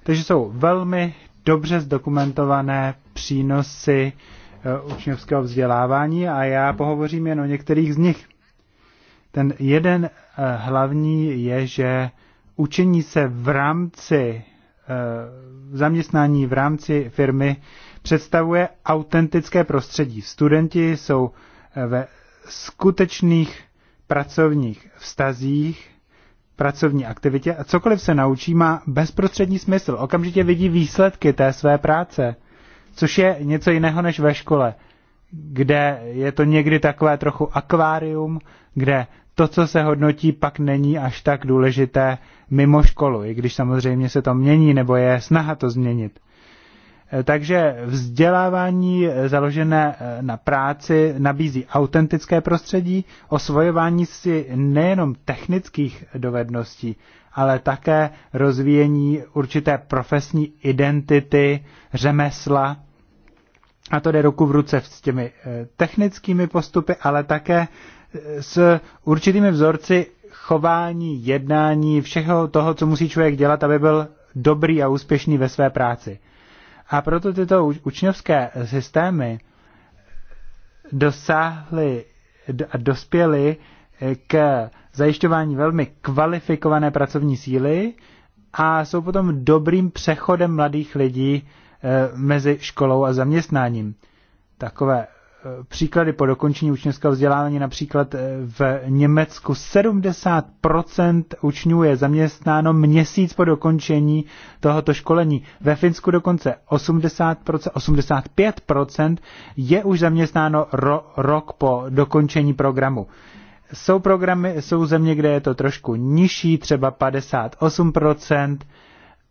Takže jsou velmi dobře zdokumentované přínosy eh, učňovského vzdělávání a já pohovořím jen o některých z nich. Ten jeden eh, hlavní je, že učení se v rámci eh, zaměstnání v rámci firmy představuje autentické prostředí. Studenti jsou eh, ve skutečných pracovních vztazích, pracovní aktivitě a cokoliv se naučí má bezprostřední smysl. Okamžitě vidí výsledky té své práce, což je něco jiného než ve škole, kde je to někdy takové trochu akvárium, kde to, co se hodnotí, pak není až tak důležité mimo školu, i když samozřejmě se to mění, nebo je snaha to změnit. E, takže vzdělávání e, založené e, na práci nabízí autentické prostředí, osvojování si nejenom technických dovedností, ale také rozvíjení určité profesní identity, řemesla. A to jde ruku v ruce s těmi technickými postupy, ale také s určitými vzorci chování, jednání, všeho toho, co musí člověk dělat, aby byl dobrý a úspěšný ve své práci. A proto tyto učňovské systémy dosáhly a dospěly eh, k zajišťování velmi kvalifikované pracovní síly a jsou potom dobrým přechodem mladých lidí eh, mezi školou a zaměstnáním. Takové Eh, příklady po dokončení učňovského vzdělávání Například eh, v Německu 70% učňů je zaměstnáno měsíc po dokončení tohoto školení. Ve Finsku dokonce 80%, 85% je už zaměstnáno ro, rok po dokončení programu. Jsou programy, jsou země, kde je to trošku nižší, třeba 58%,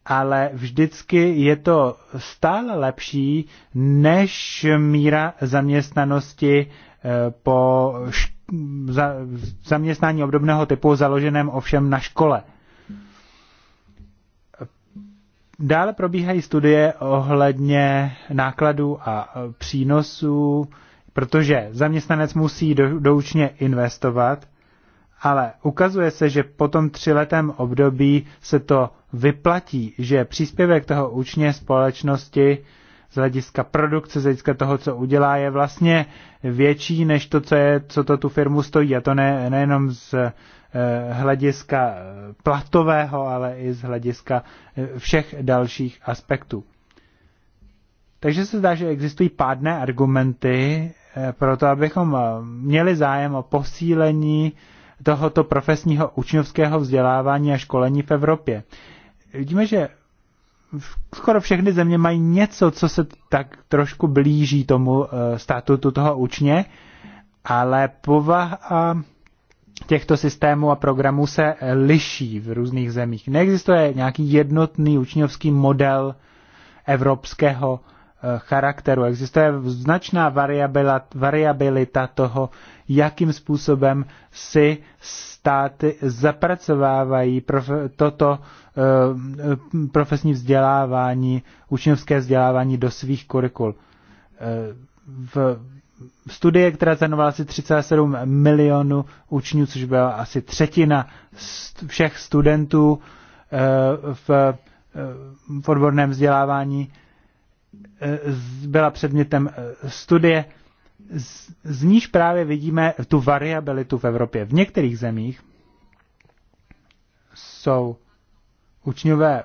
ale vždycky je to stále lepší než míra zaměstnanosti eh, po za, zaměstnání obdobného typu založeném ovšem na škole. Dále probíhají studie ohledně nákladů a eh, přínosů, protože zaměstnanec musí do, doučně investovat ale ukazuje se, že po tom třiletém období se to vyplatí, že příspěvek toho učně společnosti z hlediska produkce, z hlediska toho, co udělá, je vlastně větší než to, co, je, co to tu firmu stojí. A to ne, nejenom z eh, hlediska eh, platového, ale i z hlediska eh, všech dalších aspektů. Takže se zdá, že existují pádné argumenty pro to, abychom měli zájem o posílení tohoto profesního učňovského vzdělávání a školení v Evropě. Vidíme, že skoro všechny země mají něco, co se tak trošku blíží tomu eh, statutu toho učně, ale povaha těchto systémů a programů se liší v různých zemích. Neexistuje nějaký jednotný učňovský model evropského eh, charakteru. Existuje značná variabilita toho, jakým způsobem si státy zapracovávají prof, toto e, profesní vzdělávání, učňovské vzdělávání do svých kurikul. E, v studie, která zanovala asi 37 milionů učňů, což byla asi třetina všech studentů eh, v, v odborném vzdělávání, byla předmětem studie z, z níž právě vidíme tu variabilitu v Evropě. V některých zemích jsou učňové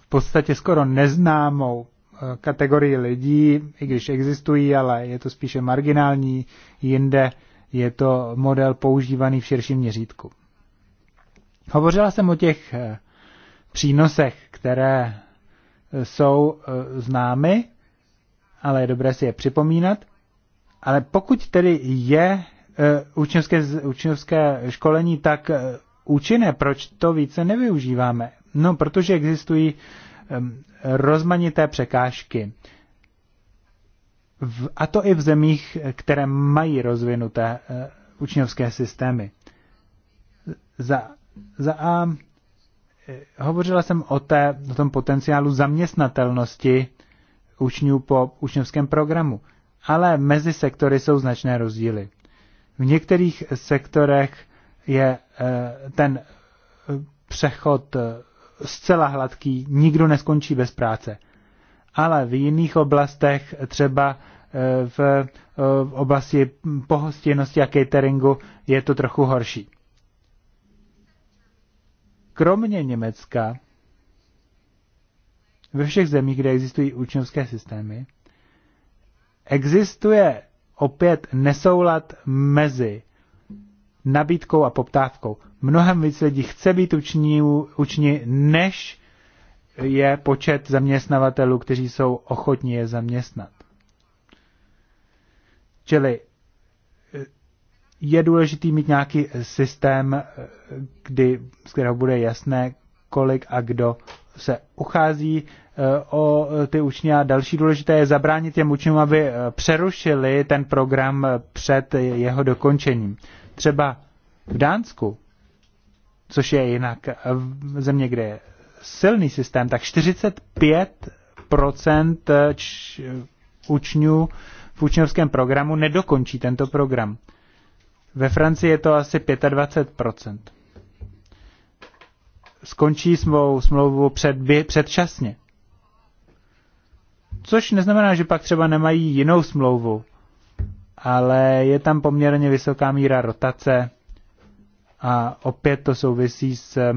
v podstatě skoro neznámou eh, kategorii lidí, i když existují, ale je to spíše marginální, jinde je to model používaný v širším měřítku. Hovořila jsem o těch eh, přínosech, které eh, jsou známy, ale je dobré si je připomínat. Ale pokud tedy je e, učňovské, učňovské školení tak e, účinné, proč to více nevyužíváme? No, protože existují e, rozmanité překážky. V, a to i v zemích, které mají rozvinuté učňovské systémy. Za, za A hovořila jsem o, té, o tom potenciálu zaměstnatelnosti učňů po učňovském programu ale mezi sektory jsou značné rozdíly. V některých sektorech je eh, ten eh, přechod eh, zcela hladký, nikdo neskončí bez práce. Ale v jiných oblastech, třeba v oblasti pohostěnosti a cateringu, je to trochu horší. Kromě Německa, ve všech zemích, kde existují učňovské systémy, existuje opět nesoulad mezi nabídkou a poptávkou. Mnohem víc lidí chce být uční, uční než je počet zaměstnavatelů, kteří jsou ochotní je zaměstnat. Čili eh, je důležitý mít nějaký systém, eh, kdy, z kterého bude jasné, kolik a kdo se uchází eh, o eh, ty učně a další důležité je zabránit těm učňům, aby eh, přerušili ten program před jeho dokončením. Třeba v Dánsku, což je jinak země, kde je silný systém, tak 45% č, učňů v učňovském programu nedokončí tento program. Ve Francii je to asi 25% skončí svou smlouvu před, předčasně. Což neznamená, že pak třeba nemají jinou smlouvu, ale je tam poměrně vysoká míra rotace a opět to souvisí s eh,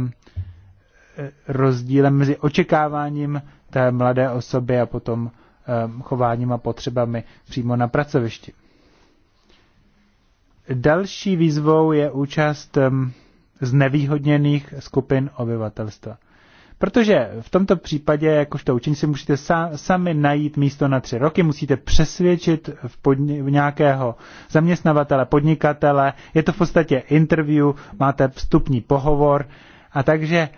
rozdílem mezi očekáváním té mladé osoby a potom eh, chováním a potřebami přímo na pracovišti. Další výzvou je účast eh, znevýhodněných skupin obyvatelstva. Protože v tomto případě, jakožto si musíte sami najít místo na tři roky, musíte přesvědčit v, podni- v nějakého zaměstnavatele, podnikatele, je to v podstatě interview, máte vstupní pohovor, a takže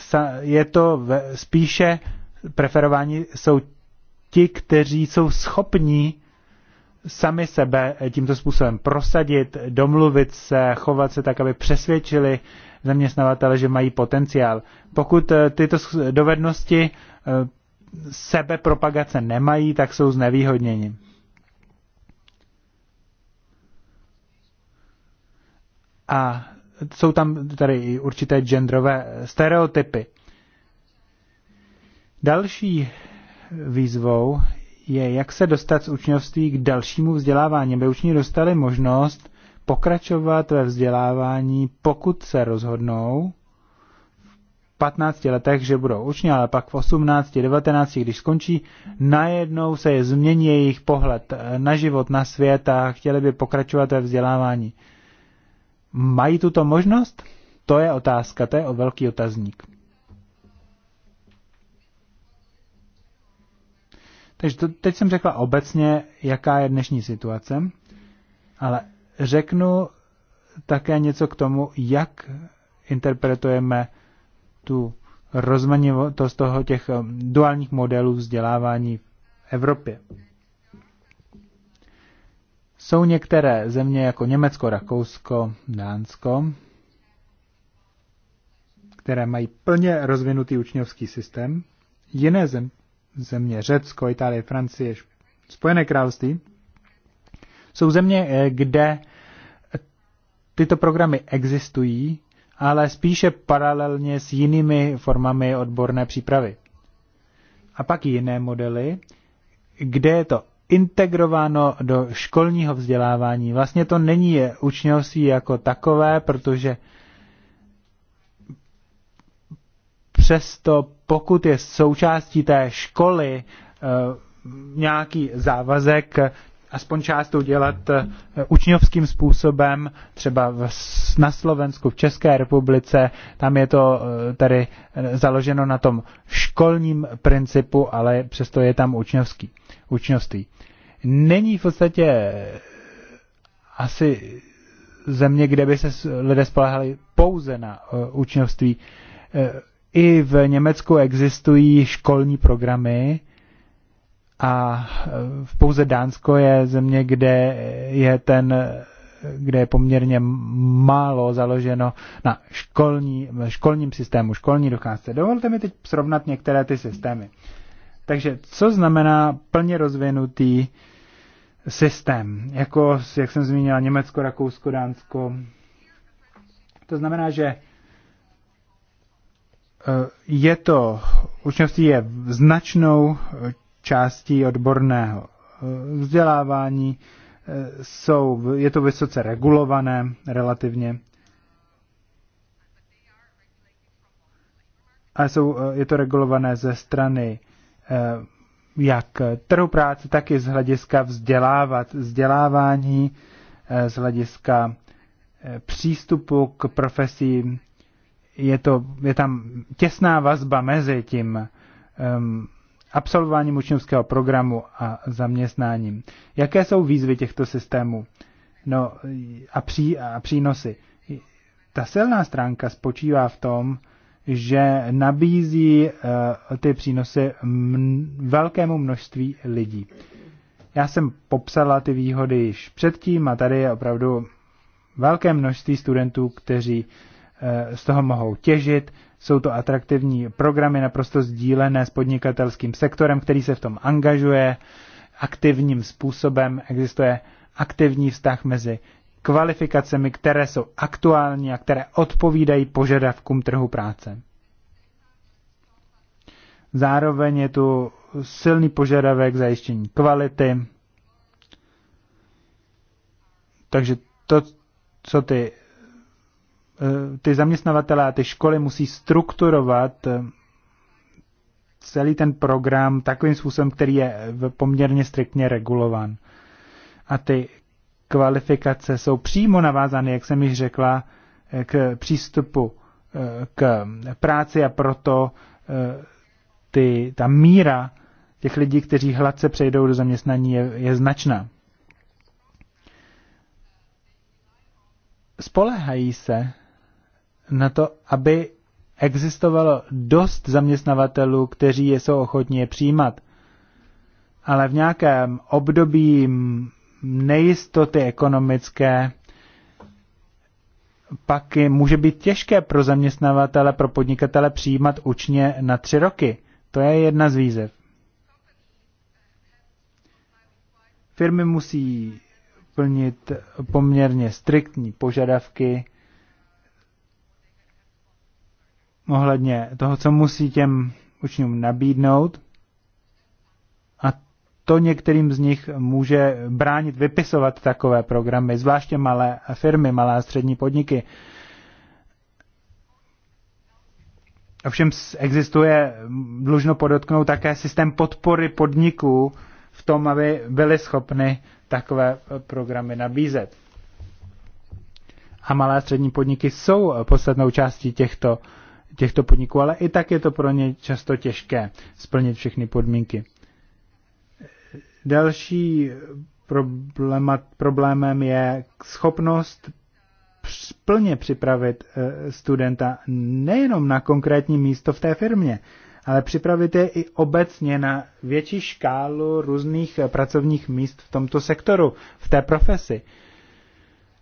e, je to spíše preferování jsou ti, kteří jsou schopní sami sebe tímto způsobem prosadit, domluvit se, chovat se tak, aby přesvědčili zaměstnavatele, že mají potenciál. Pokud eh, tyto dovednosti eh, sebepropagace nemají, tak jsou znevýhodněni. A jsou tam tady i určité genderové stereotypy. Další výzvou je, jak se dostat z učňovství k dalšímu vzdělávání, aby učni dostali možnost pokračovat ve vzdělávání, pokud se rozhodnou v 15 letech, že budou učni, ale pak v 18, 19, když skončí, najednou se je změní jejich pohled na život, na svět a chtěli by pokračovat ve vzdělávání. Mají tuto možnost? To je otázka, to je o velký otazník. Takže to, teď jsem řekla obecně, jaká je dnešní situace, ale řeknu také něco k tomu, jak interpretujeme tu rozmanitost toho těch um, duálních modelů vzdělávání v Evropě. Jsou některé země jako Německo, Rakousko, Dánsko, které mají plně rozvinutý učňovský systém. Jiné zem, země Řecko, Itálie, Francie, Spojené království, jsou země, eh, kde tyto programy existují, ale spíše paralelně s jinými formami odborné přípravy. A pak jiné modely, kde je to integrováno do školního vzdělávání. Vlastně to není učňovství jako takové, protože přesto pokud je součástí té školy eh, nějaký závazek, aspoň část udělat eh, učňovským způsobem, třeba na Slovensku, v České republice, tam je to eh, tady založeno na tom školním principu, ale přesto je tam učňovský, učňovství. Není v podstatě asi země, kde by se lidé spolehali pouze na učňovství. I v Německu existují školní programy a v eh, pouze Dánsko je země, kde je ten kde je poměrně málo založeno na školní, školním systému, školní docházce. Dovolte mi teď srovnat některé ty systémy. Takže co znamená plně rozvinutý systém? Jako, jak jsem zmínila, Německo, Rakousko, Dánsko. To znamená, že Eh, je to, učňovství je značnou eh, částí odborného eh, vzdělávání, jsou, je to vysoce regulované relativně. A jsou, je to regulované ze strany jak trhu práce, tak i z hlediska vzdělávat, vzdělávání, z hlediska přístupu k profesím, je, to, je tam těsná vazba mezi tím um, absolvováním učňovského programu a zaměstnáním. Jaké jsou výzvy těchto systémů no, a, pří, a přínosy? Ta silná stránka spočívá v tom, že nabízí uh, ty přínosy mn- velkému množství lidí. Já jsem popsala ty výhody již předtím a tady je opravdu velké množství studentů, kteří uh, Eh, z toho mohou těžit. Jsou to atraktivní programy naprosto sdílené s podnikatelským sektorem, který se v tom angažuje aktivním způsobem. Existuje aktivní vztah mezi kvalifikacemi, které jsou aktuální a které odpovídají požadavkům trhu práce. Zároveň je tu silný požadavek zajištění kvality. Takže to, co ty Eh, ty zaměstnavatele a ty školy musí strukturovat eh, celý ten program takovým způsobem, který je eh, poměrně striktně regulovan. A ty kvalifikace jsou přímo navázány, jak jsem již řekla, k přístupu k práci a proto ty, ta míra těch lidí, kteří hladce přejdou do zaměstnání, je, je značná. Spolehají se na to, aby existovalo dost zaměstnavatelů, kteří je jsou ochotní je přijímat. Ale v nějakém období nejistoty ekonomické pak je, může být těžké pro zaměstnavatele, pro podnikatele přijímat učně na tři roky. To je jedna z výzev. Firmy musí plnit poměrně striktní požadavky ohledně toho, co musí těm učňům nabídnout. A to některým z nich může bránit vypisovat takové programy, zvláště malé firmy, malé a střední podniky. Ovšem existuje, dlužno podotknout, také systém podpory podniků v tom, aby byly schopny takové programy nabízet. A malé a střední podniky jsou podstatnou částí těchto uh, těchto podniků, ale i tak je to pro ně často těžké splnit všechny podmínky. Další problema, problémem je schopnost plně připravit eh, studenta nejenom na konkrétní místo v té firmě, ale připravit je i obecně na větší škálu různých eh, pracovních míst v tomto sektoru, v té profesi.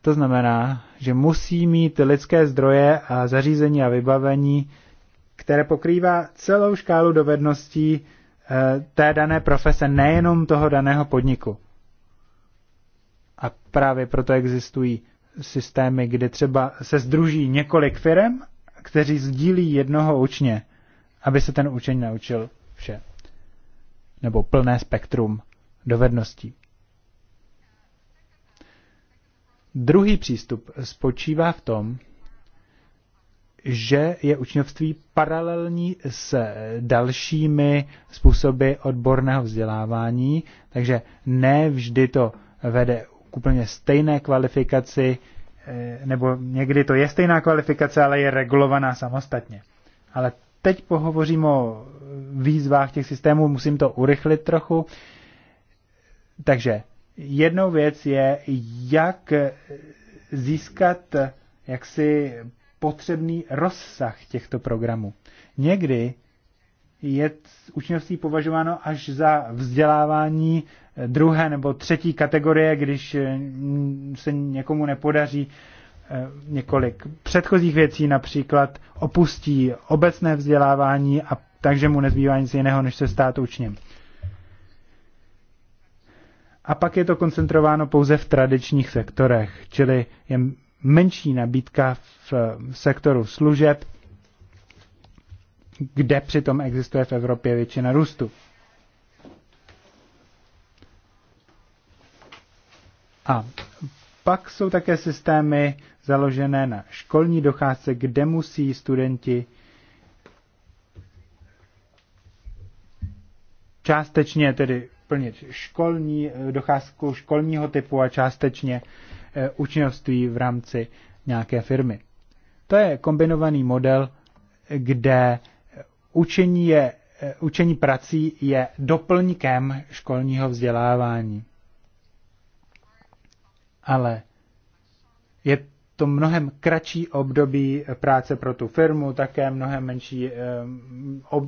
To znamená, že musí mít lidské zdroje a zařízení a vybavení, které pokrývá celou škálu dovedností eh, té dané profese, nejenom toho daného podniku. A právě proto existují systémy, kde třeba se združí několik firm, kteří sdílí jednoho učně, aby se ten učeň naučil vše. Nebo plné spektrum dovedností. Druhý přístup spočívá v tom, že je učňovství paralelní s dalšími způsoby odborného vzdělávání, takže ne vždy to vede k úplně stejné kvalifikaci, eh, nebo někdy to je stejná kvalifikace, ale je regulovaná samostatně. Ale teď pohovořím o výzvách těch systémů, musím to urychlit trochu. Takže jednou věc je, jak získat jaksi potřebný rozsah těchto programů. Někdy je učňovství považováno až za vzdělávání druhé nebo třetí kategorie, když eh, se někomu nepodaří eh, několik předchozích věcí, například opustí obecné vzdělávání a takže mu nezbývá nic jiného, než se stát učněm. A pak je to koncentrováno pouze v tradičních sektorech, čili je menší nabídka v sektoru služeb, kde přitom existuje v Evropě většina růstu. A pak jsou také systémy založené na školní docházce, kde musí studenti částečně tedy plnit školní eh, docházku školního typu a částečně učňovství eh, v rámci nějaké firmy. To je kombinovaný model, kde učení, je, eh, učení prací je doplňkem školního vzdělávání. Ale je to mnohem kratší období práce pro tu firmu, také mnohem menší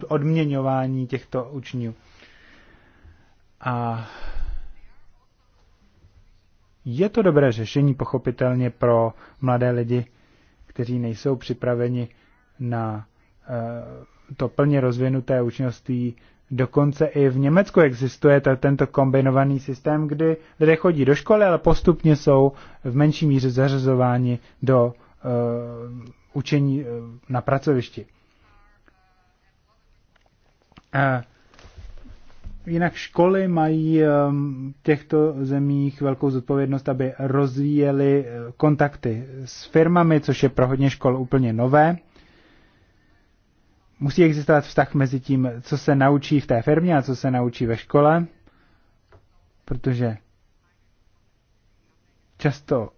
odměňování těchto učňů. A je to dobré řešení pochopitelně pro mladé lidi, kteří nejsou připraveni na eh, to plně rozvinuté učňovství. Dokonce i v Německu existuje tento kombinovaný systém, kdy lidé chodí do školy, ale postupně jsou v menší míře zařazováni do eh, učení eh, na pracovišti. Jinak školy mají ehm, v těchto zemích velkou zodpovědnost, aby rozvíjeli eh, kontakty s firmami, což je pro hodně škol úplně nové. Musí existovat vztah mezi tím, co se naučí v té firmě a co se naučí ve škole, protože často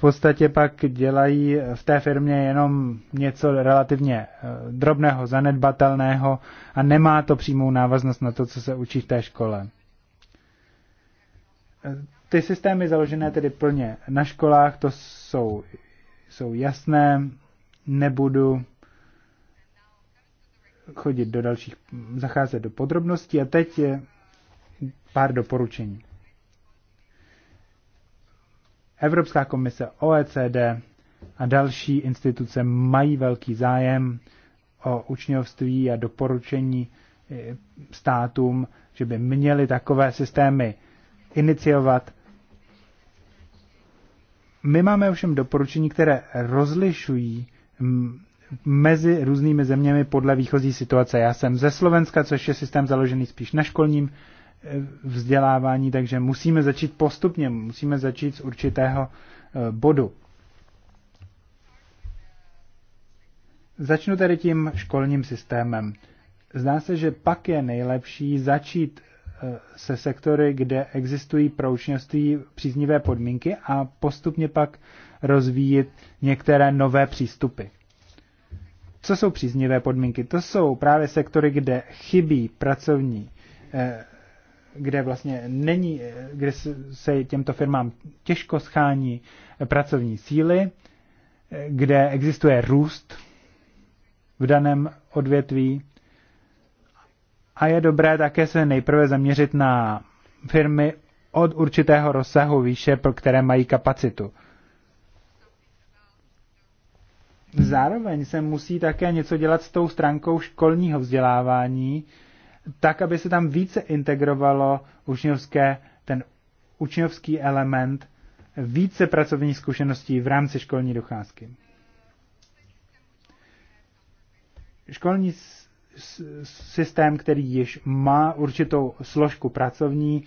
v podstatě pak dělají v té firmě jenom něco relativně eh, drobného, zanedbatelného a nemá to přímou návaznost na to, co se učí v té škole. Eh, ty systémy založené tedy plně na školách, to jsou, jsou jasné, nebudu chodit do dalších, zacházet do podrobností a teď je pár doporučení. Evropská komise, OECD a další instituce mají velký zájem o učňovství a doporučení eh, státům, že by měli takové systémy iniciovat. My máme ovšem doporučení, které rozlišují mm, mezi různými zeměmi podle výchozí situace. Já jsem ze Slovenska, což je systém založený spíš na školním vzdělávání, takže musíme začít postupně, musíme začít z určitého eh, bodu. Začnu tedy tím školním systémem. Zdá se, že pak je nejlepší začít eh, se sektory, kde existují pro učňovství příznivé podmínky a postupně pak rozvíjet některé nové přístupy. Co jsou příznivé podmínky? To jsou právě sektory, kde chybí pracovní eh, kde vlastně není, kde se těmto firmám těžko schání pracovní síly, kde existuje růst v daném odvětví. A je dobré také se nejprve zaměřit na firmy od určitého rozsahu výše, pro které mají kapacitu. Zároveň se musí také něco dělat s tou stránkou školního vzdělávání, tak, aby se tam více integrovalo učňovské, ten učňovský element, více pracovních zkušeností v rámci školní docházky. Školní systém, který již má určitou složku pracovní,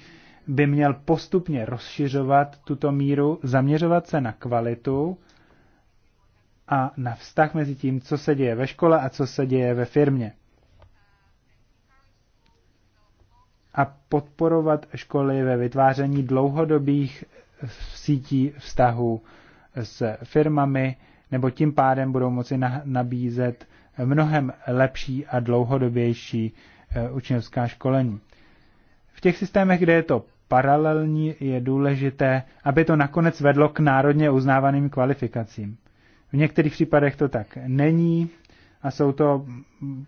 by měl postupně rozšiřovat tuto míru, zaměřovat se na kvalitu a na vztah mezi tím, co se děje ve škole a co se děje ve firmě. a podporovat školy ve vytváření dlouhodobých sítí vztahů s firmami, nebo tím pádem budou moci nabízet mnohem lepší a dlouhodobější eh, učňovská školení. V těch systémech, kde je to paralelní, je důležité, aby to nakonec vedlo k národně uznávaným kvalifikacím. V některých případech to tak není a jsou to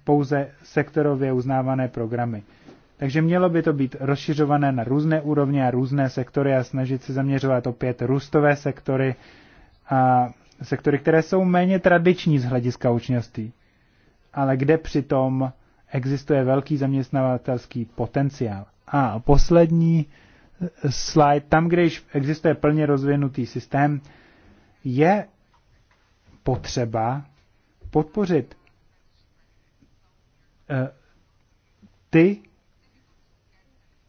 pouze sektorově uznávané programy. Takže mělo by to být rozšiřované na různé úrovně a různé sektory a snažit se zaměřovat opět růstové sektory a sektory, které jsou méně tradiční z hlediska učňovství, ale kde přitom existuje velký zaměstnavatelský potenciál. A poslední slide, tam, kde již existuje plně rozvinutý systém, je potřeba podpořit eh, ty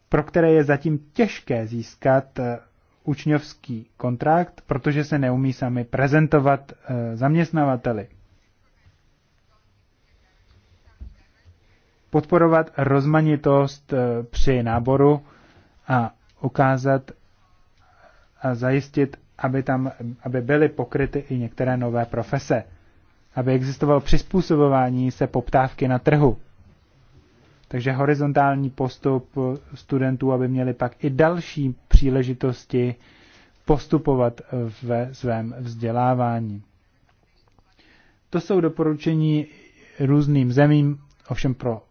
pro které je zatím těžké získat eh, učňovský kontrakt, protože se neumí sami prezentovat eh, zaměstnavateli. Podporovat rozmanitost eh, při náboru a ukázat a zajistit, aby tam aby byly pokryty i některé nové profese, aby existovalo přizpůsobování se poptávky na trhu. Takže horizontální postup studentů, aby měli pak i další příležitosti postupovat ve svém vzdělávání. To jsou doporučení různým zemím, ovšem pro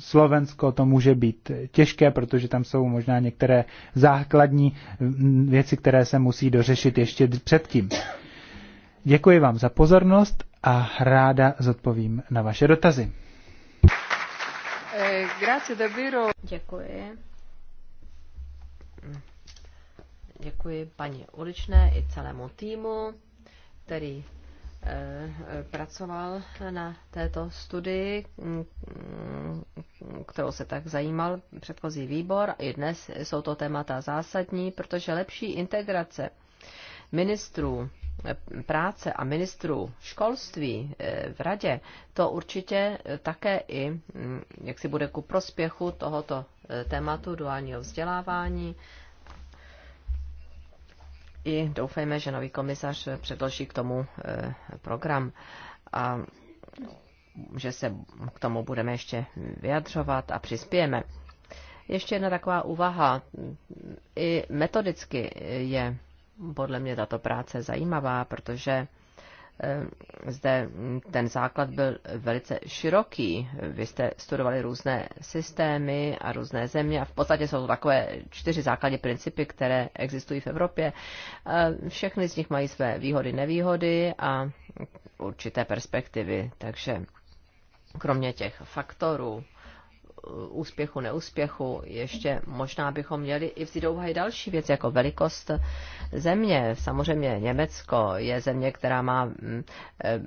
Slovensko to může být těžké, protože tam jsou možná některé základní věci, které se musí dořešit ještě předtím. Děkuji vám za pozornost a ráda zodpovím na vaše dotazy. Eh, Děkuji. Děkuji paní Uličné i celému týmu, který eh, pracoval na této studii, mm, kterou se tak zajímal předchozí výbor. I dnes jsou to témata zásadní, protože lepší integrace ministrů práce a ministrů školství eh, v radě, to určitě eh, také i, mm, jak si bude ku prospěchu tohoto eh, tématu duálního vzdělávání. I doufejme, že nový komisař předloží k tomu program a že se k tomu budeme ještě vyjadřovat a přispějeme. Ještě jedna taková úvaha. I metodicky je podle mě tato práce zajímavá, protože eh, zde ten základ byl velice široký. Vy jste studovali různé systémy a různé země a v podstatě jsou to takové čtyři základní principy, které existují v Evropě. Eh, všechny z nich mají své výhody, nevýhody a určité perspektivy, takže kromě těch faktorů, úspěchu, neúspěchu, ještě možná bychom měli i vzít do další věc, jako velikost země. Samozřejmě Německo je země, která má mm, eh,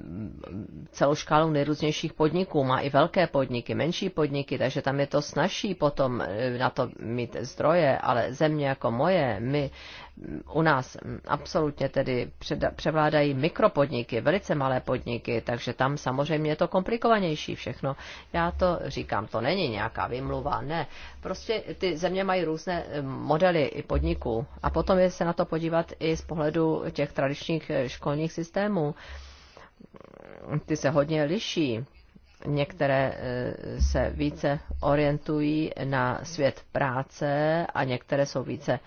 celou škálu nejrůznějších podniků, má i velké podniky, menší podniky, takže tam je to snažší potom eh, na to mít zdroje, ale země jako moje, my u nás absolutně tedy převládají mikropodniky, velice malé podniky, takže tam samozřejmě je to komplikovanější všechno. Já to říkám, to není nějaká vymluva, ne. Prostě ty země mají různé eh, modely i podniků a potom je se na to podívat i z pohledu těch tradičních eh, školních systémů. Ty se hodně liší. Některé eh, se více orientují na svět práce a některé jsou více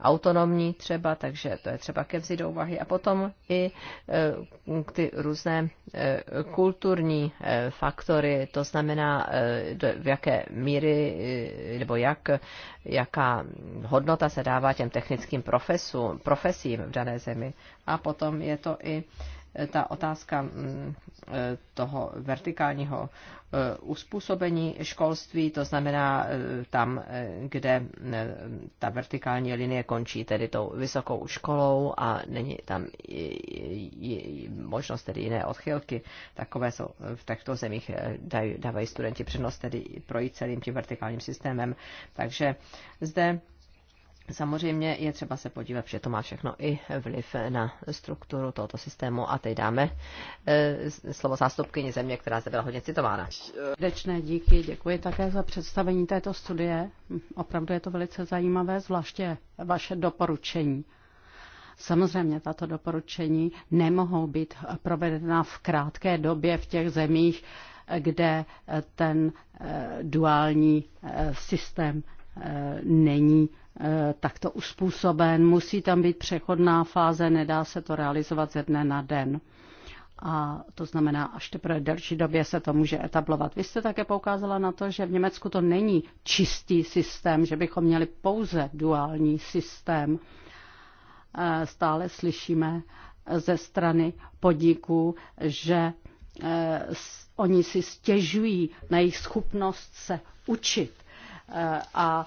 autonomní třeba, takže to je třeba ke vzít do úvahy. A potom i e, ty různé e, kulturní e, faktory, to znamená, v jaké míry nebo jak, jaká hodnota se dává těm technickým profesům, profesím v dané zemi. A potom je to i ta otázka mm, e, toho vertikálního e, uspůsobení školství, to znamená e, tam, kde ta vertikální linie končí tedy tou vysokou školou a není tam možnost tedy jiné odchylky. Takové jsou v těchto zemích dávají studenti přednost tedy projít celým tím vertikálním systémem. Takže zde Samozřejmě je třeba se podívat, že to má všechno i vliv na strukturu tohoto systému. A teď dáme eh, slovo zástupkyni země, která se byla hodně citována. Dečné díky, děkuji také za představení této studie. Opravdu je to velice zajímavé, zvláště vaše doporučení. Samozřejmě tato doporučení nemohou být provedena v krátké době v těch zemích, kde eh, ten eh, duální systém není Eh, takto uspůsoben, musí tam být přechodná fáze, nedá se to realizovat ze dne na den. A to znamená, až teprve v delší době se to může etablovat. Vy jste také poukázala na to, že v Německu to není čistý systém, že bychom měli pouze duální systém. Eh, stále slyšíme ze strany podniků, že eh, oni si stěžují na jejich schopnost se učit a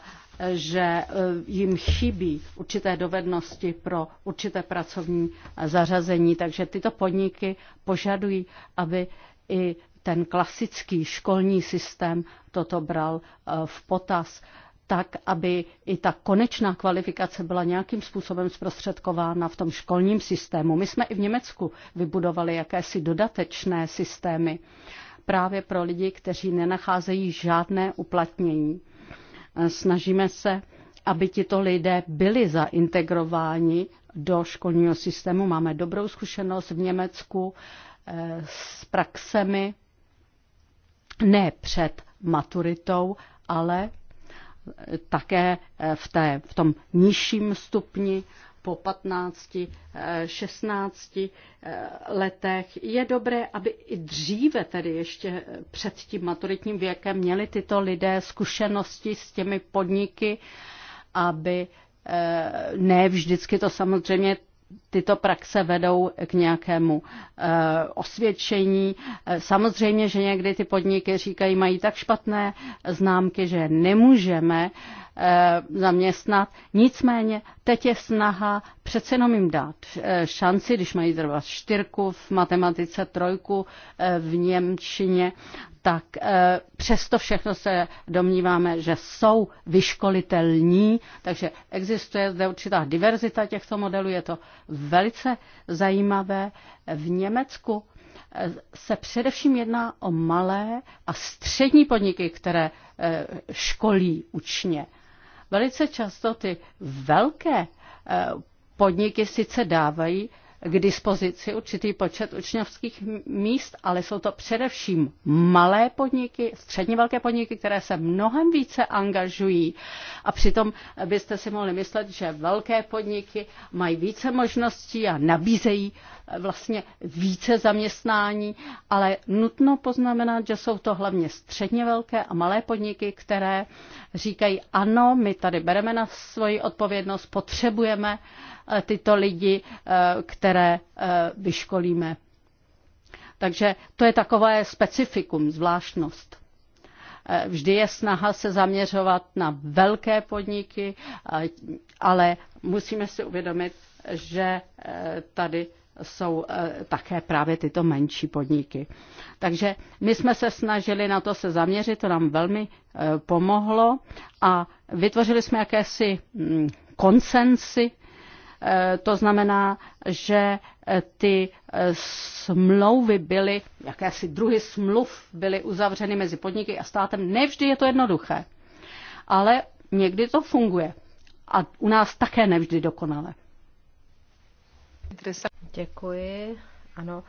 že e, jim chybí určité dovednosti pro určité pracovní zařazení, takže tyto podniky požadují, aby i ten klasický školní systém toto bral e, v potaz tak, aby i ta konečná kvalifikace byla nějakým způsobem zprostředkována v tom školním systému. My jsme i v Německu vybudovali jakési dodatečné systémy právě pro lidi, kteří nenacházejí žádné uplatnění. Snažíme se, aby tito lidé byli zaintegrováni do školního systému. Máme dobrou zkušenost v Německu eh, s praxemi ne před maturitou, ale také eh, v, té, v tom nižším stupni po 15, 16 eh, eh, letech. Je dobré, aby i dříve, tedy ještě před tím maturitním věkem, měli tyto lidé zkušenosti s těmi podniky, aby eh, ne vždycky to samozřejmě tyto praxe vedou k nějakému osvědčení. Samozřejmě, že někdy ty podniky říkají, mají tak špatné známky, že nemůžeme Eh, zaměstnat. Nicméně teď je snaha přece jenom jim dát eh, šanci, když mají zrovna čtyřku v matematice, trojku eh, v Němčině, tak přesto všechno se domníváme, že jsou vyškolitelní, takže existuje zde určitá diverzita těchto modelů, je to velice zajímavé. V Německu se především jedná o malé a střední podniky, které školí učně. Velice často ty velké eh, podniky sice dávají k dispozici určitý počet učňovských míst, ale jsou to především malé podniky, středně velké podniky, které se mnohem více angažují. A přitom byste si mohli myslet, že velké podniky mají více možností a nabízejí vlastně více zaměstnání, ale nutno poznamenat, že jsou to hlavně středně velké a malé podniky, které říkají, ano, my tady bereme na svoji odpovědnost, potřebujeme eh, tyto lidi, eh, které eh, vyškolíme. Takže to je takové specifikum, zvláštnost. Vždy je snaha se zaměřovat na velké podniky, ale musíme si uvědomit, že tady jsou eh, také právě tyto menší podniky. Takže my jsme se snažili na to se zaměřit, to nám velmi eh, pomohlo a vytvořili jsme jakési mm, konsensy, eh, to znamená, že ty smlouvy byly, jakési druhy smluv byly uzavřeny mezi podniky a státem. Nevždy je to jednoduché, ale někdy to funguje. A u nás také nevždy dokonale. Děkuji, ano.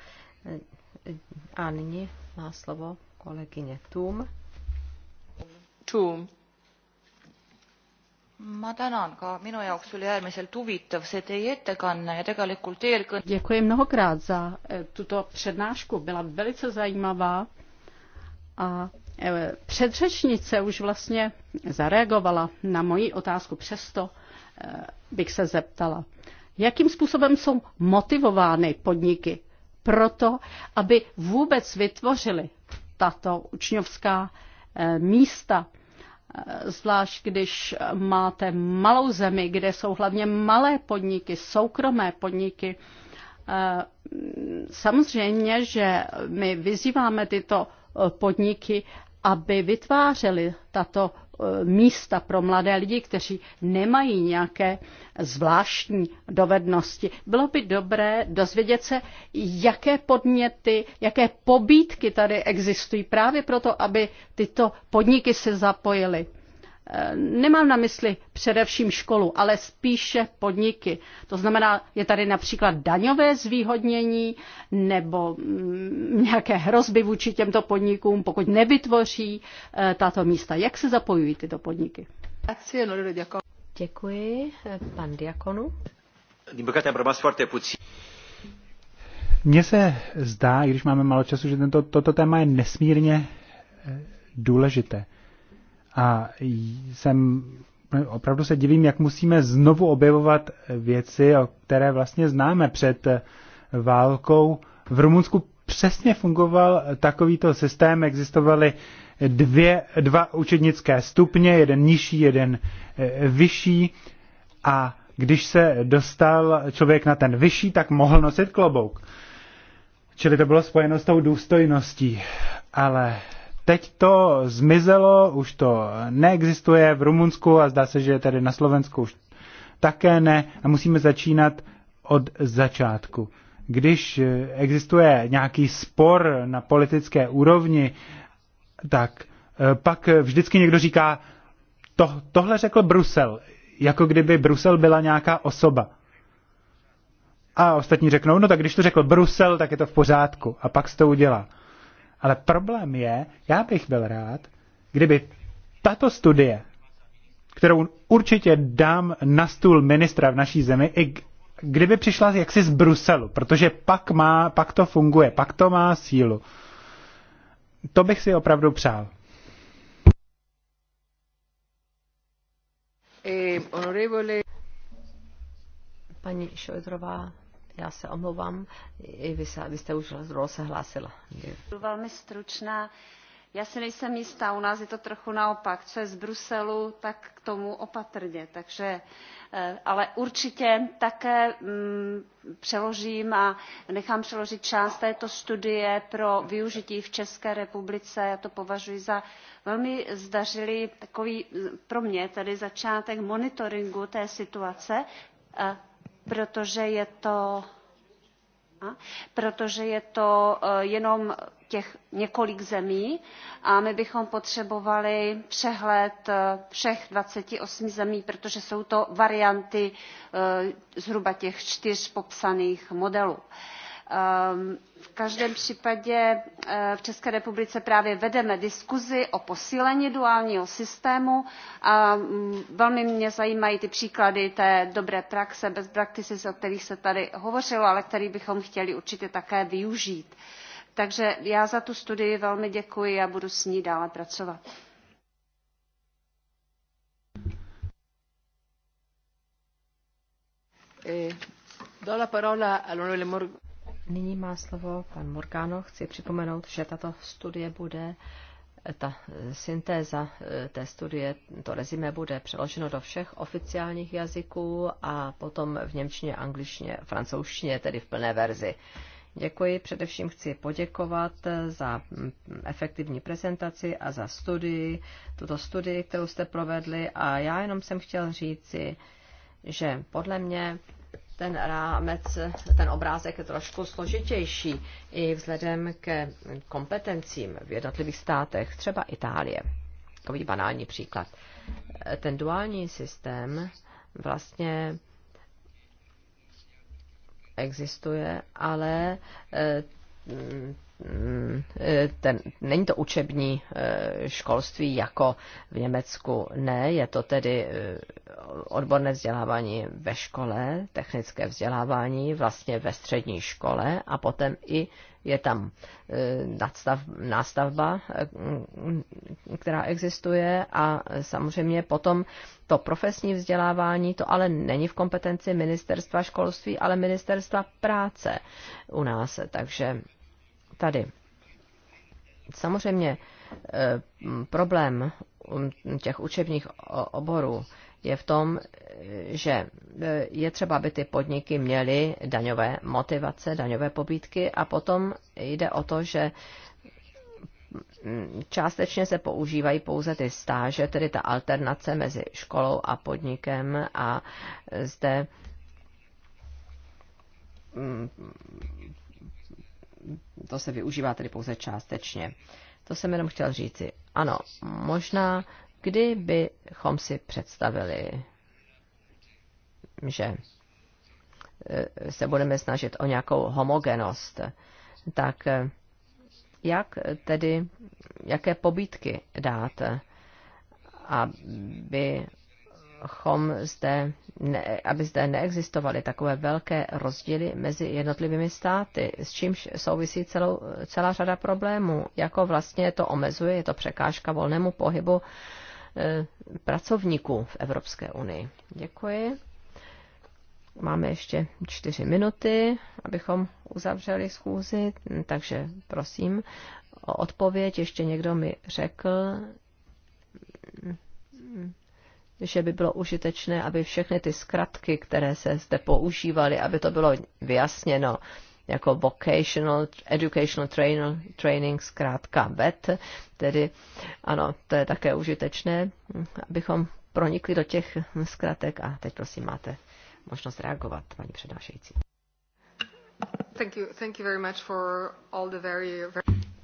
A nyní má slovo kolegyně Tum. Tum. ma tänan ka minu jaoks oli äärmiselt huvitav see teie ettekanne ja tegelikult Děkuji mnohokrát za e, tuto přednášku, byla velice zajímavá a e, předřečnice už vlastně zareagovala na moji otázku, přesto e, bych se zeptala. Jakým způsobem jsou motivovány podniky proto, aby vůbec vytvořili tato učňovská eh, místa? Eh, zvlášť když máte malou zemi, kde jsou hlavně malé podniky, soukromé podniky, eh, Samozřejmě, že my vyzýváme tyto podniky, aby vytvářeli tato e, místa pro mladé lidi, kteří nemají nějaké zvláštní dovednosti. Bylo by dobré dozvědět se, jaké podněty, jaké pobídky tady existují právě proto, aby tyto podniky se zapojily. Eh, nemám na mysli především školu, ale spíše podniky. To znamená, je tady například daňové zvýhodnění nebo mm, nějaké hrozby vůči těmto podnikům, pokud nevytvoří eh, tato místa. Jak se zapojují tyto podniky? Děkuji. Eh, pan Diakonu. Mně se zdá, i když máme málo času, že tento, toto téma je nesmírně důležité. A jsem opravdu se divím, jak musíme znovu objevovat věci, o které vlastně známe před válkou. V Rumunsku přesně fungoval takovýto systém, existovaly dvě, dva učednické stupně, jeden nižší, jeden e, vyšší a když se dostal člověk na ten vyšší, tak mohl nosit klobouk. Čili to bylo spojeno s tou důstojností. Ale Teď to zmizelo, už to neexistuje v Rumunsku a zdá se, že tady na Slovensku už také ne a musíme začínat od začátku. Když eh, existuje nějaký spor na politické úrovni, tak eh, pak vždycky někdo říká, to, tohle řekl Brusel, jako kdyby Brusel byla nějaká osoba. A ostatní řeknou, no tak když to řekl Brusel, tak je to v pořádku. A pak se to udělá. Ale problém je, já bych byl rád, kdyby tato studie, kterou určitě dám na stůl ministra v naší zemi, i kdyby přišla jaksi z Bruselu, protože pak, má, pak to funguje, pak to má sílu. To bych si opravdu přál. Eh, Paní Šojdrová já se omlouvám, i vy, se, vy jste už se hlásila. Velmi stručná. Já si nejsem jistá, u nás je to trochu naopak. Co je z Bruselu, tak k tomu opatrně. Takže, eh, ale určitě také mm, přeložím a nechám přeložit část této studie pro využití v České republice. Já to považuji za velmi zdařilý takový mm, pro mě tedy začátek monitoringu té situace eh, protože je to, a, protože je to e, jenom těch několik zemí a my bychom potřebovali přehled e, všech 28 zemí protože jsou to varianty e, zhruba těch čtyř popsaných modelů. Ehm, v každém případě eh, v české republice právě vedeme diskuzi o posílení duálního systému a mm, velmi mě zajímají ty příklady té dobré praxe best practices o kterých se tady hovořilo ale které bychom chtěli určitě také využít. takže já za tu studii velmi děkuji a budu s ní dále pracovat. Eh, do la parola all'onorevole Morgan. Nyní má slovo pan Morgano. Chci připomenout, že tato studie bude, ta syntéza eh, té studie, to rezime bude přeloženo do všech oficiálních jazyků a potom v němčině, angličtině, francouzštině, tedy v plné verzi. Děkuji, především chci poděkovat eh, za mm, efektivní prezentaci a za studii, tuto studii, kterou jste provedli a já jenom jsem chtěl říci, že podle mě ten rámec, ten obrázek je trošku složitější i vzhledem ke kompetencím v jednotlivých státech, třeba Itálie. Takový banální příklad. Ten duální systém vlastně existuje, ale eh, Mm, ten, není to učební eh, školství jako v Německu, ne, je to tedy eh, odborné vzdělávání ve škole, technické vzdělávání vlastně ve střední škole a potom i je tam eh, nadstav, nástavba, mm, která existuje a samozřejmě potom to profesní vzdělávání, to ale není v kompetenci ministerstva školství, ale ministerstva práce u nás, takže tady. Samozřejmě eh, problém um, těch učebních oborů je v tom, eh, že eh, je třeba, aby ty podniky měly daňové motivace, daňové pobídky a potom jde o to, že mm, částečně se používají pouze ty stáže, tedy ta alternace mezi školou a podnikem a zde mm, to se využívá tedy pouze částečně. To jsem jenom chtěl říci. Ano, možná, kdybychom si představili, že e, se budeme snažit o nějakou homogenost, tak e, jak tedy, jaké pobítky dát, aby abychom zde ne, aby zde neexistovaly takové velké rozdíly mezi jednotlivými státy, s čímž souvisí celou, celá řada problémů, jako vlastně to omezuje, je to překážka volnému pohybu e, pracovníků v Evropské unii. Děkuji. Máme ještě čtyři minuty, abychom uzavřeli schůzi, takže prosím o odpověď. Ještě někdo mi řekl, že by bylo užitečné, aby všechny ty zkratky, které se zde používaly, aby to bylo vyjasněno jako vocational, educational trainer, training, zkrátka VET, tedy ano, to je také užitečné, abychom pronikli do těch zkratek a teď prosím máte možnost reagovat, paní přednášející.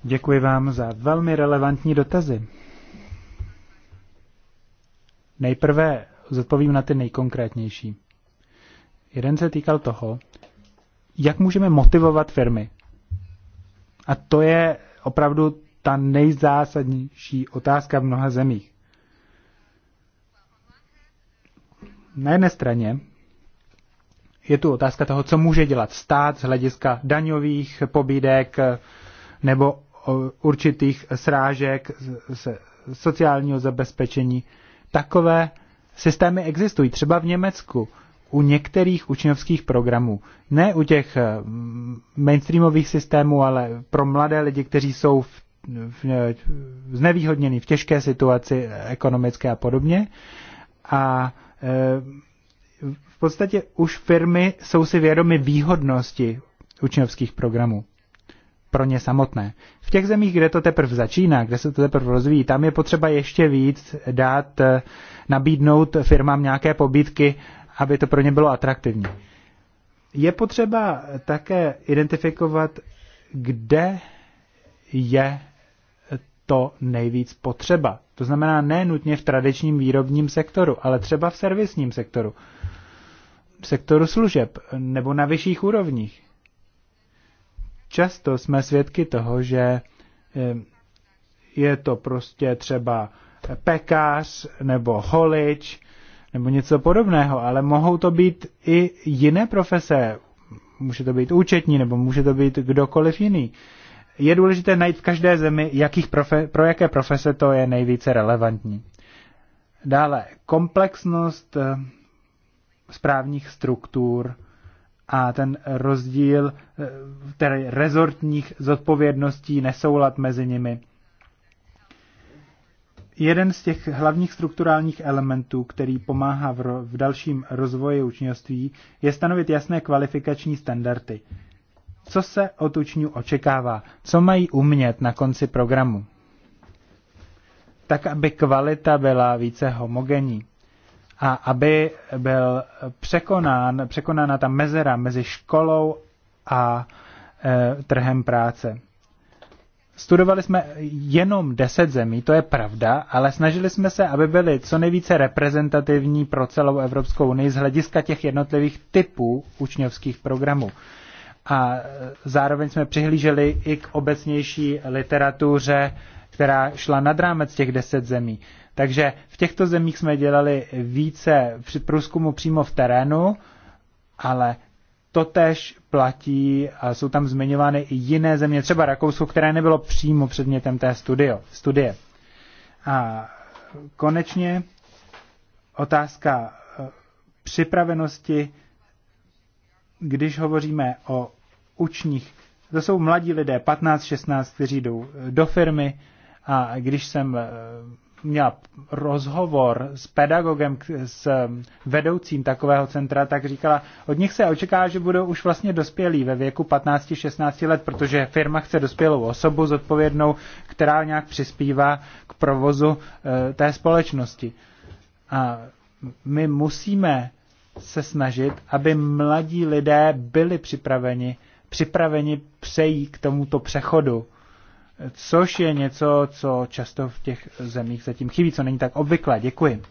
Děkuji vám za velmi relevantní dotazy. Nejprve zodpovím na ty nejkonkrétnější. Jeden se týkal toho, jak můžeme motivovat firmy. A to je opravdu ta nejzásadnější otázka v mnoha zemích. Na jedné straně je tu otázka toho, co může dělat stát z hlediska daňových pobídek nebo určitých srážek se sociálního zabezpečení takové systémy existují. Třeba v Německu u některých učňovských programů. Ne u těch eh, mainstreamových systémů, ale pro mladé lidi, kteří jsou v, v, v eh, znevýhodněni v těžké situaci eh, ekonomické a podobně. A e, v podstatě už firmy jsou si vědomy výhodnosti učňovských programů pro ně samotné. V těch zemích, kde to teprve začíná, kde se to teprve rozvíjí, tam je potřeba ještě víc dát, eh, nabídnout firmám nějaké pobídky, aby to pro ně bylo atraktivní. Je potřeba také identifikovat, kde je to nejvíc potřeba. To znamená ne nutně v tradičním výrobním sektoru, ale třeba v servisním sektoru, sektoru služeb nebo na vyšších úrovních. Často jsme svědky toho, že je to prostě třeba pekář nebo holič nebo něco podobného, ale mohou to být i jiné profese. Může to být účetní nebo může to být kdokoliv jiný. Je důležité najít v každé zemi, jakých profe, pro jaké profese to je nejvíce relevantní. Dále, komplexnost eh, správních struktur a ten rozdíl tedy rezortních zodpovědností, nesoulad mezi nimi. Jeden z těch hlavních strukturálních elementů, který pomáhá v, ro- v dalším rozvoji učňovství, je stanovit jasné kvalifikační standardy. Co se od učňů očekává? Co mají umět na konci programu? Tak, aby kvalita byla více homogenní a aby byl překonán, překonána ta mezera mezi školou a e, trhem práce. Studovali jsme jenom 10 zemí, to je pravda, ale snažili jsme se, aby byly co nejvíce reprezentativní pro celou Evropskou unii z hlediska těch jednotlivých typů učňovských programů. A e, zároveň jsme přihlíželi i k obecnější literatuře, která šla nad rámec těch 10 zemí. E, takže v těchto zemích jsme dělali více při průzkumu přímo v terénu, ale totež platí a jsou tam zmiňovány i jiné země, třeba Rakousko, které nebylo přímo předmětem té studio, studie. A konečně otázka e, připravenosti, když hovoříme o učních. To jsou mladí lidé, 15-16, kteří jdou do firmy a když jsem e, měla rozhovor s pedagogem, s um, vedoucím takového centra, tak říkala, od nich se očeká, že budou už vlastně dospělí ve věku 15-16 let, protože firma chce dospělou osobu zodpovědnou, která nějak přispívá k provozu eh, té společnosti. A my musíme se snažit, aby mladí lidé byli připraveni, připraveni přejít k tomuto přechodu což je něco, co často v těch zemích zatím chybí, co není tak obvyklé. Děkuji.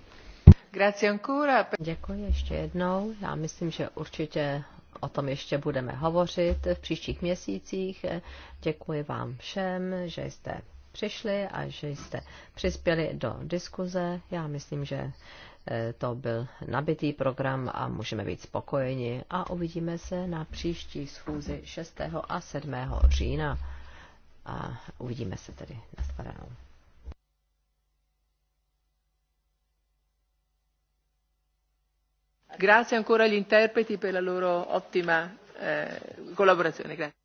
Děkuji ještě jednou. Já myslím, že určitě o tom ještě budeme hovořit v příštích měsících. Děkuji vám všem, že jste přišli a že jste přispěli do diskuze. Já myslím, že eh, to byl nabitý program a můžeme být spokojeni a uvidíme se na příští schůzi 6. a 7. října a uvidíme se tedy. na shledanou. Grazie ancora agli interpreti per la loro ottima eh, collaborazione. Grazie.